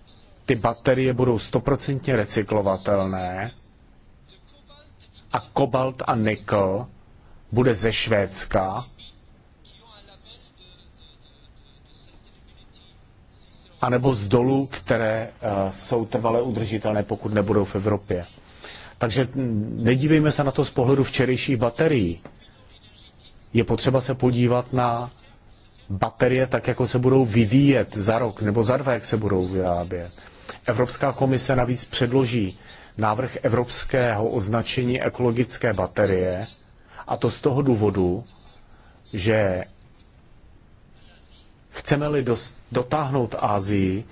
ty baterie budou 100% recyklovatelné a kobalt a nikl bude ze Švédska anebo z dolů, které eh, jsou trvale udržitelné, pokud nebudou v Evropě. Takže nedívejme se na to z pohledu včerejších baterií. Je potřeba se podívat na baterie tak, jako se budou vyvíjet za rok nebo za dva, jak se budou vyrábět. Evropská komise navíc předloží návrh evropského označení ekologické baterie, a to z toho důvodu, že chceme-li dotáhnout Ázii,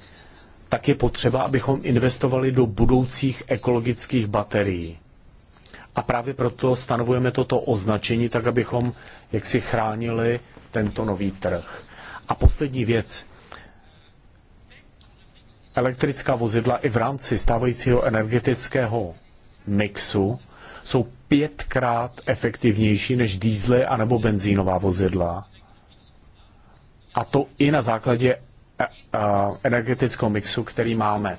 tak je potřeba, abychom investovali do budoucích ekologických baterií. A právě proto stanovujeme toto označení, tak abychom jaksi chránili tento nový trh. A poslední věc. Elektrická vozidla i v rámci stávajícího energetického mixu jsou pětkrát efektivnější než dýzly anebo benzínová vozidla. A to i na základě energetického mixu, který máme.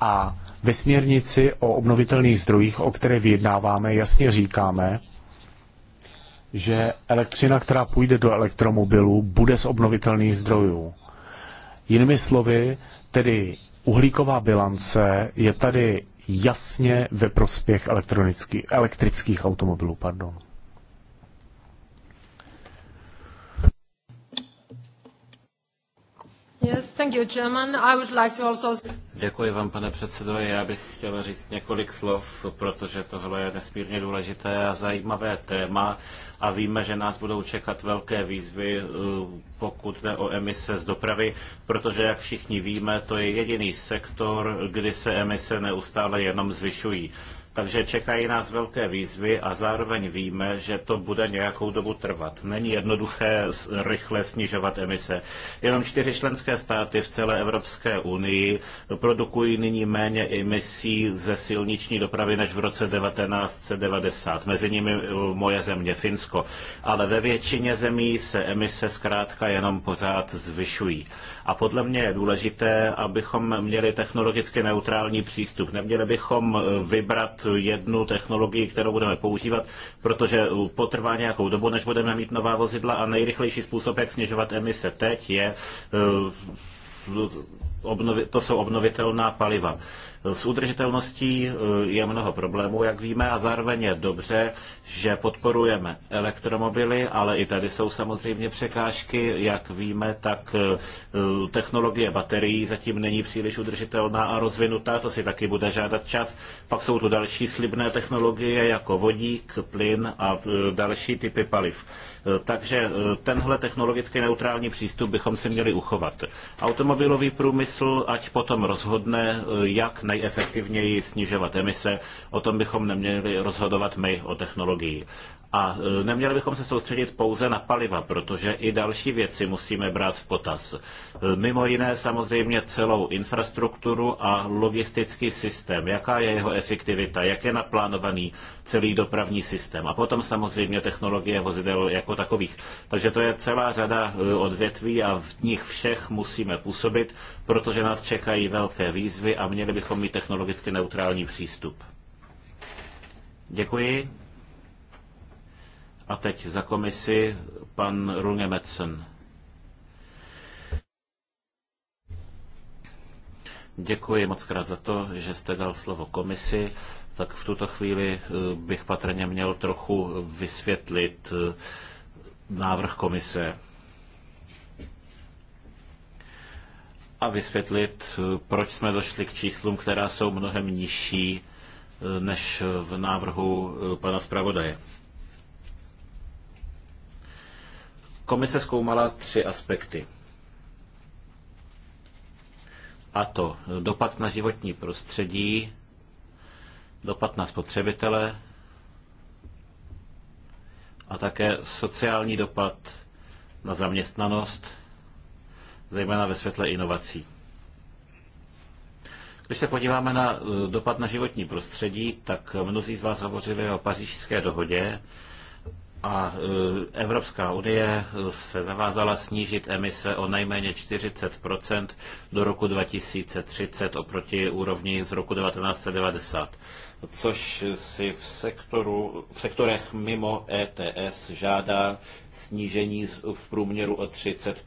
A ve směrnici o obnovitelných zdrojích, o které vyjednáváme, jasně říkáme, že elektřina, která půjde do elektromobilu, bude z obnovitelných zdrojů. Jinými slovy, tedy uhlíková bilance je tady jasně ve prospěch elektrických automobilů. Pardon. Yes, thank you, Chairman. I would like to also... Děkuji vám, pane předsedo. Já bych chtěl říct několik slov, protože tohle je nesmírně důležité a zajímavé téma a víme, že nás budou čekat velké výzvy, eh, pokud jde o emise z dopravy, protože, jak všichni víme, to je jediný sektor, kdy se emise neustále jenom zvyšují. Takže čekají nás velké výzvy a zároveň víme, že to bude nějakou dobu trvat. Není jednoduché rychle snižovat emise. Jenom čtyři členské státy v celé Evropské unii produkují nyní méně emisí ze silniční dopravy než v roce 1990. Mezi nimi eh, moje země Finsko. Ale ve většině zemí se emise zkrátka jenom pořád zvyšují. A podle mě je důležité, abychom měli technologicky neutrální přístup. Neměli bychom eh, vybrat jednu technologii, kterou budeme používat, protože potrvá nějakou dobu, než budeme mít nová vozidla a nejrychlejší způsob, jak snižovat emise teď, je eh, to jsou obnovitelná paliva. S udržitelností eh, je mnoho problémů, jak víme, a zároveň je dobře, že podporujeme elektromobily, ale i tady jsou samozřejmě překážky. Jak víme, tak eh, technologie baterií zatím není příliš udržitelná a rozvinutá, to si taky bude žádat čas. Pak jsou tu další slibné technologie jako vodík, plyn a eh, další typy paliv. Takže tenhle technologicky neutrální přístup bychom si měli uchovat. Automobilový průmysl, ať potom rozhodne, jak na nejefektivněji snižovat emise, o tom bychom neměli rozhodovat my o technologii. A e, neměli bychom se soustředit pouze na paliva, protože i další věci musíme brát v potaz. E, mimo jiné samozřejmě celou infrastrukturu a logistický systém, jaká je jeho efektivita, jak je naplánovaný celý dopravní systém a potom samozřejmě technologie vozidel jako takových. Takže to je celá řada e, odvětví a v nich všech musíme působit, protože nás čekají velké výzvy a měli bychom mít technologicky neutrální přístup. Děkuji. A teď za komisi pan Runge Metzen. Děkuji moc krát za to, že jste dal slovo komisi. Tak v tuto chvíli eh, bych patrně měl trochu vysvětlit eh, návrh komise a vysvětlit, eh, proč jsme došli k číslům, která jsou mnohem nižší než v návrhu pana zpravodaje. Komise zkoumala tři aspekty. A to dopad na životní prostředí, dopad na spotřebitele a také sociální dopad na zaměstnanost, zejména ve světle inovací. Když se podíváme na dopad na životní prostředí, tak mnozí z vás hovořili o pařížské dohodě a e, Evropská unie se zavázala snížit emise o nejméně 40 do roku 2030 oproti úrovni z roku 1990, což si v, sektoru, v sektorech mimo ETS žádá snížení v průměru o 30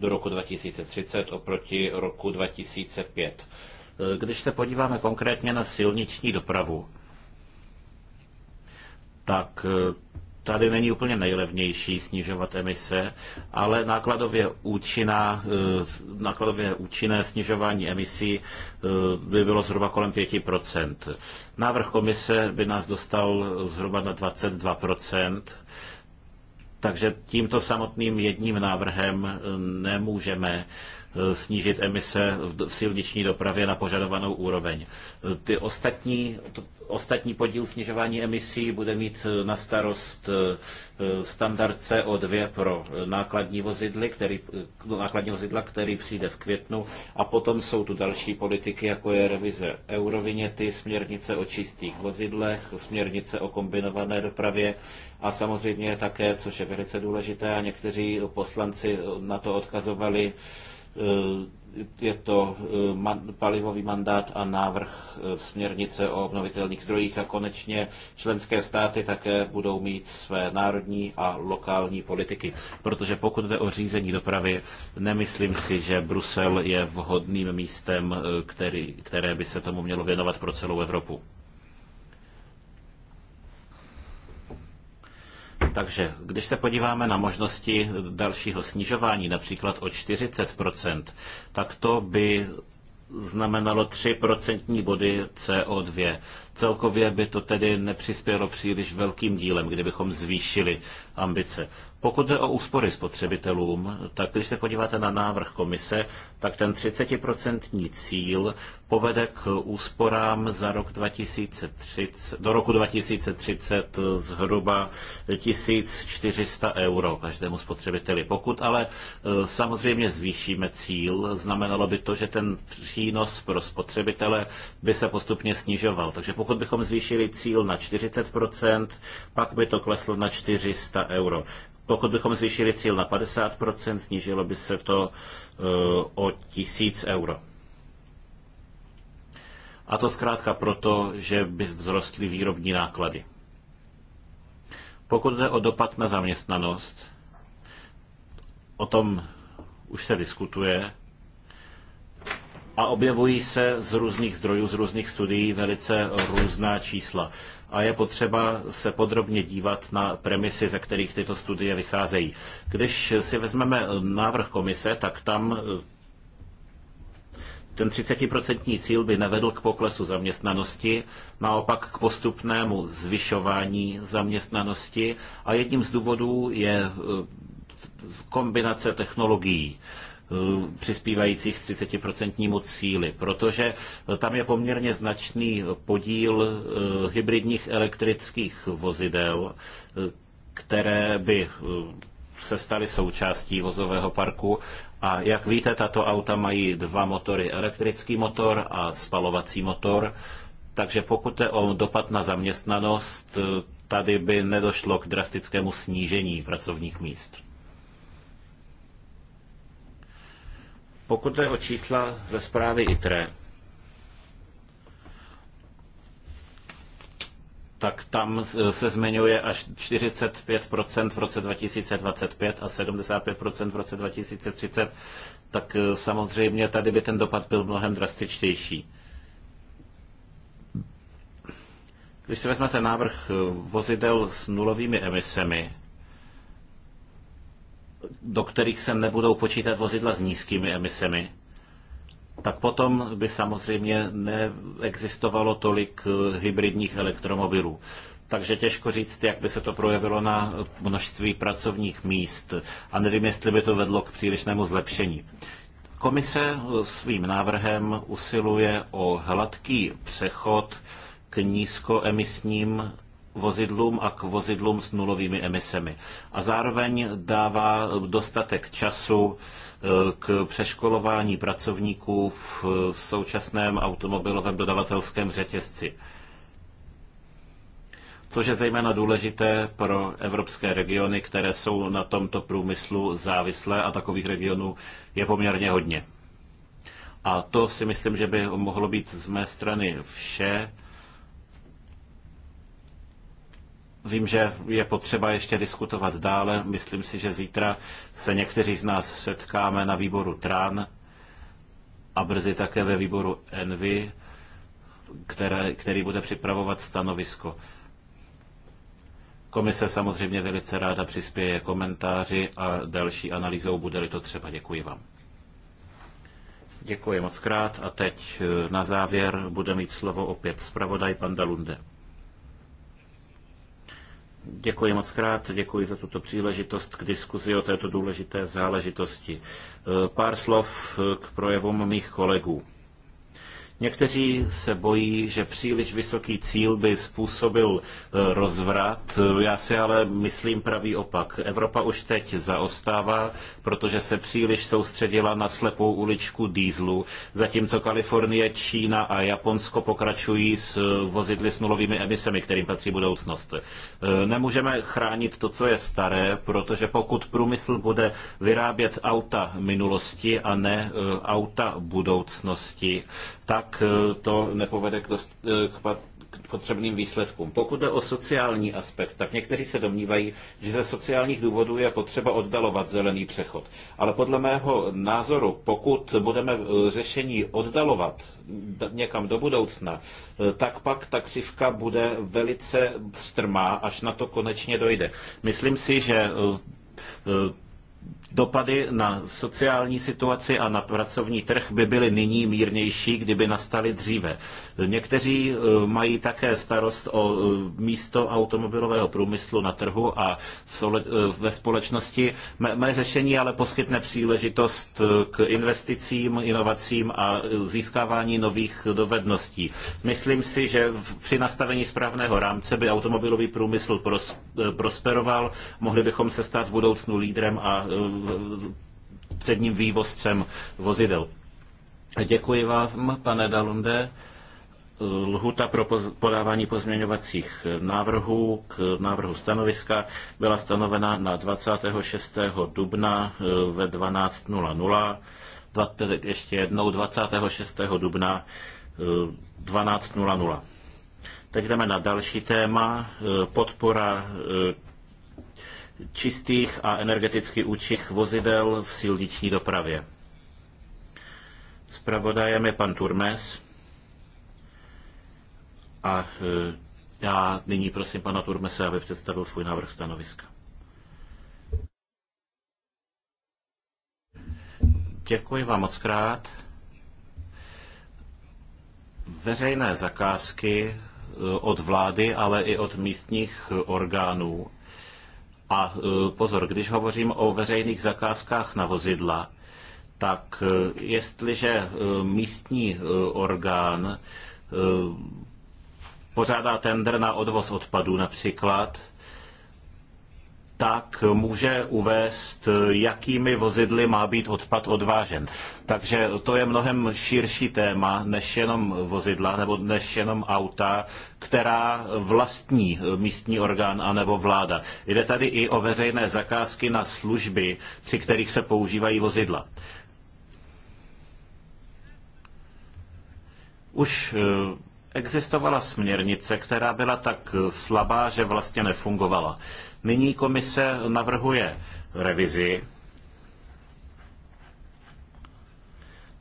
do roku 2030 oproti roku 2005. E, když se podíváme konkrétně na silniční dopravu, tak e, tady není úplně nejlevnější snižovat emise, ale nákladově, účinná, eh, nákladově účinné snižování emisí eh, by bylo zhruba kolem 5%. Návrh komise by nás dostal zhruba na 22%. Takže tímto samotným jedním návrhem eh, nemůžeme snížit emise v silniční dopravě na požadovanou úroveň. Ty ostatní, ostatní podíl snižování emisí bude mít e, na starost e, e, standard CO2 pro nákladní, vozidly, který, no, nákladní vozidla, který přijde v květnu. A potom jsou tu další politiky, jako je revize eurovinety, směrnice o čistých vozidlech, směrnice o kombinované dopravě a samozřejmě také, což je velice důležité, a někteří poslanci na to odkazovali, je to eh, palivový mandát a návrh eh, směrnice o obnovitelných zdrojích a konečně členské státy také budou mít své národní a lokální politiky. Protože pokud jde o řízení dopravy, nemyslím si, že Brusel je vhodným místem, eh, který, které by se tomu mělo věnovat pro celou Evropu. Takže když se podíváme na možnosti dalšího snižování, například o 40%, tak to by znamenalo 3% body CO2. Celkově by to tedy nepřispělo příliš velkým dílem, kdybychom zvýšili ambice. Pokud jde o úspory spotřebitelům, tak když se podíváte na návrh komise, tak ten 30% cíl povede k úsporám za rok 2030, do roku 2030 zhruba 1400 euro každému spotřebiteli. Pokud ale eh, samozřejmě zvýšíme cíl, znamenalo by to, že ten přínos pro spotřebitele by se postupně snižoval. Takže pokud bychom zvýšili cíl na 40%, pak by to kleslo na 400 euro. Pokud bychom zvýšili cíl na 50%, snížilo by se to eh, o 1000 euro. A to zkrátka proto, že by vzrostly výrobní náklady. Pokud jde o dopad na zaměstnanost, o tom už se diskutuje a objevují se z různých zdrojů, z různých studií velice různá čísla a je potřeba se podrobně dívat na premisy, ze kterých tyto studie vycházejí. Když si vezmeme návrh komise, tak tam eh, ten 30% cíl by nevedl k poklesu zaměstnanosti, naopak k postupnému zvyšování zaměstnanosti a jedním z důvodů je eh, kombinace technologií. Eh, přispívajících 30% cíli, protože tam je poměrně značný podíl eh, hybridních elektrických vozidel, eh, které by se staly součástí vozového parku a jak víte, tato auta mají dva motory, elektrický motor a spalovací motor, takže pokud je o dopad na zaměstnanost, tady by nedošlo k drastickému snížení pracovních míst. Pokud jde o čísla ze zprávy ITRE, tak tam se zmiňuje až 45% v roce 2025 a 75% v roce 2030, tak eh, samozřejmě tady by ten dopad byl mnohem drastičtější. Když si vezmete návrh eh, vozidel s nulovými emisemi, do kterých se nebudou počítat vozidla s nízkými emisemi, tak potom by samozřejmě neexistovalo tolik eh, hybridních elektromobilů. Takže těžko říct, jak by se to projevilo na množství pracovních míst a nevím, jestli by to vedlo k přílišnému zlepšení. Komise eh, svým návrhem usiluje o hladký přechod k nízkoemisním vozidlům a k vozidlům s nulovými emisemi. A zároveň dává dostatek času e, k přeškolování pracovníků v současném automobilovém dodavatelském řetězci což je zejména důležité pro evropské regiony, které jsou na tomto průmyslu závislé a takových regionů je poměrně hodně. A to si myslím, že by mohlo být z mé strany vše. Vím, že je potřeba ještě diskutovat dále. Myslím si, že zítra se někteří z nás setkáme na výboru TRAN a brzy také ve výboru ENVY, které, který bude připravovat stanovisko. Komise samozřejmě velice ráda přispěje komentáři a další analýzou bude-li to třeba. Děkuji vám. Děkuji moc krát a teď eh, na závěr bude mít slovo opět zpravodaj pan Dalunde. Děkuji moc krát, děkuji za tuto příležitost k diskuzi o této důležité záležitosti. Pár slov k projevům mých kolegů. Někteří se bojí, že příliš vysoký cíl by způsobil eh, rozvrat. Já si ale myslím pravý opak. Evropa už teď zaostává, protože se příliš soustředila na slepou uličku dýzlu, zatímco Kalifornie, Čína a Japonsko pokračují s eh, vozidly s nulovými emisemi, kterým patří budoucnost. Eh, nemůžeme chránit to, co je staré, protože pokud průmysl bude vyrábět auta minulosti a ne auta budoucnosti, tak tak eh, to nepovede k, dost, eh, k potřebným výsledkům. Pokud jde o sociální aspekt, tak někteří se domnívají, že ze sociálních důvodů je potřeba oddalovat zelený přechod. Ale podle mého názoru, pokud budeme eh, řešení oddalovat někam do budoucna, tak pak ta křivka bude velice strmá, až na to konečně dojde. Myslím si, že dopady na sociální situaci a na pracovní trh by byly nyní mírnější, kdyby nastaly dříve. Někteří eh, mají také starost o eh, místo automobilového průmyslu na trhu a eh, ve společnosti. Mé řešení ale poskytne příležitost k investicím, inovacím a získávání nových dovedností. Myslím si, že při nastavení správného rámce by automobilový průmysl prosperoval, mohli bychom se stát v budoucnu lídrem a předním vývozcem vozidel. Děkuji vám, pane Dalunde. Lhuta pro podávání pozměňovacích návrhů k návrhu stanoviska byla stanovena na 26. dubna eh, ve 12.00. Ještě jednou 26. dubna 12.00. Eh, Teď jdeme na další téma. Eh, podpora čistých a energeticky účinných vozidel v silniční dopravě. Spravodajem je pan Turmes. A e, já nyní prosím pana Turmese, aby představil svůj návrh stanoviska. Děkuji vám moc krát. Veřejné zakázky e, od vlády, ale i od místních orgánů a e, pozor, když hovořím o veřejných zakázkách na vozidla, tak e, jestliže e, místní orgán pořádá tender na odvoz odpadů například, tak může uvést, jakými vozidly má být odpad odvážen. Takže to je mnohem širší téma, než jenom vozidla nebo než jenom auta, která vlastní místní orgán anebo vláda. Jde tady i o veřejné zakázky na služby, při kterých se používají vozidla. Už eh, existovala směrnice, která byla tak slabá, že vlastně nefungovala. Nyní komise navrhuje revizi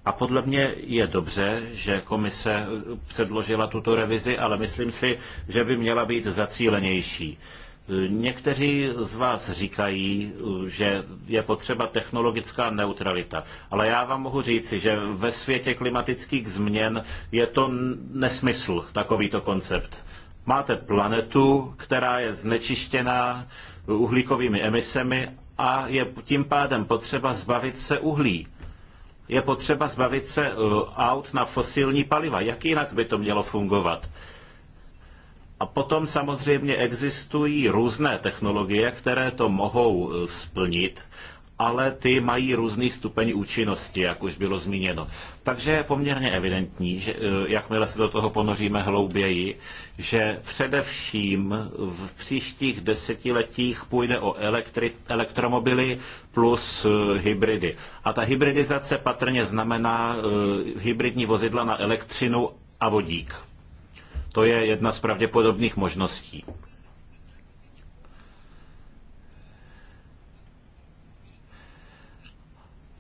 A podle mě je dobře, že komise předložila tuto revizi, ale myslím si, že by měla být zacílenější. Někteří z vás říkají, že je potřeba technologická neutralita, ale já vám mohu říci, že ve světě klimatických změn je to nesmysl, takovýto koncept. Máte planetu, která je znečištěná uhlíkovými emisemi a je tím pádem potřeba zbavit se uhlí. Je potřeba zbavit se e, aut na fosilní paliva. Jak jinak by to mělo fungovat? A potom samozřejmě existují různé technologie, které to mohou e, splnit, ale ty mají různý stupeň účinnosti, jak už bylo zmíněno. Takže je poměrně evidentní, že e, jakmile se do toho ponoříme hlouběji, že především v příštích desetiletích půjde o elektri- elektromobily plus e, hybridy. A ta hybridizace patrně znamená hybridní vozidla na elektřinu a vodík. To je jedna z pravděpodobných možností.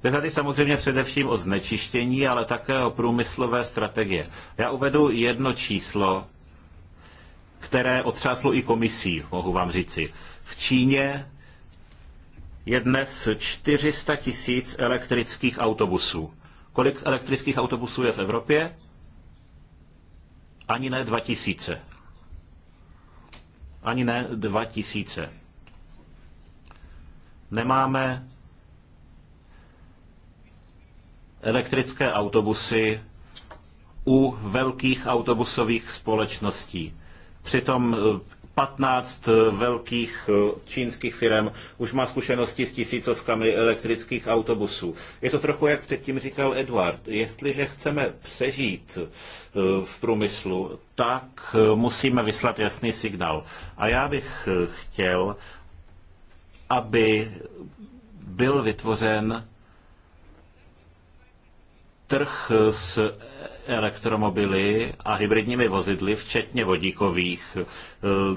Jde tady samozřejmě především o znečištění, ale také o průmyslové strategie. Já uvedu jedno číslo, které otřáslo i komisí, mohu vám říci. V Číně je dnes 400 tisíc elektrických autobusů. Kolik elektrických autobusů je v Evropě? Ani ne tisíce. Ani ne tisíce. Nemáme elektrické autobusy u velkých autobusových společností. Přitom eh, 15 eh, velkých eh, čínských firm už má zkušenosti s tisícovkami elektrických autobusů. Je to trochu, jak předtím říkal Edward, jestliže chceme přežít eh, v průmyslu, tak musíme vyslat jasný signál. A já bych chtěl, aby byl vytvořen trh s elektromobily a hybridními vozidly, včetně vodíkových, e,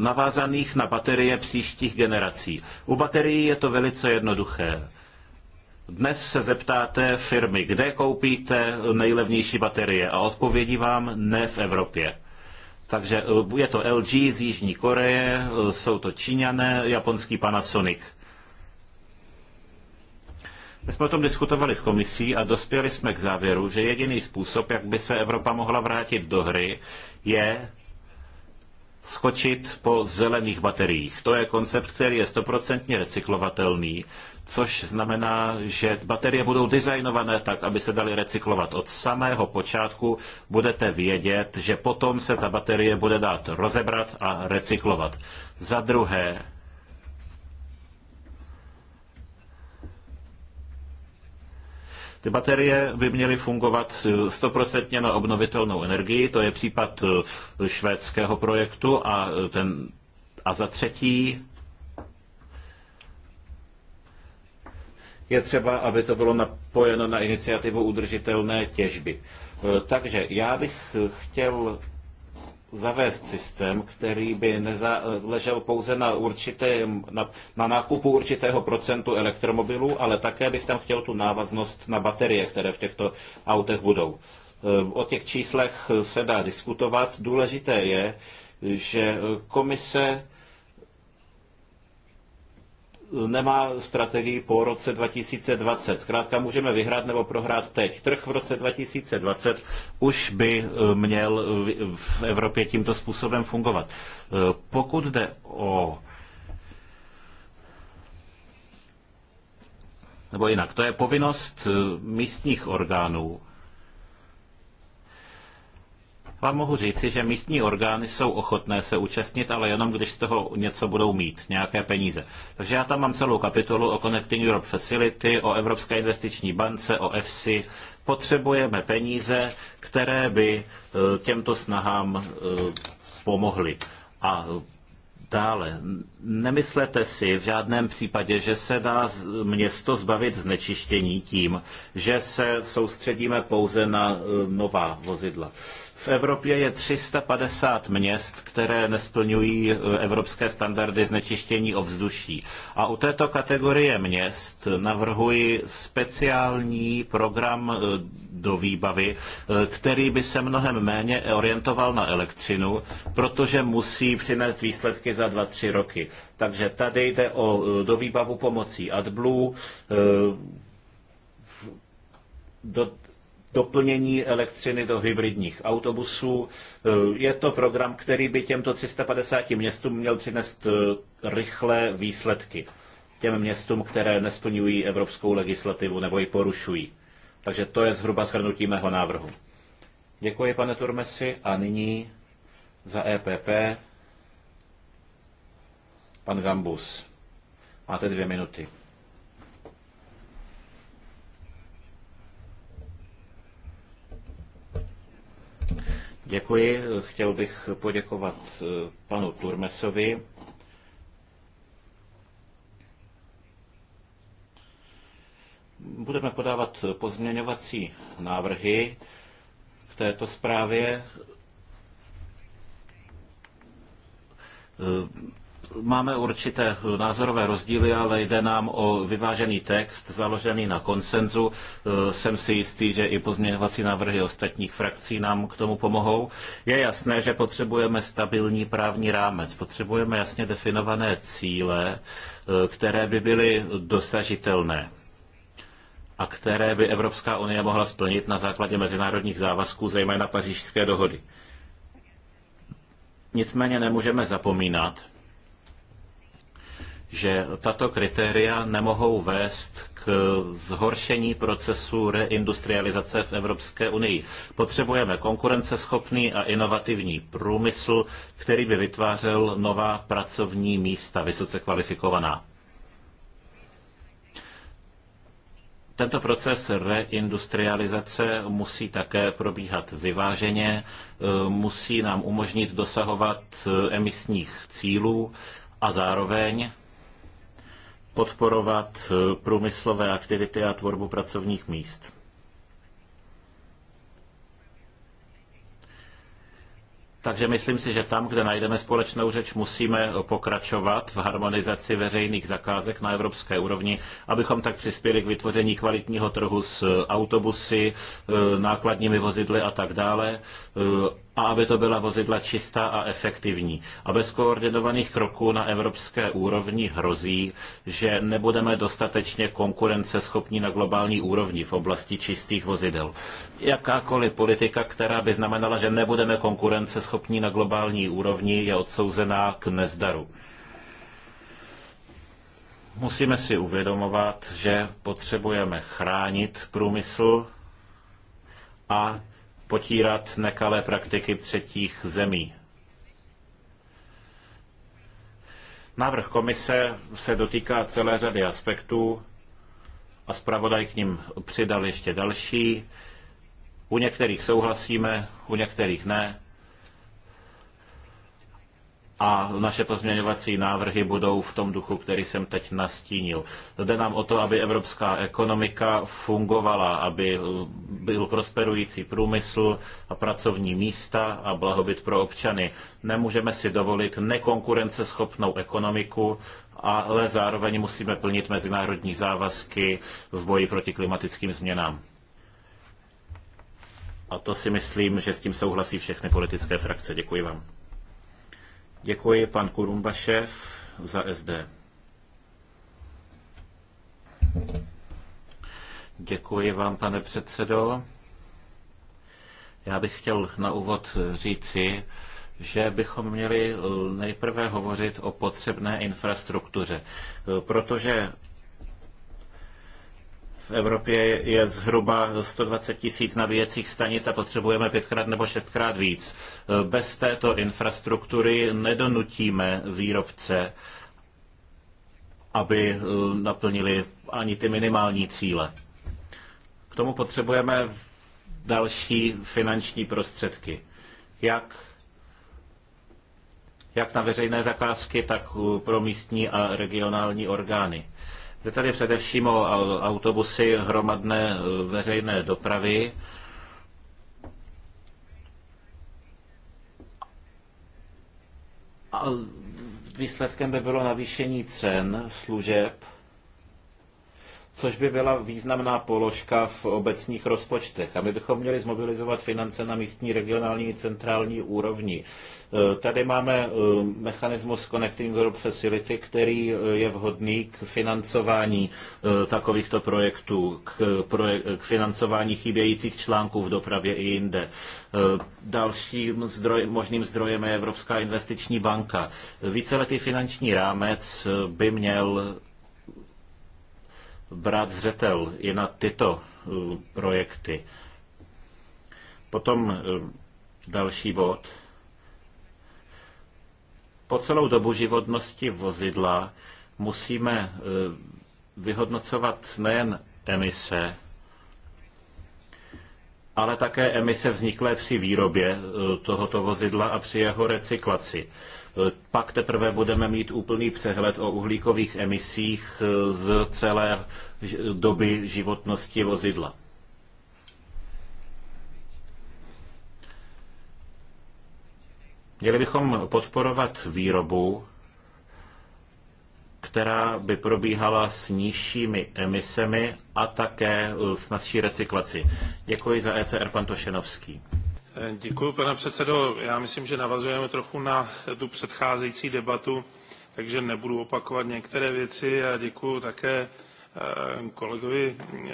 navázaných na baterie příštích generací. U baterií je to velice jednoduché. Dnes se zeptáte firmy, kde koupíte nejlevnější baterie a odpovědí vám ne v Evropě. Takže e, je to LG z Jižní Koreje, e, jsou to Číňané, japonský Panasonic. My jsme o tom diskutovali s komisí a dospěli jsme k závěru, že jediný způsob, jak by se Evropa mohla vrátit do hry, je skočit po zelených bateriích. To je koncept, který je stoprocentně recyklovatelný, což znamená, že baterie budou designované tak, aby se daly recyklovat. Od samého počátku budete vědět, že potom se ta baterie bude dát rozebrat a recyklovat. Za druhé, Ty baterie by měly fungovat eh, stoprocentně na obnovitelnou energii, to je případ eh, švédského projektu a, eh, ten, a za třetí je třeba, aby to bylo napojeno na iniciativu udržitelné těžby. Takže já bych chtěl zavést systém, který by ležel pouze na, určité, na, na nákupu určitého procentu elektromobilů, ale také bych tam chtěl tu návaznost na baterie, které v těchto autech budou. Eh, o těch číslech se dá diskutovat. Důležité je, že komise nemá strategii po roce 2020. Zkrátka můžeme vyhrát nebo prohrát teď. Trh v roce 2020 už by e, měl e, v Evropě tímto způsobem fungovat. E, pokud jde o nebo jinak, to je povinnost místních orgánů vám mohu říci, že místní orgány jsou ochotné se účastnit, ale jenom když z toho něco budou mít, nějaké peníze. Takže já tam mám celou kapitolu o Connecting Europe Facility, o Evropské investiční bance, o EFSI. Potřebujeme peníze, které by e, těmto snahám e, pomohly. A dále. Nemyslete si v žádném případě, že se dá město zbavit znečištění tím, že se soustředíme pouze na e, nová vozidla. V Evropě je 350 měst, které nesplňují e, evropské standardy znečištění ovzduší. A u této kategorie měst navrhuji speciální program e, do výbavy, e, který by se mnohem méně orientoval na elektřinu, protože musí přinést výsledky za 2-3 roky. Takže tady jde o dovýbavu pomocí AdBlue, do, doplnění elektřiny do hybridních autobusů. Eh, je to program, který by těmto 350 městům měl přinést eh, rychlé výsledky těm městům, které nesplňují evropskou legislativu nebo ji porušují. Takže to je zhruba shrnutí mého návrhu. Děkuji, pane Turmesi, a nyní za EPP pan Gambus. Máte dvě minuty. Děkuji. Chtěl bych poděkovat eh, panu Turmesovi. Budeme podávat pozměňovací návrhy k této zprávě. Eh, máme určité názorové rozdíly, ale jde nám o vyvážený text založený na konsenzu. E, jsem si jistý, že i pozměňovací návrhy ostatních frakcí nám k tomu pomohou. Je jasné, že potřebujeme stabilní právní rámec, potřebujeme jasně definované cíle, e, které by byly dosažitelné a které by Evropská unie mohla splnit na základě mezinárodních závazků, zejména pařížské dohody. Nicméně nemůžeme zapomínat, že tato kritéria nemohou vést k zhoršení procesu reindustrializace v Evropské unii. Potřebujeme konkurenceschopný a inovativní průmysl, který by vytvářel nová pracovní místa, vysoce kvalifikovaná. Tento proces reindustrializace musí také probíhat vyváženě, musí nám umožnit dosahovat emisních cílů a zároveň podporovat eh, průmyslové aktivity a tvorbu pracovních míst. Takže myslím si, že tam, kde najdeme společnou řeč, musíme pokračovat v harmonizaci veřejných zakázek na evropské úrovni, abychom tak přispěli k vytvoření kvalitního trhu s autobusy, eh, nákladními vozidly a tak dále eh, a aby to byla vozidla čistá a efektivní. A bez koordinovaných kroků na evropské úrovni hrozí, že nebudeme dostatečně konkurenceschopní na globální úrovni v oblasti čistých vozidel. Jakákoliv politika, která by znamenala, že nebudeme konkurenceschopní na globální úrovni, je odsouzená k nezdaru musíme si uvědomovat, že potřebujeme chránit průmysl a potírat nekalé praktiky třetích zemí. Návrh komise se dotýká celé řady aspektů a zpravodaj k ním přidal ještě další. U některých souhlasíme, u některých ne a naše pozměňovací návrhy budou v tom duchu, který jsem teď nastínil. Jde nám o to, aby evropská ekonomika fungovala, aby eh, byl prosperující průmysl a pracovní místa a blahobyt pro občany. Nemůžeme si dovolit nekonkurenceschopnou ekonomiku, ale zároveň musíme plnit mezinárodní závazky v boji proti klimatickým změnám. A to si myslím, že s tím souhlasí všechny politické frakce. Děkuji vám. Děkuji pan Kurumbašev za SD. Děkuji vám, pane předsedo. Já bych chtěl na úvod říci, že bychom měli eh, nejprve hovořit o potřebné infrastruktuře, eh, protože Evropě je zhruba 120 tisíc nabíjecích stanic a potřebujeme pětkrát nebo šestkrát víc. Bez této infrastruktury nedonutíme výrobce, aby eh, naplnili ani ty minimální cíle. K tomu potřebujeme další finanční prostředky. Jak jak na veřejné zakázky, tak pro místní a regionální orgány. Jde tady především o autobusy hromadné e, veřejné dopravy. A výsledkem by bylo navýšení cen služeb což by byla významná položka v obecních rozpočtech. A my bychom měli zmobilizovat finance na místní, regionální i centrální úrovni. E, tady máme e, mechanismus Connecting Europe Facility, který e, je vhodný k financování takovýchto projektů, k, proje- k financování chybějících článků v dopravě i jinde. Dalším zdroj, možným zdrojem je Evropská investiční banka. Víceletý finanční rámec by měl brát zřetel i na tyto uh, projekty. Potom uh, další bod. Po celou dobu životnosti vozidla musíme uh, vyhodnocovat nejen emise, ale také emise vzniklé při výrobě tohoto vozidla a při jeho recyklaci. Pak teprve budeme mít úplný přehled o uhlíkových emisích eh, z celé doby životnosti vozidla. Měli bychom podporovat výrobu, která by probíhala s nižšími emisemi a také eh, s naší recyklací. Děkuji za ECR, pan Tošenovský. Děkuji, pane předsedo. Já myslím, že navazujeme trochu na tu předcházející debatu, takže nebudu opakovat některé věci a děkuji také eh, kolegovi eh,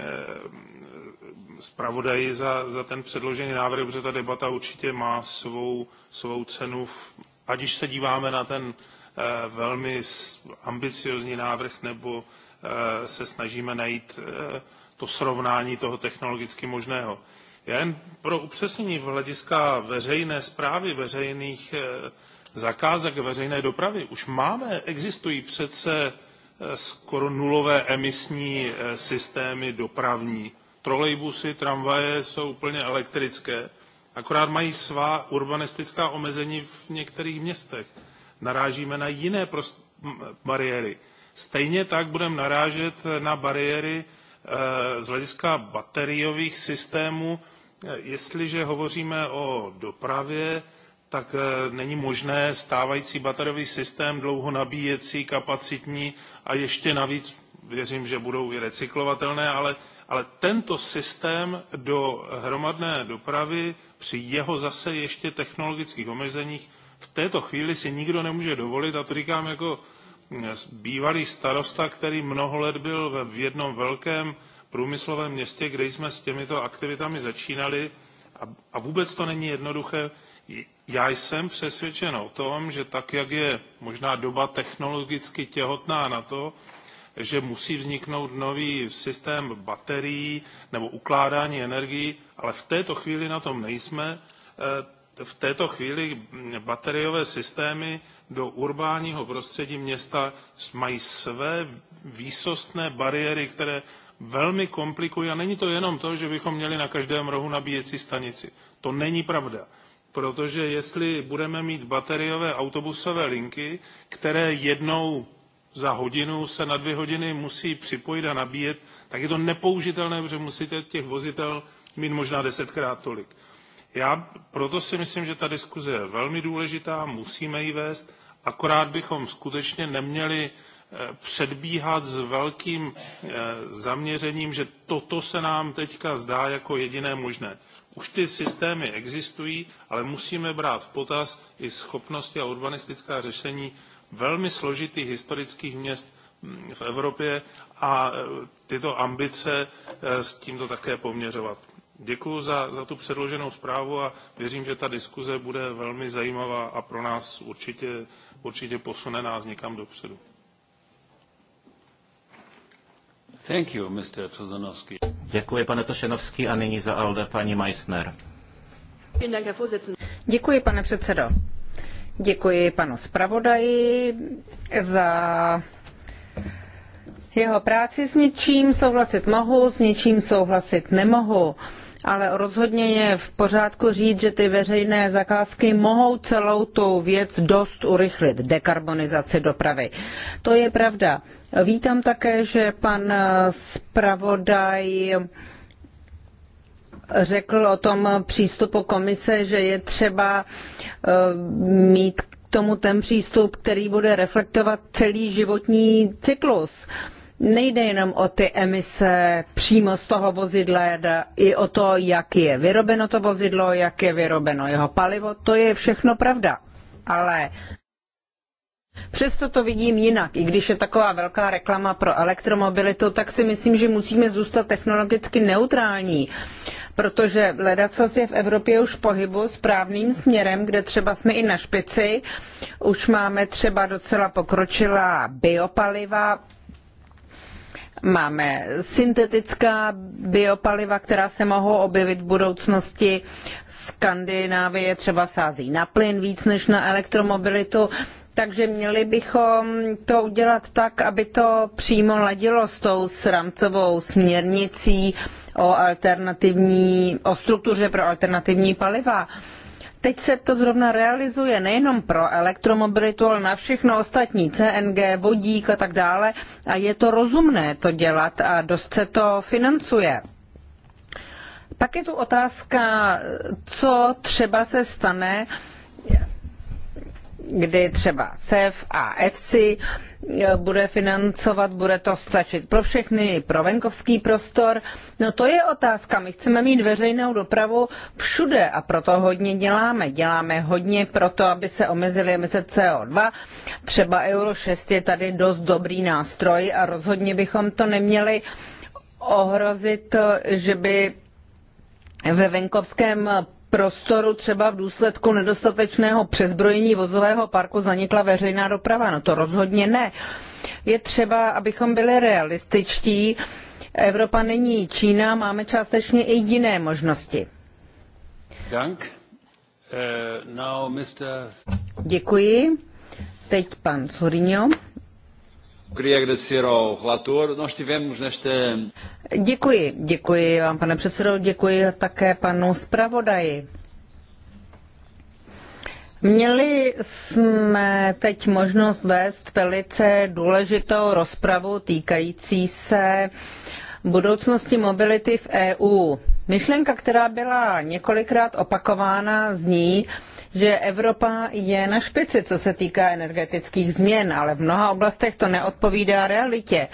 zpravodaji za, za ten předložený návrh, protože ta debata určitě má svou, svou cenu, v, ať už se díváme na ten eh, velmi ambiciozní návrh nebo se snažíme najít to srovnání toho technologicky možného. Já jen pro upřesnění v hlediska veřejné zprávy, veřejných eh, zakázek veřejné dopravy. Už máme, existují přece eh, skoro nulové emisní eh, systémy dopravní. Trolejbusy, tramvaje jsou úplně elektrické, akorát mají svá urbanistická omezení v některých městech. Narážíme na jiné bariéry. Stejně tak budeme narážet na bariéry z hlediska bateriových systémů Jestliže hovoříme o dopravě, tak e, není možné stávající bateriový systém dlouho nabíjecí, kapacitní a ještě navíc věřím, že budou i recyklovatelné, ale, ale tento systém do hromadné dopravy při jeho zase ještě technologických omezeních v této chvíli si nikdo nemůže dovolit a to říkám jako bývalý starosta, který mnoho let byl v jednom velkém průmyslovém městě, kde jsme s těmito aktivitami začínali a, a vůbec to není jednoduché. Já jsem přesvědčen o tom, že tak, jak je možná doba technologicky těhotná na to, že musí vzniknout nový systém baterií nebo ukládání energií, ale v této chvíli na tom nejsme. E, v této chvíli bateriové systémy do urbánního prostředí města mají své výsostné bariéry, které velmi komplikují. A není to jenom to, že bychom měli na každém rohu nabíjecí stanici. To není pravda. Protože jestli budeme mít bateriové autobusové linky, které jednou za hodinu se na dvě hodiny musí připojit a nabíjet, tak je to nepoužitelné, protože musíte těch vozitel mít možná desetkrát tolik. Já proto si myslím, že ta diskuze je velmi důležitá, musíme ji vést, akorát bychom skutečně neměli předbíhat s velkým eh, zaměřením, že toto se nám teďka zdá jako jediné možné. Už ty systémy existují, ale musíme brát v potaz i schopnosti a urbanistická řešení velmi složitých historických měst hm, v Evropě a eh, tyto ambice eh, s tímto také poměřovat. Děkuji za, za tu předloženou zprávu a věřím, že ta diskuze bude velmi zajímavá a pro nás určitě, určitě posune nás někam dopředu. Thank Děkuji, pane Tošenovský, a nyní za ALDE paní Meissner. Děkuji, pane předsedo. Děkuji panu zpravodaji za jeho práci. S něčím souhlasit mohu, s něčím souhlasit nemohu ale rozhodně je v pořádku říct, že ty veřejné zakázky mohou celou tu věc dost urychlit, dekarbonizaci dopravy. To je pravda. Vítám také, že pan zpravodaj řekl o tom přístupu komise, že je třeba eh, mít k tomu ten přístup, který bude reflektovat celý životní cyklus. Nejde jenom o ty emise přímo z toho vozidla, i o to, jak je vyrobeno to vozidlo, jak je vyrobeno jeho palivo, to je všechno pravda. Ale Přesto to vidím jinak. I když je taková velká reklama pro elektromobilitu, tak si myslím, že musíme zůstat technologicky neutrální. Protože ledacos je v Evropě už v pohybu správným směrem, kde třeba jsme i na špici. Už máme třeba docela pokročilá biopaliva, Máme syntetická biopaliva, která se mohou objevit v budoucnosti. Skandinávie třeba sází na plyn víc než na elektromobilitu. Takže měli bychom to udělat tak, aby to přímo ladilo s tou sramcovou směrnicí o alternativní, o struktuře pro alternativní paliva. Uh, teď se to zrovna realizuje nejenom pro elektromobilitu, ale na všechno ostatní, CNG, vodík a tak dále. A je to rozumné to dělat a dost se to financuje. Pak je tu otázka, co třeba se stane, kdy třeba SEF a EFSI bude financovat, bude to stačit pro všechny, pro venkovský prostor. No to je otázka. My chceme mít veřejnou dopravu všude a proto hodně děláme. Děláme hodně proto, aby se omezily emise CO2. Třeba Euro 6 je tady dost dobrý nástroj a rozhodně bychom to neměli ohrozit, že by ve venkovském prostoru třeba v důsledku nedostatečného přezbrojení vozového parku zanikla veřejná doprava. No to rozhodně ne. Je třeba, abychom byli realističtí. Evropa není Čína, máme částečně i jiné možnosti. Dank. Uh, now Mr... Děkuji. Teď pan Sorinio. Děkuji, děkuji vám, pane předsedo, děkuji také panu zpravodaji. Měli jsme teď možnost vést velice důležitou rozpravu týkající se budoucnosti mobility v EU. Myšlenka, která byla několikrát opakována, zní, že Evropa je na špici, co se týká energetických změn, ale v mnoha oblastech to neodpovídá realitě.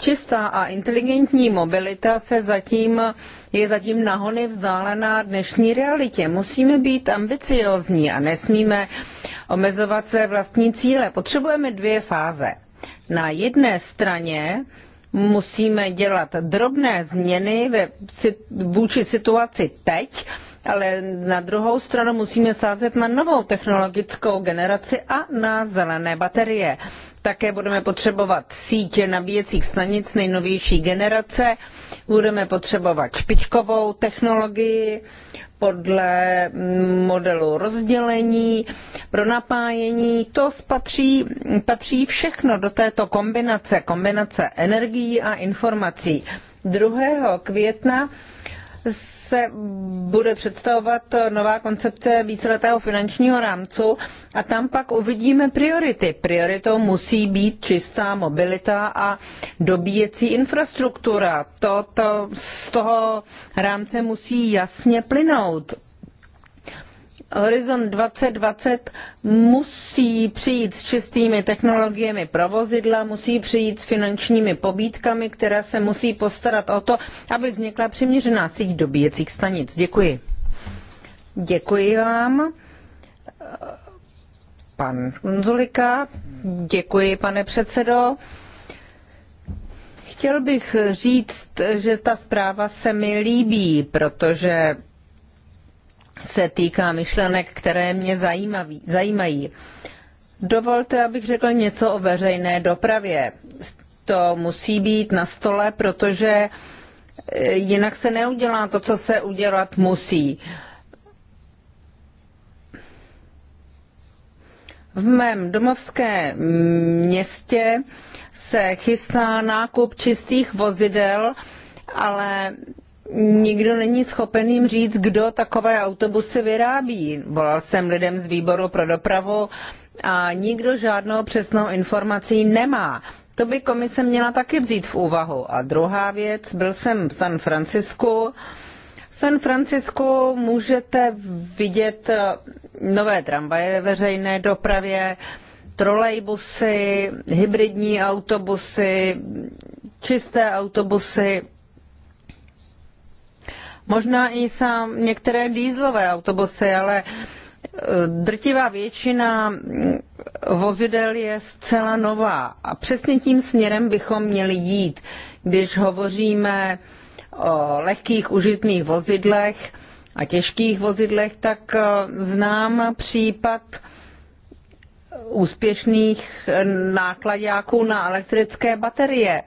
Čistá a inteligentní mobilita se zatím, je zatím nahony vzdálená dnešní realitě. Musíme být ambiciozní a nesmíme omezovat své vlastní cíle. Potřebujeme dvě fáze. Na jedné straně musíme dělat drobné změny ve, vůči situaci teď, ale na druhou stranu musíme sázet na novou technologickou generaci a na zelené baterie. Také budeme potřebovat sítě nabíjecích stanic nejnovější generace, budeme potřebovat špičkovou technologii podle modelu rozdělení, pro napájení. To spatří, patří všechno do této kombinace, kombinace energií a informací. 2. května se bude představovat nová koncepce víceletého finančního rámcu a tam pak uvidíme priority. Prioritou musí být čistá mobilita a dobíjecí infrastruktura. To, to z toho rámce musí jasně plynout. Horizon 2020 musí přijít s čistými technologiemi pro vozidla, musí přijít s finančními pobídkami, které se musí postarat o to, aby vznikla přiměřená síť dobíjecích stanic. Děkuji. Děkuji vám. Pan Konzulika, děkuji, pane předsedo. Chtěl bych říct, že ta zpráva se mi líbí, protože se týká myšlenek, které mě zajímaví, zajímají. Dovolte, abych řekl něco o veřejné dopravě. To musí být na stole, protože e, jinak se neudělá to, co se udělat musí. V mém domovském městě se chystá nákup čistých vozidel, ale nikdo není schopen jim říct, kdo takové autobusy vyrábí. Volal jsem lidem z výboru pro dopravu a nikdo žádnou přesnou informací nemá. To by komise měla taky vzít v úvahu. A druhá věc, byl jsem v San Francisku. V San Francisku můžete vidět eh, nové tramvaje ve veřejné dopravě, trolejbusy, hybridní autobusy, čisté autobusy, Možná i sám některé dýzlové autobusy, ale e, drtivá většina mm, vozidel je zcela nová. A přesně tím směrem bychom měli jít. Když hovoříme o lehkých užitných vozidlech a těžkých vozidlech, tak e, znám případ e, úspěšných nákladáků na elektrické baterie.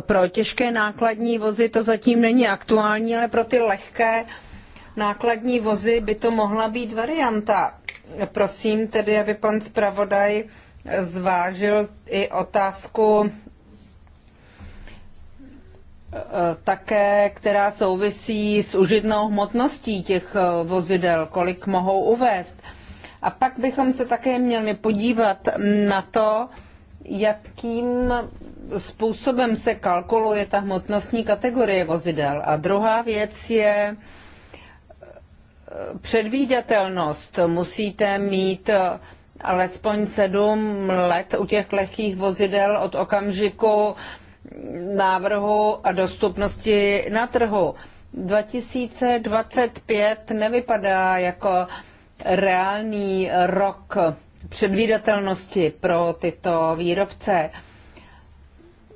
Pro těžké nákladní vozy to zatím není aktuální, ale pro ty lehké nákladní vozy by to mohla být varianta. Prosím tedy, aby pan zpravodaj zvážil i otázku e, také, která souvisí s užitnou hmotností těch e, vozidel, kolik mohou uvést. A pak bychom se také měli podívat na to, jakým způsobem se kalkuluje ta hmotnostní kategorie vozidel. A druhá věc je eh, předvídatelnost. Musíte mít eh, alespoň sedm let u těch lehkých vozidel od okamžiku návrhu a dostupnosti na trhu. 2025 nevypadá jako reálný rok předvídatelnosti pro tyto výrobce.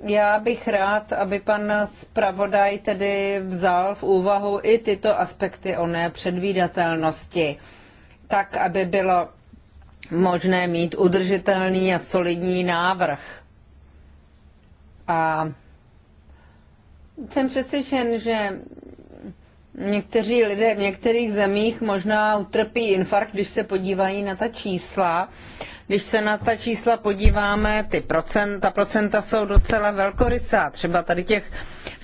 Já bych rád, aby pan zpravodaj tedy vzal v úvahu i tyto aspekty o nepředvídatelnosti, tak aby bylo možné mít udržitelný a solidní návrh. A jsem přesvědčen, že Někteří lidé v některých zemích možná utrpí infarkt, když se podívají na ta čísla. Když se na ta čísla podíváme, ty procenta, procenta jsou docela velkorysá. Třeba tady těch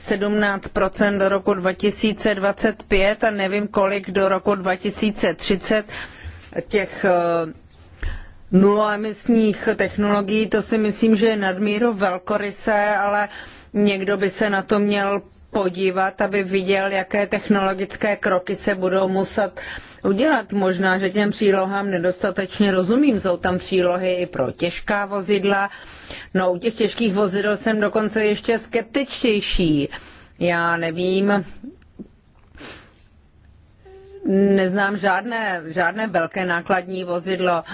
17% do roku 2025 a nevím kolik do roku 2030 těch eh, nuloemisních technologií, to si myslím, že je nadmíru velkorysé, ale někdo by se na to měl podívat, aby viděl, jaké technologické kroky se budou muset udělat. Možná, že těm přílohám nedostatečně rozumím. Jsou tam přílohy i pro těžká vozidla. No, u těch těžkých vozidel jsem dokonce ještě skeptičtější. Já nevím, neznám žádné, žádné velké nákladní vozidlo.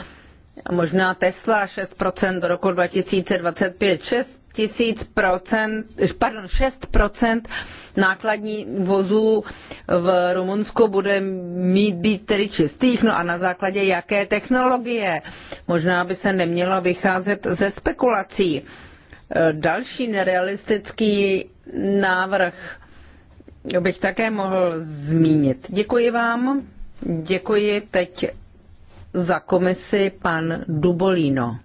Možná Tesla 6% do roku 2025, 6 tisíc procent, pardon, 6 procent nákladní vozů v Rumunsku bude mít být tedy čistých, no a na základě jaké technologie. Možná by se nemělo vycházet ze spekulací. Další nerealistický návrh bych také mohl zmínit. Děkuji vám. Děkuji teď za komisi pan Dubolino.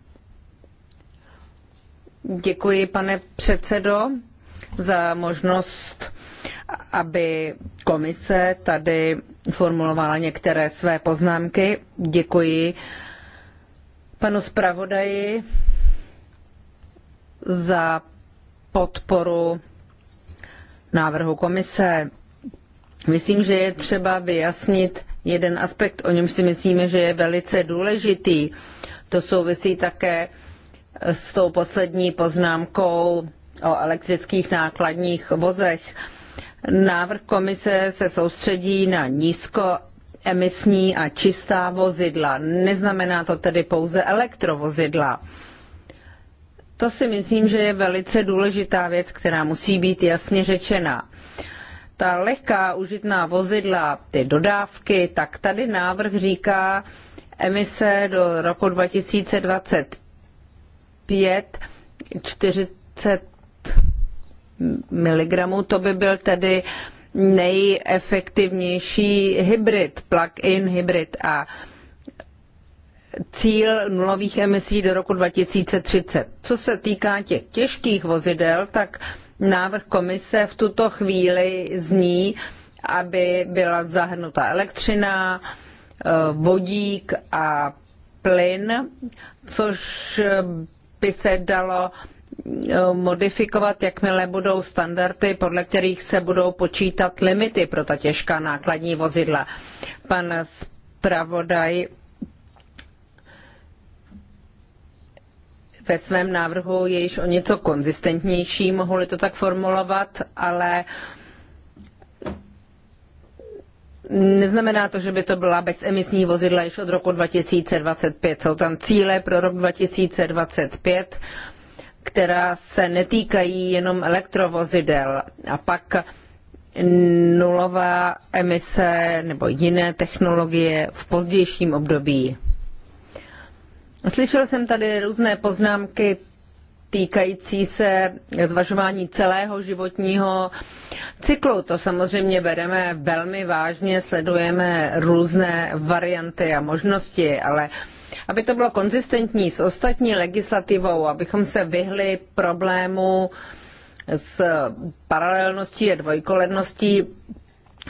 Děkuji, pane předsedo, za možnost, aby komise tady formulovala některé své poznámky. Děkuji panu zpravodaji za podporu návrhu komise. Myslím, že je třeba vyjasnit jeden aspekt, o němž si myslíme, že je velice důležitý. To souvisí také s tou poslední poznámkou o elektrických nákladních vozech. Návrh komise se soustředí na nízkoemisní a čistá vozidla. Neznamená to tedy pouze elektrovozidla. To si myslím, že je velice důležitá věc, která musí být jasně řečena. Ta lehká užitná vozidla, ty dodávky, tak tady návrh říká emise do roku 2025 5, 40 mg, to by byl tedy nejefektivnější hybrid, plug-in hybrid a cíl nulových emisí do roku 2030. Co se týká těch těžkých vozidel, tak návrh komise v tuto chvíli zní, aby byla zahrnuta elektřina, eh, vodík a plyn, což by se dalo eh, modifikovat, jakmile budou standardy, podle kterých se budou počítat limity pro ta těžká nákladní vozidla. Pan zpravodaj ve svém návrhu je již o něco konzistentnější, mohu-li to tak formulovat, ale Neznamená to, že by to byla bezemisní vozidla již od roku 2025. Jsou tam cíle pro rok 2025, která se netýkají jenom elektrovozidel. A pak nulová emise nebo jiné technologie v pozdějším období. Slyšel jsem tady různé poznámky týkající se zvažování celého životního cyklu. To samozřejmě bereme velmi vážně, sledujeme různé varianty a možnosti, ale aby to bylo konzistentní s ostatní legislativou, abychom se vyhli problému s paralelností a dvojkoledností,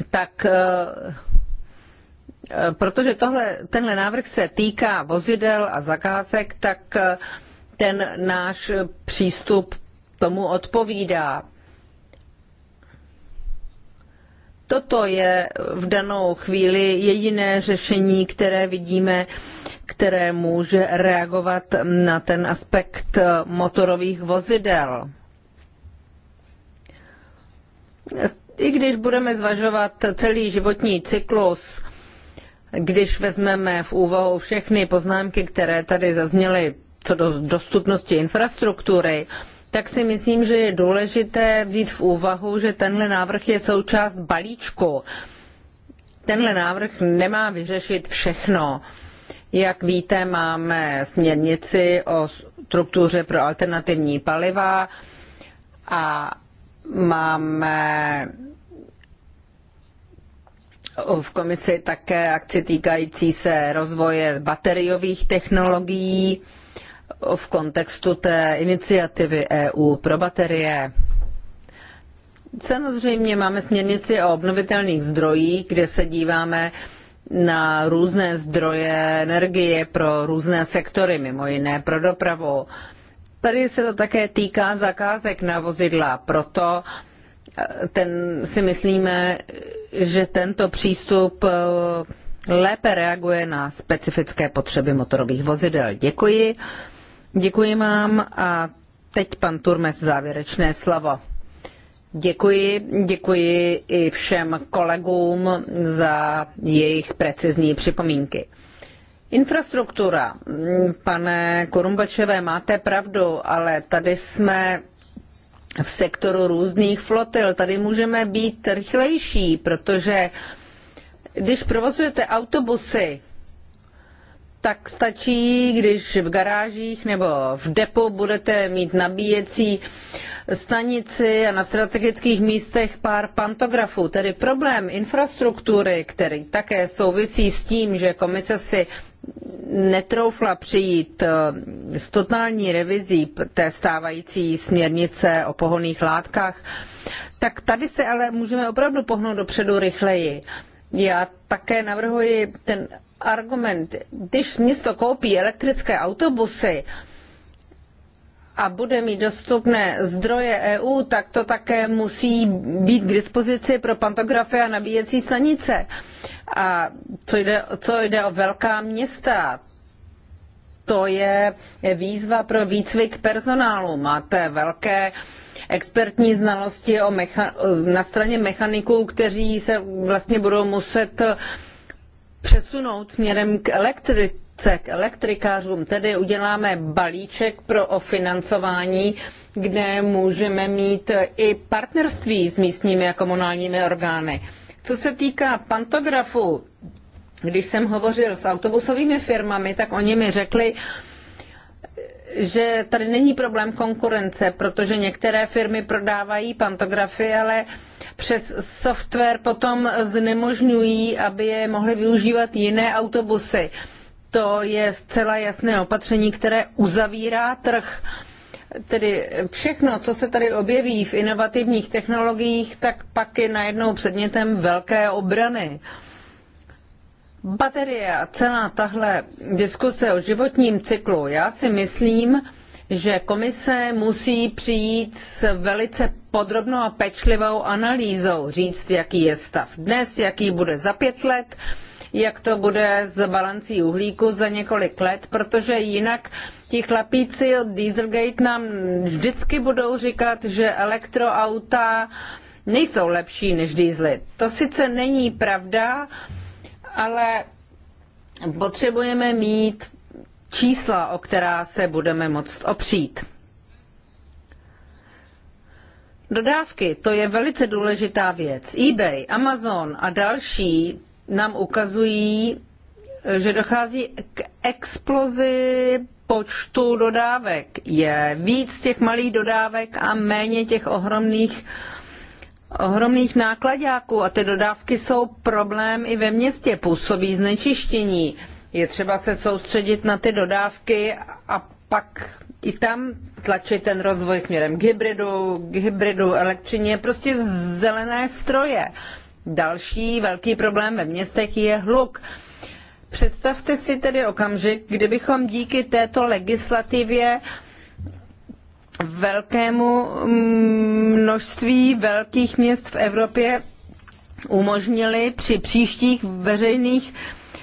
tak eh, eh, protože tohle, tenhle návrh se týká vozidel a zakázek, tak eh, ten náš přístup tomu odpovídá. Toto je v danou chvíli jediné řešení, které vidíme, které může reagovat na ten aspekt motorových vozidel. I když budeme zvažovat celý životní cyklus, když vezmeme v úvahu všechny poznámky, které tady zazněly co do dostupnosti infrastruktury, tak si myslím, že je důležité vzít v úvahu, že tenhle návrh je součást balíčku. Tenhle návrh nemá vyřešit všechno. Jak víte, máme směrnici o struktuře pro alternativní paliva a máme v komisi také akci týkající se rozvoje bateriových technologií v kontextu té iniciativy EU pro baterie. Samozřejmě máme směrnici o obnovitelných zdrojích, kde se díváme na různé zdroje energie pro různé sektory, mimo jiné pro dopravu. Tady se to také týká zakázek na vozidla, proto eh, ten si myslíme, že tento přístup eh, lépe reaguje na specifické potřeby motorových vozidel. Děkuji. Děkuji vám a teď pan Turmes závěrečné slovo. Děkuji, děkuji i všem kolegům za jejich precizní připomínky. Infrastruktura. Pane Korumbačeve, máte pravdu, ale tady jsme v sektoru různých flotil. Tady můžeme být rychlejší, protože když provozujete autobusy, tak stačí, když v garážích nebo v depo budete mít nabíjecí stanici a na strategických místech pár pantografů. Tedy problém infrastruktury, který také souvisí s tím, že komise si netroufla přijít eh, s totální revizí té stávající směrnice o pohoných látkách, tak tady se ale můžeme opravdu pohnout dopředu rychleji. Já také navrhuji ten argument, když město koupí elektrické autobusy a bude mít dostupné zdroje EU, tak to také musí být k dispozici pro pantografy a nabíjecí stanice. A co jde, co jde o velká města, to je výzva pro výcvik personálu. Máte velké expertní znalosti o mecha- na straně mechaniků, kteří se vlastně budou muset uh, přesunout směrem k elektrice, k elektrikářům. Tedy uděláme balíček pro financování, kde můžeme mít i partnerství s místními a komunálními orgány. Co se týká pantografu, když jsem hovořil s autobusovými firmami, tak oni mi řekli, že tady není problém konkurence, protože některé firmy prodávají pantografy, ale uh, přes software potom znemožňují, aby je mohly využívat jiné autobusy. To je zcela jasné opatření, které uzavírá trh. Tedy všechno, co se tady objeví v inovativních technologiích, tak pak je najednou předmětem velké obrany. Baterie a celá tahle diskuse o životním cyklu, já si myslím, že komise musí přijít s velice podrobnou a pečlivou analýzou, říct, jaký je stav dnes, jaký bude za pět let, jak to bude s balancí uhlíku za několik let, protože jinak ti chlapíci od Dieselgate nám vždycky budou říkat, že elektroauta nejsou lepší než dýzly. To sice není pravda, ale potřebujeme mít čísla, o která se budeme moct opřít. Dodávky, to je velice důležitá věc. eBay, Amazon a další nám ukazují, že dochází k explozi počtu dodávek. Je víc těch malých dodávek a méně těch ohromných ohromných nákladáků a ty dodávky jsou problém i ve městě, působí znečištění. Je třeba se soustředit na ty dodávky a pak i tam tlačit ten rozvoj směrem k hybridu, k hybridu, elektřině, prostě zelené stroje. Další velký problém ve městech je hluk. Představte si tedy okamžik, kdybychom díky této legislativě velkému mm, množství velkých měst v Evropě umožnili při příštích veřejných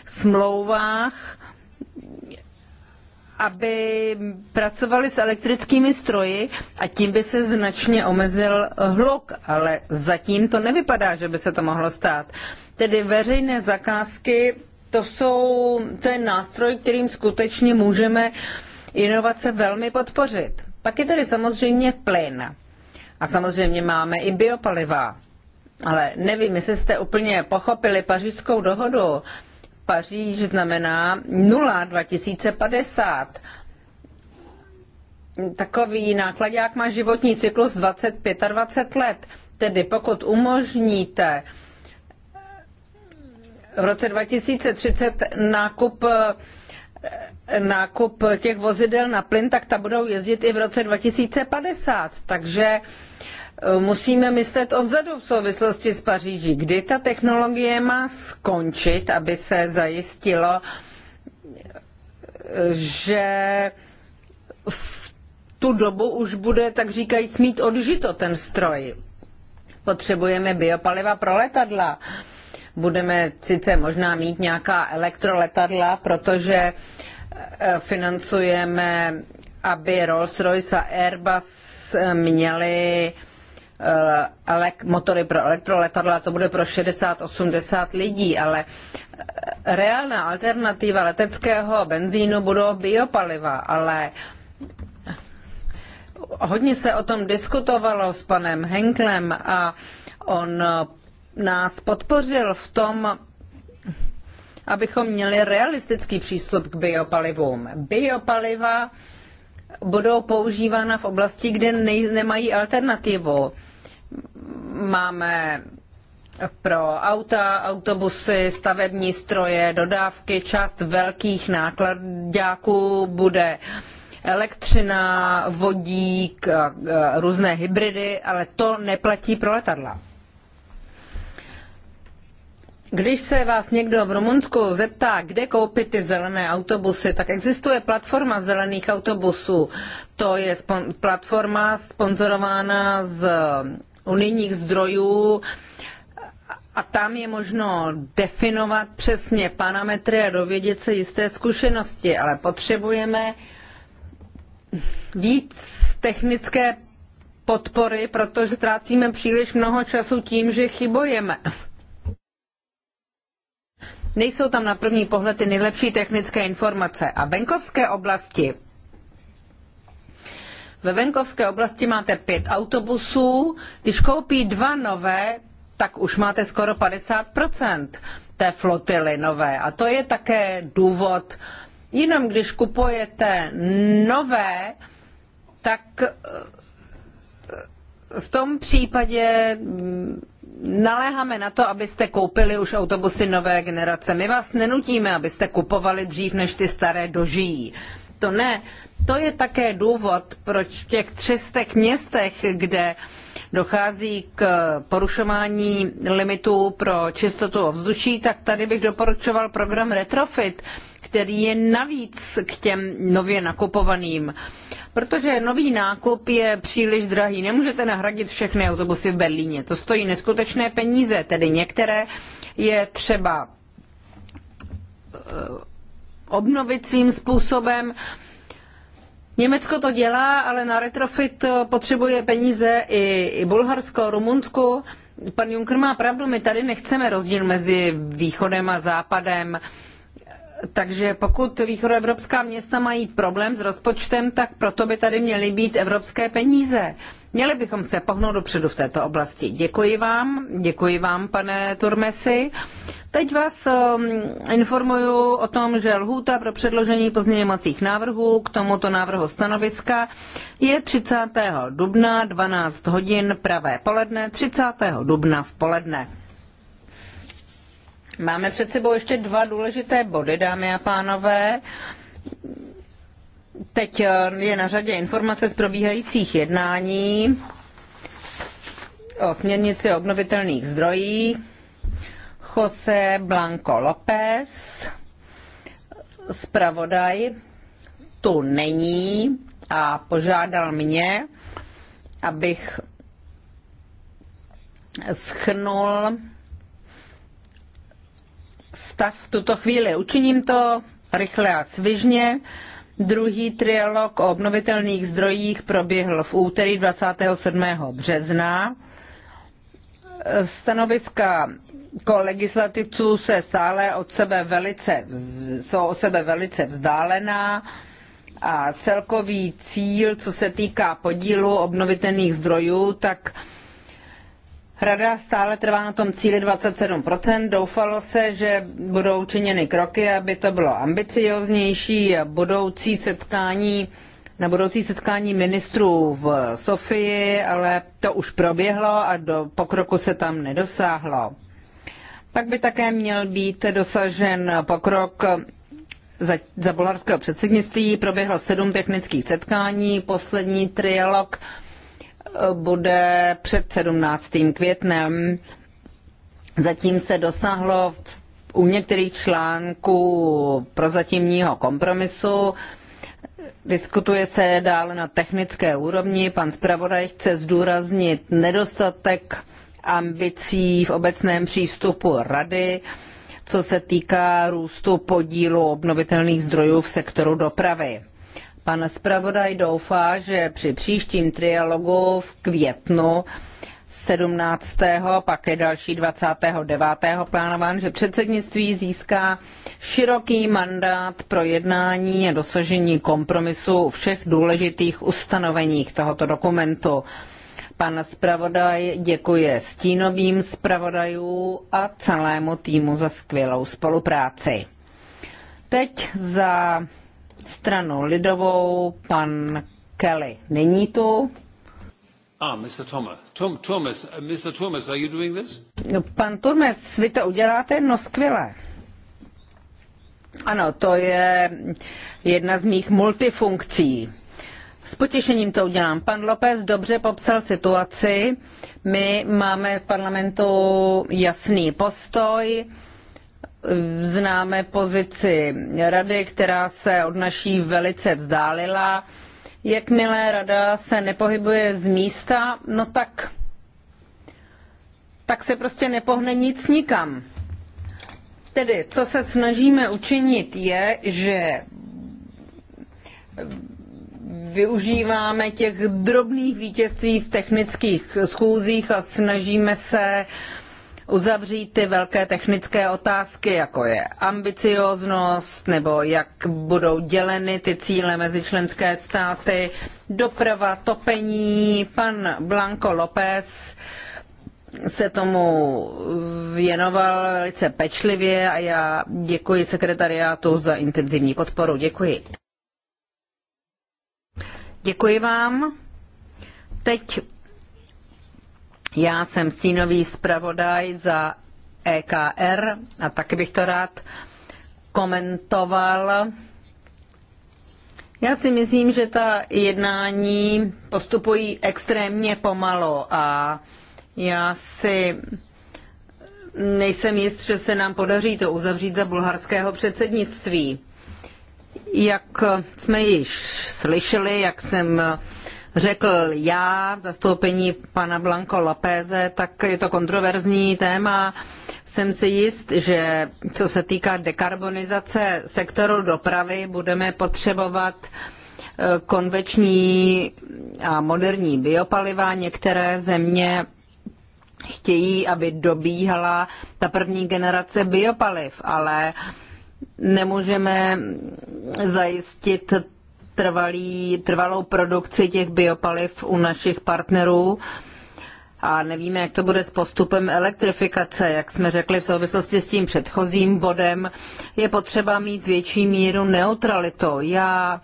smlouvách, aby pracovali s elektrickými stroji a tím by se značně omezil hluk, ale zatím to nevypadá, že by se to mohlo stát. Tedy veřejné zakázky, to, jsou, to je nástroj, kterým skutečně můžeme inovace velmi podpořit. Pak je tady samozřejmě plyn. A samozřejmě máme i biopaliva. Ale nevím, jestli jste úplně pochopili pařížskou dohodu. Paříž znamená 0 2050. Takový nákladák má životní cyklus 25 a 20 let. Tedy pokud umožníte v roce 2030 nákup nákup těch vozidel na plyn, tak ta budou jezdit i v roce 2050. Takže musíme myslet odzadu v souvislosti s Paříží. Kdy ta technologie má skončit, aby se zajistilo, že v tu dobu už bude, tak říkajíc, mít odžito ten stroj. Potřebujeme biopaliva pro letadla. Budeme sice možná mít nějaká elektroletadla, protože eh, financujeme, aby Rolls-Royce a Airbus eh, měli Eh, motory pro elektroletadla, to bude pro 60-80 lidí, ale eh, reálná alternativa leteckého benzínu budou biopaliva, ale eh, hodně se o tom diskutovalo s panem Henklem a on nás podpořil v tom, abychom měli realistický přístup k biopalivům. Biopaliva budou používána v oblasti, kde nej, nemají alternativu. Máme pro auta, autobusy, stavební stroje, dodávky, část velkých nákladňáků bude elektřina, vodík, různé hybridy, ale to neplatí pro letadla. Když se vás někdo v Rumunsku zeptá, kde koupit ty zelené autobusy, tak existuje platforma zelených autobusů. To je spon- platforma sponzorována z unijních zdrojů a tam je možno definovat přesně parametry a dovědět se jisté zkušenosti, ale potřebujeme víc technické podpory, protože ztrácíme příliš mnoho času tím, že chybujeme. Nejsou tam na první pohled ty nejlepší technické informace. A venkovské oblasti. Ve venkovské oblasti máte pět autobusů, když koupí dva nové, tak už máte skoro 50% té flotily nové. A to je také důvod, jenom když kupujete nové, tak eh, v tom případě mm, naléháme na to, abyste koupili už autobusy nové generace. My vás nenutíme, abyste kupovali dřív, než ty staré dožijí. To ne. To je také důvod, proč v těch 300 městech, kde uh, dochází k porušování limitů pro čistotu ovzduší, tak tady bych doporučoval program Retrofit, který je navíc k těm nově nakupovaným. Protože nový nákup je příliš drahý. Nemůžete nahradit všechny autobusy v Berlíně. To stojí neskutečné peníze, tedy některé je třeba eh, obnovit svým způsobem. Německo to dělá, ale na retrofit potřebuje peníze i, i Bulharsko, Rumunsko. Pan Juncker má pravdu, my tady nechceme rozdíl mezi východem a západem. Takže pokud východoevropská města mají problém s rozpočtem, tak proto by tady měly být evropské peníze. Měli bychom se pohnout dopředu v této oblasti. Děkuji vám, děkuji vám, pane Turmesi. Teď vás um, informuji o tom, že lhůta pro předložení pozměňovacích návrhů k tomuto návrhu stanoviska je 30. dubna 12 hodin pravé poledne, 30. dubna v poledne. Máme před sebou ještě dva důležité body, dámy a pánové. Teď eh, je na řadě informace z probíhajících jednání o směrnici obnovitelných zdrojích. Jose Blanco López, zpravodaj, tu není a požádal mě, abych schnul stav v tuto chvíli. Učiním to rychle a svižně. Druhý trialog o obnovitelných zdrojích proběhl v úterý 27. března. Stanoviska kolegislativců se stále od sebe velice, jsou od sebe velice vzdálená a celkový cíl, co se týká podílu obnovitelných zdrojů, tak Rada stále trvá na tom cíli 27%. Doufalo se, že budou činěny kroky, aby to bylo ambicioznější a budoucí setkání na budoucí setkání ministrů v Sofii, ale to už proběhlo a do pokroku se tam nedosáhlo. Pak by také měl být dosažen pokrok za, za bulharského předsednictví. Proběhlo sedm technických setkání, poslední trialog bude před 17. květnem. Zatím se dosáhlo u některých článků prozatímního kompromisu. Diskutuje se dále na technické úrovni. Pan zpravodaj chce zdůraznit nedostatek ambicí v obecném přístupu rady, co se týká růstu podílu obnovitelných zdrojů v sektoru dopravy. Pan zpravodaj doufá, že při příštím trialogu v květnu 17. pak je další 29. plánován, že předsednictví získá široký mandát pro jednání a dosažení kompromisu všech důležitých ustanoveních tohoto dokumentu. Pan zpravodaj děkuje stínovým zpravodajů a celému týmu za skvělou spolupráci. Teď za stranu lidovou, pan Kelly není tu. Ah, Mr. Thomas. Tom, Thomas, uh, Mr. Thomas, are you doing this? No, pan Turmes, vy to uděláte? No skvěle. Ano, to je jedna z mých multifunkcí. S potěšením to udělám. Pan López dobře popsal situaci. My máme v parlamentu jasný postoj známe pozici rady, která se od naší velice vzdálila. Jakmile rada se nepohybuje z místa, no tak, tak se prostě nepohne nic nikam. Tedy, co se snažíme učinit, je, že využíváme těch drobných vítězství v technických schůzích a snažíme se uh, uzavřít ty velké technické otázky, jako je ambicióznost nebo jak budou děleny ty cíle mezi členské státy, doprava, topení. Pan Blanco López se tomu věnoval velice pečlivě a já děkuji sekretariátu za intenzivní podporu. Děkuji. Děkuji vám. Teď já jsem stínový zpravodaj za EKR a taky bych to rád komentoval. Já si myslím, že ta jednání postupují extrémně pomalu a já si nejsem jist, že se nám podaří to uzavřít za bulharského předsednictví. Jak jsme již slyšeli, jak jsem řekl já v zastoupení pana Blanco Lopéze, tak je to kontroverzní téma. Jsem si jist, že co se týká dekarbonizace sektoru dopravy, budeme potřebovat eh, konveční a moderní biopaliva. Některé země chtějí, aby dobíhala ta první generace biopaliv, ale nemůžeme zajistit trvalý, trvalou produkci těch biopaliv u našich partnerů a nevíme, jak to bude s postupem elektrifikace. Jak jsme řekli v souvislosti s tím předchozím bodem, je potřeba mít větší míru neutralitu. Já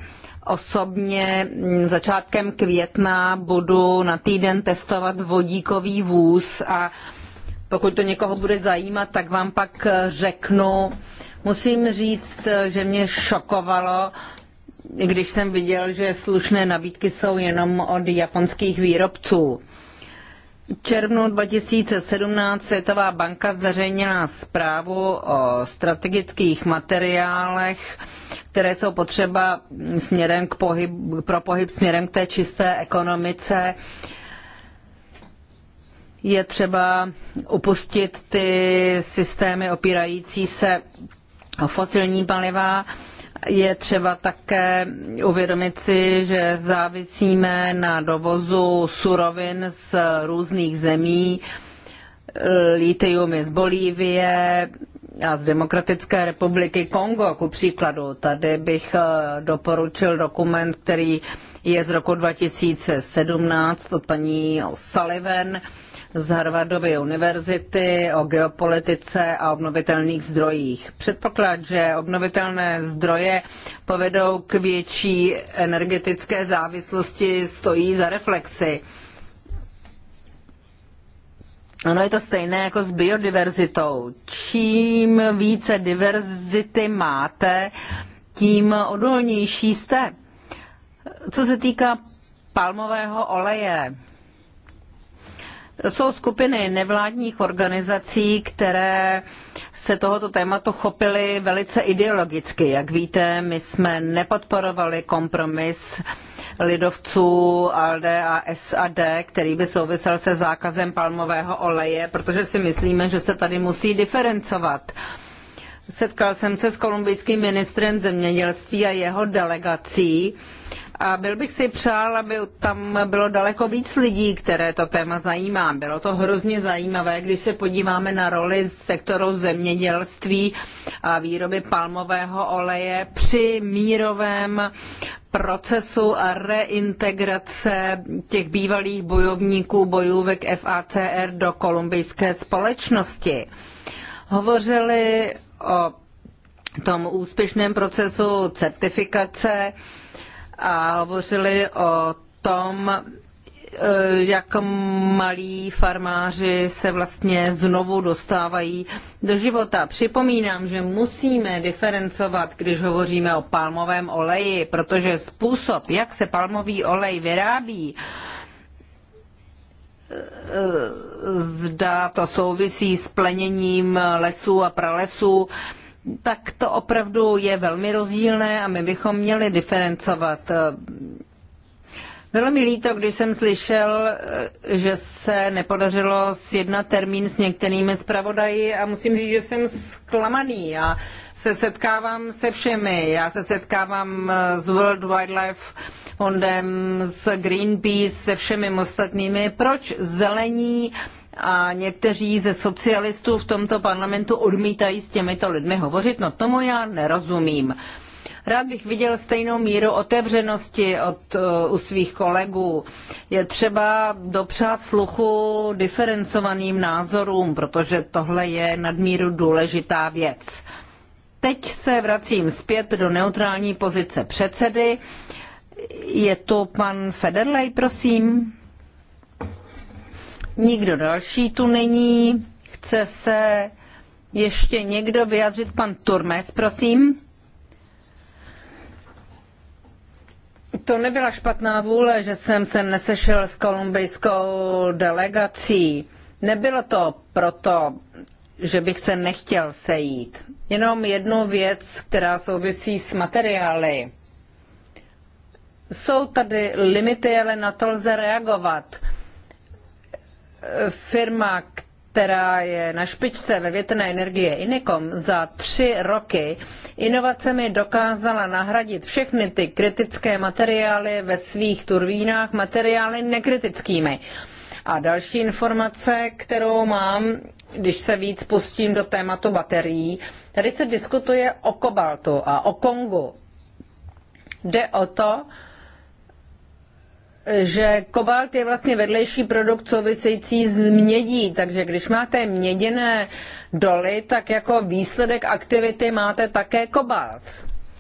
osobně začátkem května budu na týden testovat vodíkový vůz a pokud to někoho bude zajímat, tak vám pak řeknu. Musím říct, že mě šokovalo, když jsem viděl, že slušné nabídky jsou jenom od japonských výrobců. V červnu 2017 Světová banka zveřejnila zprávu o strategických materiálech, které jsou potřeba směrem k pohyb, pro pohyb směrem k té čisté ekonomice. Je třeba upustit ty systémy opírající se o fosilní paliva. Je třeba také uvědomit si, že závisíme na dovozu surovin z různých zemí. Litium je z Bolívie a z Demokratické republiky Kongo, ku příkladu. Tady bych eh, doporučil dokument, který je z roku 2017 od paní Sullivan, z Harvardovy univerzity o geopolitice a obnovitelných zdrojích. Předpoklad, že obnovitelné zdroje povedou k větší energetické závislosti, stojí za reflexy. Ono je to stejné jako s biodiverzitou. Čím více diverzity máte, tím odolnější jste. Co se týká palmového oleje, jsou skupiny nevládních organizací, které se tohoto tématu chopily velice ideologicky. Jak víte, my jsme nepodporovali kompromis lidovců ALDE a SAD, který by souvisel se zákazem palmového oleje, protože si myslíme, že se tady musí diferencovat. Setkal jsem se s kolumbijským ministrem zemědělství a jeho delegací a byl bych si přál, aby tam bylo daleko víc lidí, které to téma zajímá. Bylo to hrozně zajímavé, když se podíváme na roli sektoru zemědělství a výroby palmového oleje při mírovém procesu a reintegrace těch bývalých bojovníků bojůvek FACR do kolumbijské společnosti. Hovořili o tom úspěšném procesu certifikace a hovořili o tom, eh, jak malí farmáři se vlastně znovu dostávají do života. Připomínám, že musíme diferencovat, když hovoříme o palmovém oleji, protože způsob, jak se palmový olej vyrábí, eh, zda to souvisí s pleněním lesů a pralesů, tak to opravdu je velmi rozdílné a my bychom měli diferencovat. Bylo mi líto, když jsem slyšel, že se nepodařilo sjednat termín s některými zpravodaji a musím říct, že jsem zklamaný. Já se setkávám se všemi. Já se setkávám s World Wildlife Fondem, s Greenpeace, se všemi ostatními. Proč zelení a někteří ze socialistů v tomto parlamentu odmítají s těmito lidmi hovořit, no tomu já nerozumím. Rád bych viděl stejnou míru otevřenosti od, eh, u svých kolegů. Je třeba dopřát sluchu diferencovaným názorům, protože tohle je nadmíru důležitá věc. Teď se vracím zpět do neutrální pozice předsedy. Je to pan Federlej, prosím nikdo další tu není. Chce se ještě někdo vyjádřit? Pan Turmes, prosím. To nebyla špatná vůle, že jsem se nesešel s kolumbijskou delegací. Nebylo to proto, že bych se nechtěl sejít. Jenom jednu věc, která souvisí s materiály. Jsou tady limity, ale na to lze reagovat firma, která je na špičce ve větrné energie Inekom, za tři roky inovacemi dokázala nahradit všechny ty kritické materiály ve svých turbínách materiály nekritickými. A další informace, kterou mám, když se víc pustím do tématu baterií, tady se diskutuje o kobaltu a o Kongu. Jde o to, že kobalt je vlastně vedlejší produkt související s mědí, takže když máte měděné doly, tak jako výsledek aktivity máte také kobalt.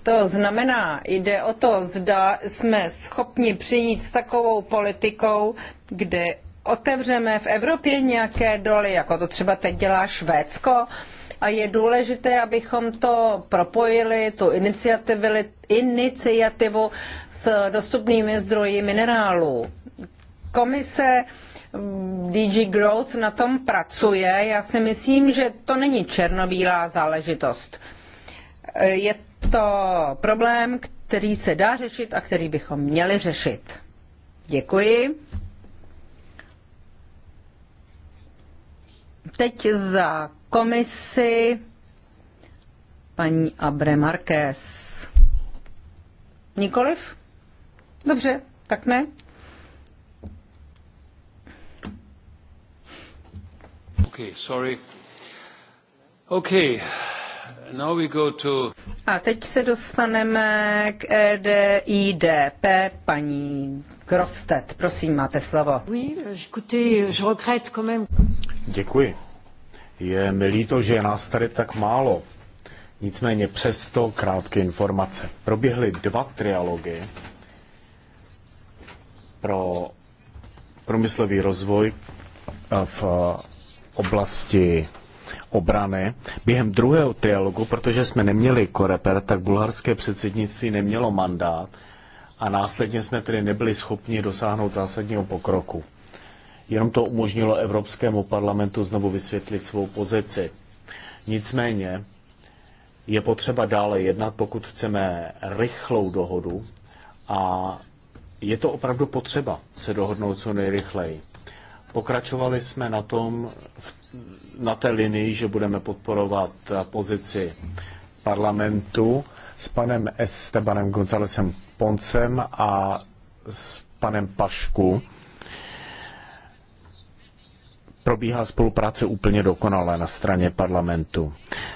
To znamená, jde o to, zda jsme schopni přijít s takovou politikou, kde otevřeme v Evropě nějaké doly, jako to třeba teď dělá Švédsko, a je důležité, abychom to propojili, tu iniciativu s dostupnými zdroji minerálů. Komise mm, DG Growth na tom pracuje. Já si myslím, že to není černobílá záležitost. Eh, je to problém, který se dá řešit a který bychom měli řešit. Děkuji. Teď za komisi paní Abre Marquez. Nikoliv? Dobře, tak ne. Okay, sorry. Okay. Now we go to... A teď se dostaneme k EDIDP, paní Grostet. Prosím, máte slovo. Oui, écoutez, je regrette quand même. Děkuji. Je mi líto, že je nás tady tak málo. Nicméně přesto krátké informace. Proběhly dva trialogy pro průmyslový rozvoj v oblasti obrany. Během druhého trialogu, protože jsme neměli koreper, tak bulharské předsednictví nemělo mandát a následně jsme tedy nebyli schopni dosáhnout zásadního pokroku. Jenom to umožnilo Evropskému parlamentu znovu vysvětlit svou pozici. Nicméně je potřeba dále jednat, pokud chceme rychlou dohodu a je to opravdu potřeba se dohodnout co nejrychleji. Pokračovali jsme na tom, na té linii, že budeme podporovat pozici parlamentu s panem Estebanem Gonzalesem Poncem a s panem Pašku probíhá spolupráce úplně dokonale na straně parlamentu.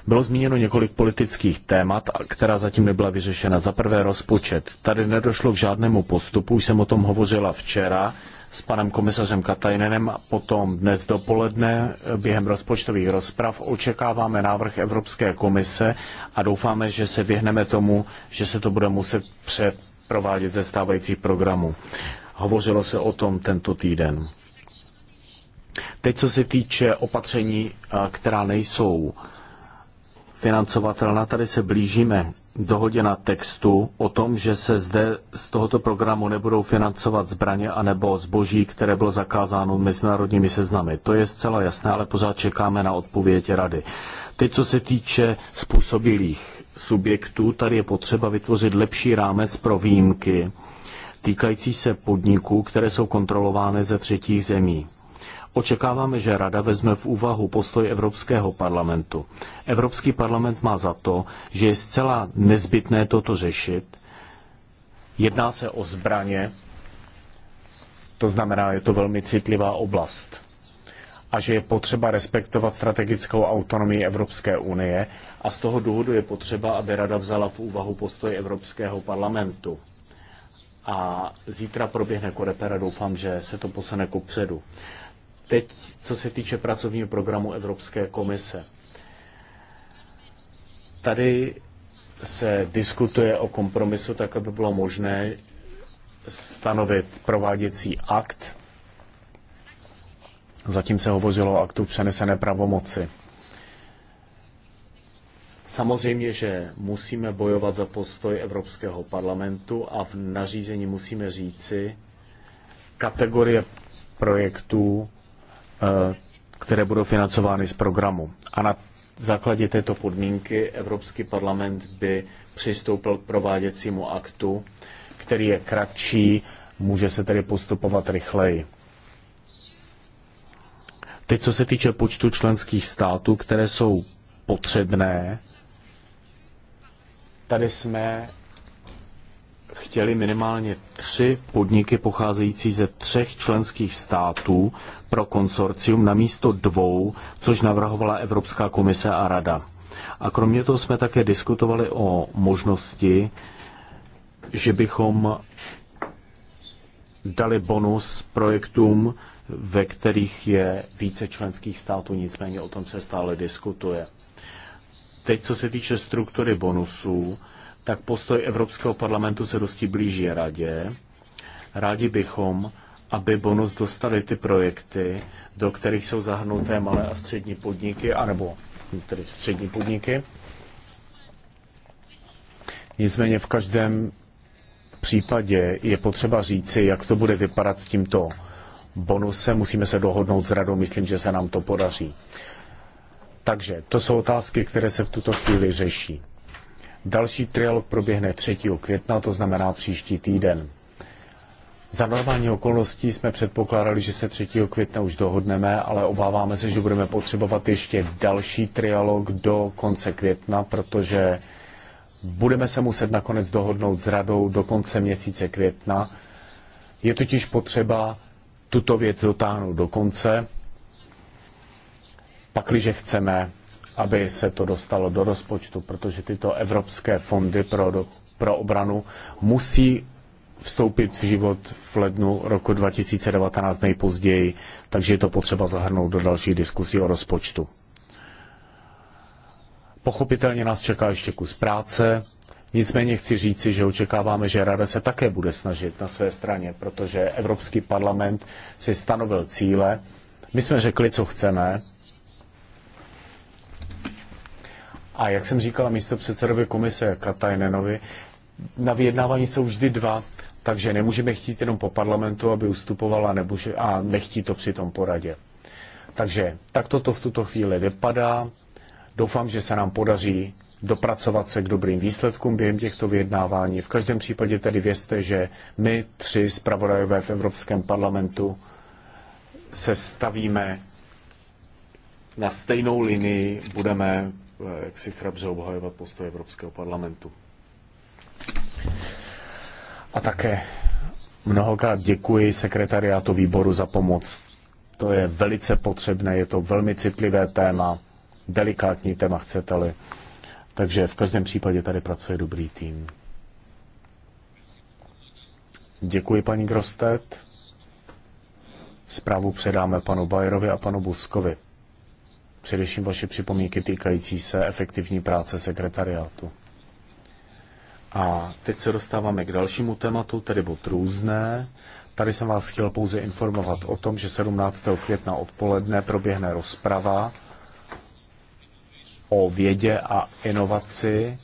Bylo zmíněno několik politických témat, která zatím nebyla vyřešena. Za prvé rozpočet. Tady nedošlo k žádnému postupu, už jsem o tom hovořila včera s panem komisařem Katajnenem a potom dnes dopoledne během rozpočtových rozprav očekáváme návrh Evropské komise a doufáme, že se vyhneme tomu, že se to bude muset přeprovádět ze stávajících programů. Hovořilo se o tom tento týden. Teď, co se týče opatření, eh, která nejsou financovatelná, tady se blížíme dohodě na textu o tom, že se zde z tohoto programu nebudou financovat zbraně anebo zboží, které bylo zakázáno mezinárodními seznamy. To je zcela jasné, ale pořád čekáme na odpověď rady. Teď, co se týče způsobilých subjektů, tady je potřeba vytvořit lepší rámec pro výjimky týkající se podniků, které jsou kontrolovány ze třetích zemí. Očekáváme, že Rada vezme v úvahu postoj Evropského parlamentu. Evropský parlament má za to, že je zcela nezbytné toto řešit. Jedná se o zbraně, to znamená, je to velmi citlivá oblast a že je potřeba respektovat strategickou autonomii Evropské unie a z toho důvodu je potřeba, aby Rada vzala v úvahu postoj Evropského parlamentu. A zítra proběhne korepera, doufám, že se to posune kupředu. předu teď, co se týče pracovního programu Evropské komise. Tady se diskutuje o kompromisu tak, aby bylo možné stanovit prováděcí akt. Zatím se hovořilo o aktu přenesené pravomoci. Samozřejmě, že musíme bojovat za postoj Evropského parlamentu a v nařízení musíme říci kategorie projektů, Eh, které budou financovány z programu. A na základě této podmínky Evropský parlament by přistoupil k prováděcímu aktu, který je kratší, může se tedy postupovat rychleji. Teď, co se týče počtu členských států, které jsou potřebné, tady jsme chtěli minimálně tři podniky pocházející ze třech členských států pro konsorcium na místo dvou, což navrhovala Evropská komise a Rada. A kromě toho jsme také diskutovali o možnosti, že bychom dali bonus projektům, ve kterých je více členských států, nicméně o tom se stále diskutuje. Teď, co se týče struktury bonusů, tak postoj Evropského parlamentu se dosti blíží radě. Rádi bychom, aby bonus dostali ty projekty, do kterých jsou zahrnuté malé a střední podniky, anebo tedy střední podniky. Nicméně v každém případě je potřeba říci, jak to bude vypadat s tímto bonusem. Musíme se dohodnout s radou, myslím, že se nám to podaří. Takže to jsou otázky, které se v tuto chvíli řeší. Další trialog proběhne 3. května, to znamená příští týden. Za normální okolností jsme předpokládali, že se 3. května už dohodneme, ale obáváme se, že budeme potřebovat ještě další trialog do konce května, protože budeme se muset nakonec dohodnout s radou do konce měsíce května. Je totiž potřeba tuto věc dotáhnout do konce, pakliže chceme aby se to dostalo do rozpočtu, protože tyto evropské fondy pro, pro obranu musí vstoupit v život v lednu roku 2019 nejpozději, takže je to potřeba zahrnout do další diskusí o rozpočtu. Pochopitelně nás čeká ještě kus práce, nicméně chci říci, že očekáváme, že Rada se také bude snažit na své straně, protože Evropský parlament si stanovil cíle, my jsme řekli, co chceme, A jak jsem říkala místo předsedovi komise Katajnenovi, na vyjednávání jsou vždy dva, takže nemůžeme chtít jenom po parlamentu, aby ustupovala nebože, a nechtí to při tom poradě. Takže takto to v tuto chvíli vypadá. Doufám, že se nám podaří dopracovat se k dobrým výsledkům během těchto vyjednávání. V každém případě tedy vězte, že my tři zpravodajové v Evropském parlamentu se stavíme na stejnou linii, budeme Eh, jak si chrabře obhajovat postoj Evropského parlamentu. A také mnohokrát děkuji sekretariátu výboru za pomoc. To je velice potřebné, je to velmi citlivé téma, delikátní téma, chcete-li. Takže v každém případě tady pracuje dobrý tým. Děkuji, paní Grostet. Zprávu předáme panu Bajerovi a panu Buskovi především vaše připomínky týkající se efektivní práce sekretariátu. A teď se dostáváme k dalšímu tématu, tedy bod různé. Tady jsem vás chtěl pouze informovat o tom, že 17. května odpoledne proběhne rozprava o vědě a inovaci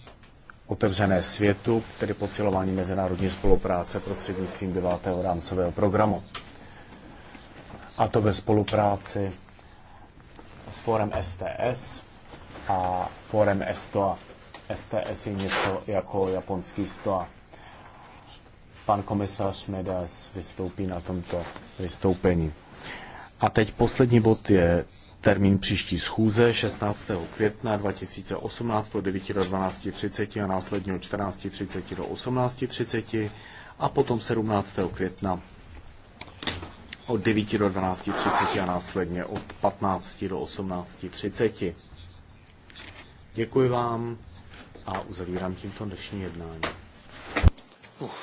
otevřené světu, tedy posilování mezinárodní spolupráce prostřednictvím 9. rámcového programu. A to ve spolupráci s forem STS a forem STOA. STS je něco jako japonský STOA. Pan komisař Medas vystoupí na tomto vystoupení. A teď poslední bod je termín příští schůze 16. května 2018 od 9 do 12.30 a následně od 14.30 do 18.30 a potom 17. května od 9 do 12.30 a následně od 15 do 18.30. Děkuji vám a uzavírám tímto dnešní jednání. Uf.